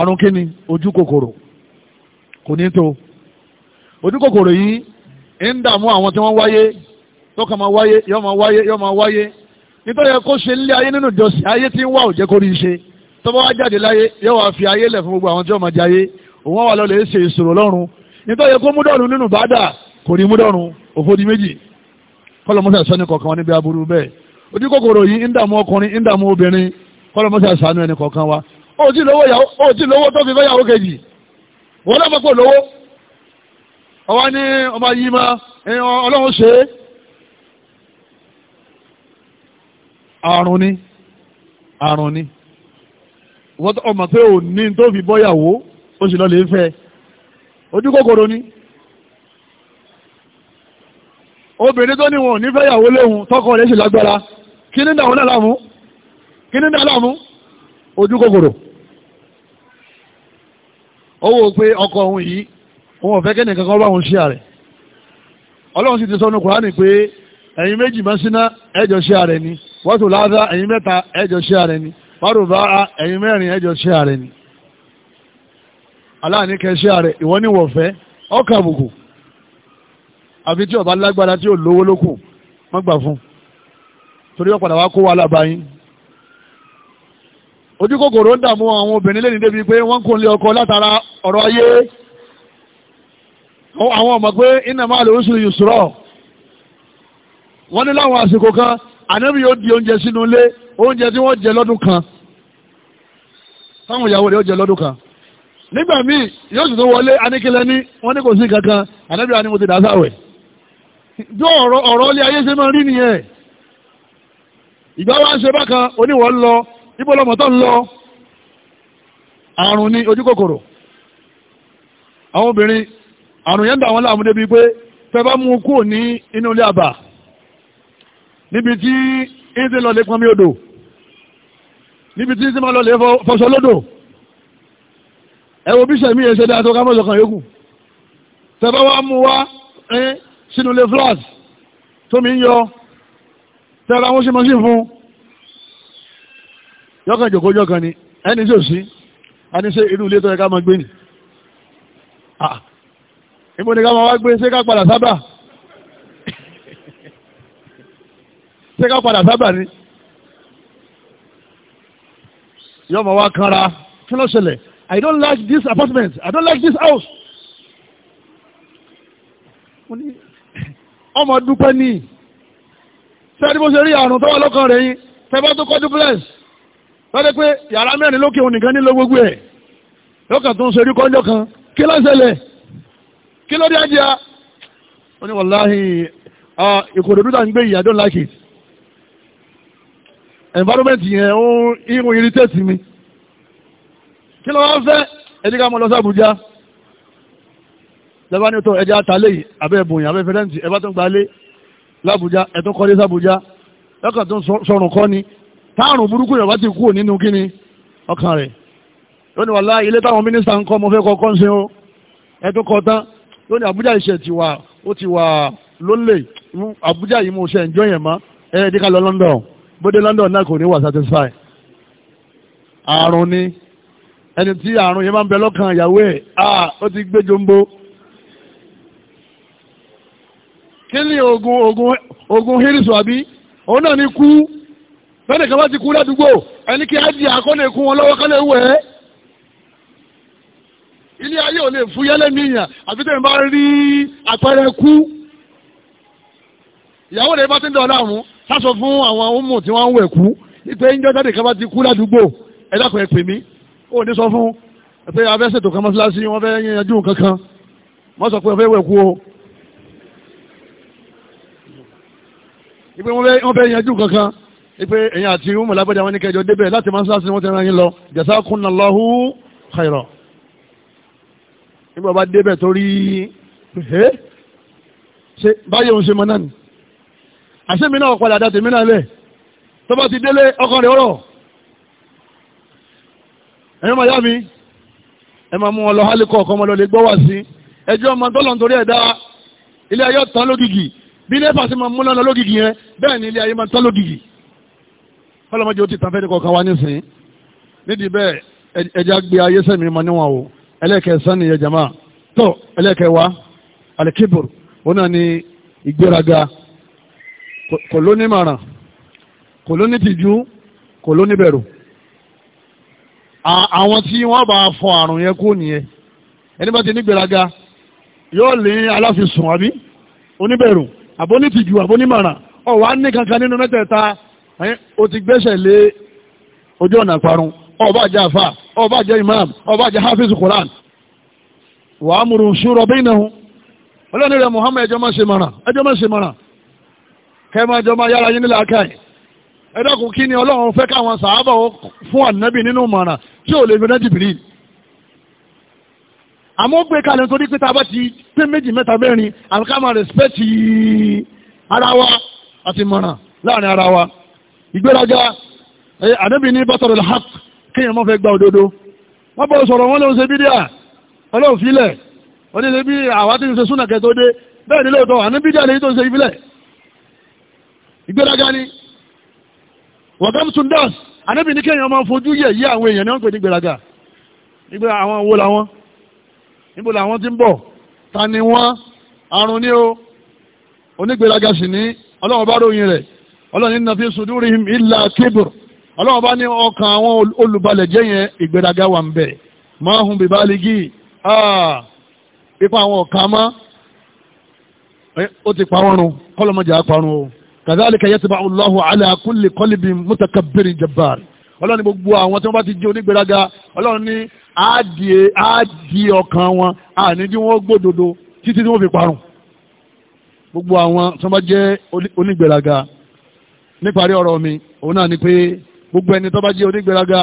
àrùn kíni ojú kòkòrò kò ní tó ojú kòkòrò yìí ń dààmú àwọn tí wọ́n wáyé tọ́ka máa wáyé yọ́ máa wáyé yọ́ máa wáyé nítorí ẹ kó ṣe nílé ayé nínú ìjọsìn ayé tí ń wá òjẹ́ kórìí ṣe tọ́ba wá jáde láyé yọ́ wá fi ayé lẹ̀ fún gbogbo àwọn tí wọ́n máa jayé òun wà lọ́lẹ̀ ṣe ìṣòro lọ́run nítorí ẹ kó múdọ̀lù nínú bàdà kò múdọ̀rùn òfòdì méjì kọlọmọsà sọ ní kọ̀ọ̀kan wa níbi aburú bẹẹ, ojú kòkòrò yìí ń dààmú ọkùnrin ń dààmú obìnrin kọlọmọsà sànú ẹni wa ó lówó lówó tó fi fẹ́ yàwó kejì wọ́n lówó ọwọ́ ọmọ obìnrin tó níwọ̀n nífẹ́yàwó léhun tọ́kọ rẹ̀ sì lágbára kí ní dáwọn náà láàmú kí ní dáa láàmú ojú kòkòrò ó wò pé ọkọ òun yìí òun ọ̀fẹ́ kẹ́ni kankan bá òun ṣíà rẹ̀ ọlọ́run sì ti sọ ní Kùránì pé ẹ̀yin méjì mọ́síná ẹjọ́ ṣíà rẹ̀ ni wọ́tò láàdá ẹ̀yin mẹ́ta ẹjọ́ ṣíà rẹ̀ ni márùbá ẹ̀yin mẹ́rin ẹjọ́ ṣíà rẹ̀ ni aláàní kẹ́ ṣíà rẹ̀ ìwọ àfi tí ọba lágbára tí ò lówó lókù wọ́n gbà fún torí wọ́n padà wá kó wa lábàáyín ojú kòkòrò ń dààmú àwọn obìnrin lẹ́ni débi pé wọ́n kò lé ọkọ látara ọ̀rọ̀ ayé àwọn ọmọ pé iná máa lè oṣù yusrọ̀ wọ́n ní láwọn àsìkò kan ànábì yóò di oúnjẹ sínú ilé oúnjẹ tí wọ́n jẹ lọ́dún kan táwọn ìyàwó rẹ̀ jẹ lọ́dún kan nígbà míì yóò sì tó wọlé aníkílẹ́ní wọ́n ní kò sí kankan ànábì wa ni mo ti dà sáwẹ̀ bí ọ̀rọ̀ ọ̀rọ̀ ilé ayé ṣe máa rí nìyẹn ìgbà wa ń ṣe bákan oníwọ̀ ń lọ ibo lọmọ tó ń lọ àrùn ni ojú kòkòrò àwọn obìnrin àrùn yẹn ń dà wọ́n láàmú débi pé fẹ́ bá mú kúrò ní inú ilé àbà níbi tí ìdí lọ lè pọnmi odò níbi tí ìdí máa lọ lè fọṣọ lódò ẹ wo bí sẹ̀mí yẹn ṣe dáa tó ká mọ̀ọ́sọ̀ kan yókù fẹ́ bá wá mú wá ẹ́ sínú ilé flux tómi ń yọ tẹ́ra wọ́n ṣe mọ́ sí fún yọ́kàn jòkó yọ́kàn ni ẹni tí ò sí a ṣe irú ilé tó yẹ ká máa gbé ni ibo ni ká máa wá gbé ṣé ká padà sábà ṣé ká padà sábà ni yọ́ mọ̀ wá kanra kí ló ṣẹlẹ̀ I don't like this apartment I don't like this house ọmọ dúpẹ́ ní sẹ́ni bó ṣe rí àrùn tọ́wọ́ lọ́kàn rẹ̀ yín tẹ́bá tó kọ́ duplex lọ́dẹ pé yàrá mẹ́rin lókè òun nìkan nílò gbogbo ẹ̀ lọ́kàn tó ń ṣe rí kọ́njọ́ kan kí ló ṣẹlẹ̀ kí ló dé ajá ó ní wàláhì ìkòròdú tá ń gbé ìyàdó láàkì environment yẹn ó irun irritate mi kí ló wá fẹ́ ẹ̀dí mọ́ lọ sí Àbújá lọ́ba ní tó ẹja àtàlẹ́ yìí abẹ́ ìbòyìn abẹ́ fẹ́rẹ́ǹtì ẹ bá tó ń gbalé lábújá ẹ tó kọ́lé sábújá lọ́kàn tó ń sọ̀rùn kọ́ ni táàrùn burúkú yọ̀bá ti kúrò nínú kíni ọkàn rẹ̀ lónìí wàlá ilé táwọn mínísítà ń kọ́ mo fẹ́ kọ́ kọ́ńsìn o ẹ tó kọ́ tán lónìí Àbújá ìṣẹ̀ ti wà ó ti wà lólè Àbújá yìí mo ṣe ń jọyìn mọ́ ẹ díkà lọ London bóde London náà kò ní wà satisfy àrùn ni ẹni tí àrùn yẹn máa ń bẹ lọ́kàn ìyàwó ẹ̀ ah ó ti gbé jombo kí ni ogun ogun ogun hirisu àbí òun náà ní kú bẹ́ẹ̀ kan bá ti kú ládùúgbò ẹni kí á di àkọlẹ̀ kún wọn lọ́wọ́ kálẹ̀ wẹ̀ ẹ́ ilé ayé ò lè fún yẹ́lẹ́ níyàn àfi tẹ́yìn bá rí àpẹẹrẹ kú ìyàwó rẹ̀ bá ti ń dọ̀ láàmú sásọ fún àwọn ọmọ tí wọ́n ń wẹ̀ kú ipe ń jọ́jáde kan bá ti kú ládùúgbò ẹ dákun ẹ pè mí ó ní sọ fún pé abẹ́sẹ̀tò kan kan wọ́n ìpè wọ́n fẹ́ yanjú kankan ìpè èyàn àti ìwúmọ̀ lágbàdì àwọn oníkẹjọ débẹ̀ láti máa ń sáà sí wọ́n ti rán yín lọ jazakumullahu khairan nígbà bá débẹ̀ torí ẹ́ ṣe báyẹ̀ òun ṣe mọ náà ni àṣẹ́mi náà padà dá tèmi náà lẹ̀ tó bá ti délé ọkàn rẹ̀ ọ̀rọ̀ ẹ̀yọ́ máa yá mi ẹ máa mú wọn lọ hálíkọ̀ ọ̀kan ọmọlọ́lẹ̀ gbọ́wà sí ẹjọ́ ọmọ tọ́lọ̀ nítorí ẹ̀dá ilé ayọ́ tán lógìgì bí nẹ́fà sí máa múná lọ lógìgì yẹn bẹ́ẹ̀ ni ilé ayé máa tán lógìgì fọlọ́mọdé ó ti tàn fẹ́ni kọ̀ọ̀kan wá nísìnyí nídìí bẹ́ẹ̀ ẹja gbé ayé sẹ́mi mọ níwọ̀n o ẹlẹ́kẹ̀ẹ́sán nìyẹn jama tó ẹlẹ́kẹ̀ẹ́wá alikibur ó náà ni ìgbéraga kò ló ní màràn kò ló ní tìjú kò ló ní bẹ̀rù àwọn tí wọ́n bá fọ àrùn yẹn kú nìyẹn ẹni bá ti ní yóò lé aláfisùn àbí oníbẹ̀rù àbónítìjú àbónímọ̀ràn ọ̀wá ní kankan nínú mẹ́tẹ̀ẹ̀ta o ti gbẹ́sẹ̀ lé ojú ọ̀nà parun ọba jẹ́ àfà ọba jẹ́ imam ọba jẹ́ hafiz quran wàá múru ṣúrọ bẹ́ẹ̀nàhùn ọlọ́ni rẹ̀ muhammed ẹjọ́ máa ṣe mọ̀ràn ẹjọ́ máa ṣe mọ̀ràn kẹ́mà ẹjọ́ máa yára yín nílẹ̀ akáyì ẹ̀dọ́kùn kí ni ọlọ́run fẹ́ káwọn sàábà fún ànábì nínú tí ò lè fi náà jìbìrì àmọ́ gbé kalẹ̀ nítorí pé tá a bá ti pé méjì mẹ́ta mẹ́rin àbíká máa rẹ̀spẹ́tì ara wa àti mọ̀ràn láàrin ara wa ìgbéraga ànábì ní bàtàrọ̀ lhaq kéèyàn máa fẹ́ gba òdodo wọ́n bọ̀ sọ̀rọ̀ wọn lóun ṣe bí díà ọlọ́run filẹ̀ oníṣe bí àwa ti ń ṣe súnà kẹtó dé bẹ́ẹ̀ ni lóòótọ́ ànábì díà lèyí tó ń ṣe ìfilẹ̀ ìgbéraga ni wọ̀gám tún dáàs ànábì ní kéèyàn máa fojú yẹ̀ yí àwọn èèyàn ní wọ́n pè ní ìgbéraga ìgbéra àwọn wo làwọn níbo làwọn ti ń bọ̀ ta ni wọ́n àrùn ni o onígbèraga sì ní ọlọ́run bá ròyìn rẹ̀ ọlọ́run ní fi sudurihim illa kibr ọlọ́run bá ní ọkàn àwọn olùbalẹ̀ jẹ́ yẹn ìgbèraga wà ń bẹ̀ máa hùn bíbá ligi ah, ipa àwọn ọ̀ka mọ́ ó ti parun kọ́lọ́mọjà parun o kadhalika yatba'u Allahu ala kulli qalbin mutakabbirin jabbar ọlọ́run ní gbogbo àwọn tí wọ́n bá ti jẹ́ onígbéraga ọlọ́run ní àádìí ọkàn wọn àní tí wọ́n gbódodo títí tí wọ́n fi parun gbogbo àwọn tí wọ́n bá jẹ́ onígbéraga níparí ọ̀rọ̀ mi òun náà ni pé gbogbo ẹni tó bá jẹ́ onígbéraga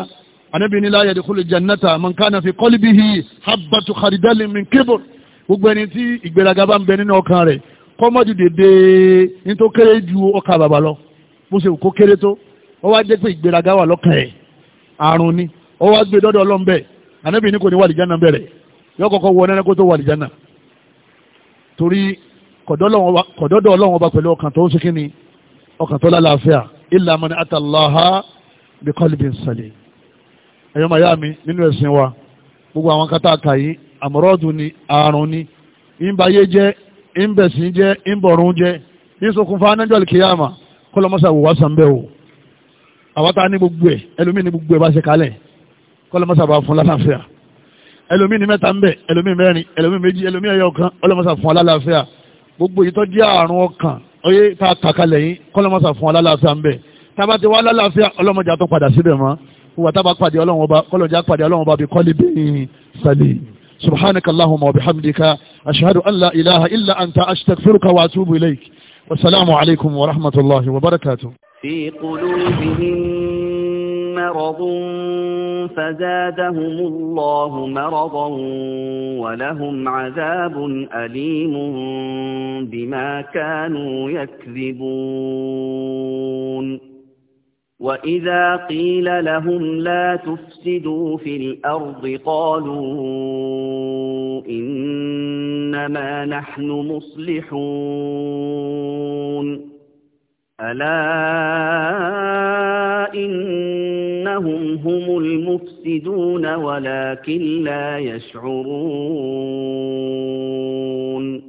anabi ni la yadkhulu jannata man kana fi qalbihi habbatu khardalin min kibr gbogbo ẹni tí ìgbéraga bá ń bẹ nínú ọkàn rẹ̀ kọ́mọ́dù dèdè ní tó kéré ju ọkà bàbà lọ bó ṣe kó kéré tó ó wá jẹ́ pé ìgbéraga wà lọ́kàn ẹ̀ àrùn ni ó wá gbé dọ́dọ̀ ọlọ́run bẹ́ẹ̀ ànábì ní kò ní wàlìjánà bẹ̀rẹ̀ yóò kọ́kọ́ wọ ọ́nẹ́rẹ́ kó tó wàlìjánà torí kọ̀dọ́dọ̀ ọlọ́run ọba pẹ̀lú ọkàn tó ń sikí ni ọkàn tó lálàáfíà illa man atallaha bi qalbin salim ẹ̀yọ́ màá yá mi nínú ẹ̀sìn wa gbogbo àwọn kátàkà yìí àmọ́rọ́dù ni àrùn ni ìbáyé jẹ́ ìbẹ̀sìn jẹ́ ìbọ̀rún jẹ́ ìṣokùnfà anájọ́ kìyàmà kọ́lọ́mọ́sà wò wá sàn bẹ́ẹ̀ o àwọn tá a ní gbogbo ẹ̀ ẹlòmíì ní gbogbo ẹ̀ bá ṣe kalẹ̀ kọ́lọ́mọ́sà bá fún lálàáfíà ẹlòmíì ní mẹ́ta ń bẹ̀ ẹlòmíì mẹ́rin ẹlòmíì méjì ẹlòmíì ẹyọ kan ọlọ́mọ́sà fún lálàáfíà gbogbo yìí tó jẹ́ àrùn ọkàn oyè tá a kàkalẹ̀ yìí kọ́lọ́mọ́sà fún lálàáfíà ń bẹ̀ tába ti wá lálàáfíà ọlọ́mọdé àtọ́ padà síbẹ̀ mọ́ wà tába pàdé ọlọ́wọ́n ọba kọ́lọ́jà pàdé ọlọ́wọ́n ọba bíi kọ́lí bíi sali subhanaka allahumma wa bihamdika ashhadu في قلوبهم مرض فزادهم الله مرضا ولهم عذاب أليم بما كانوا يكذبون وَإِذَا قِيلَ لَهُمْ لَا تُفْسِدُوا فِي الْأَرْضِ قَالُوا إِنَّمَا نَحْنُ مُصْلِحُونَ ألا إنهم هم المفسدون ولكن لا يشعرون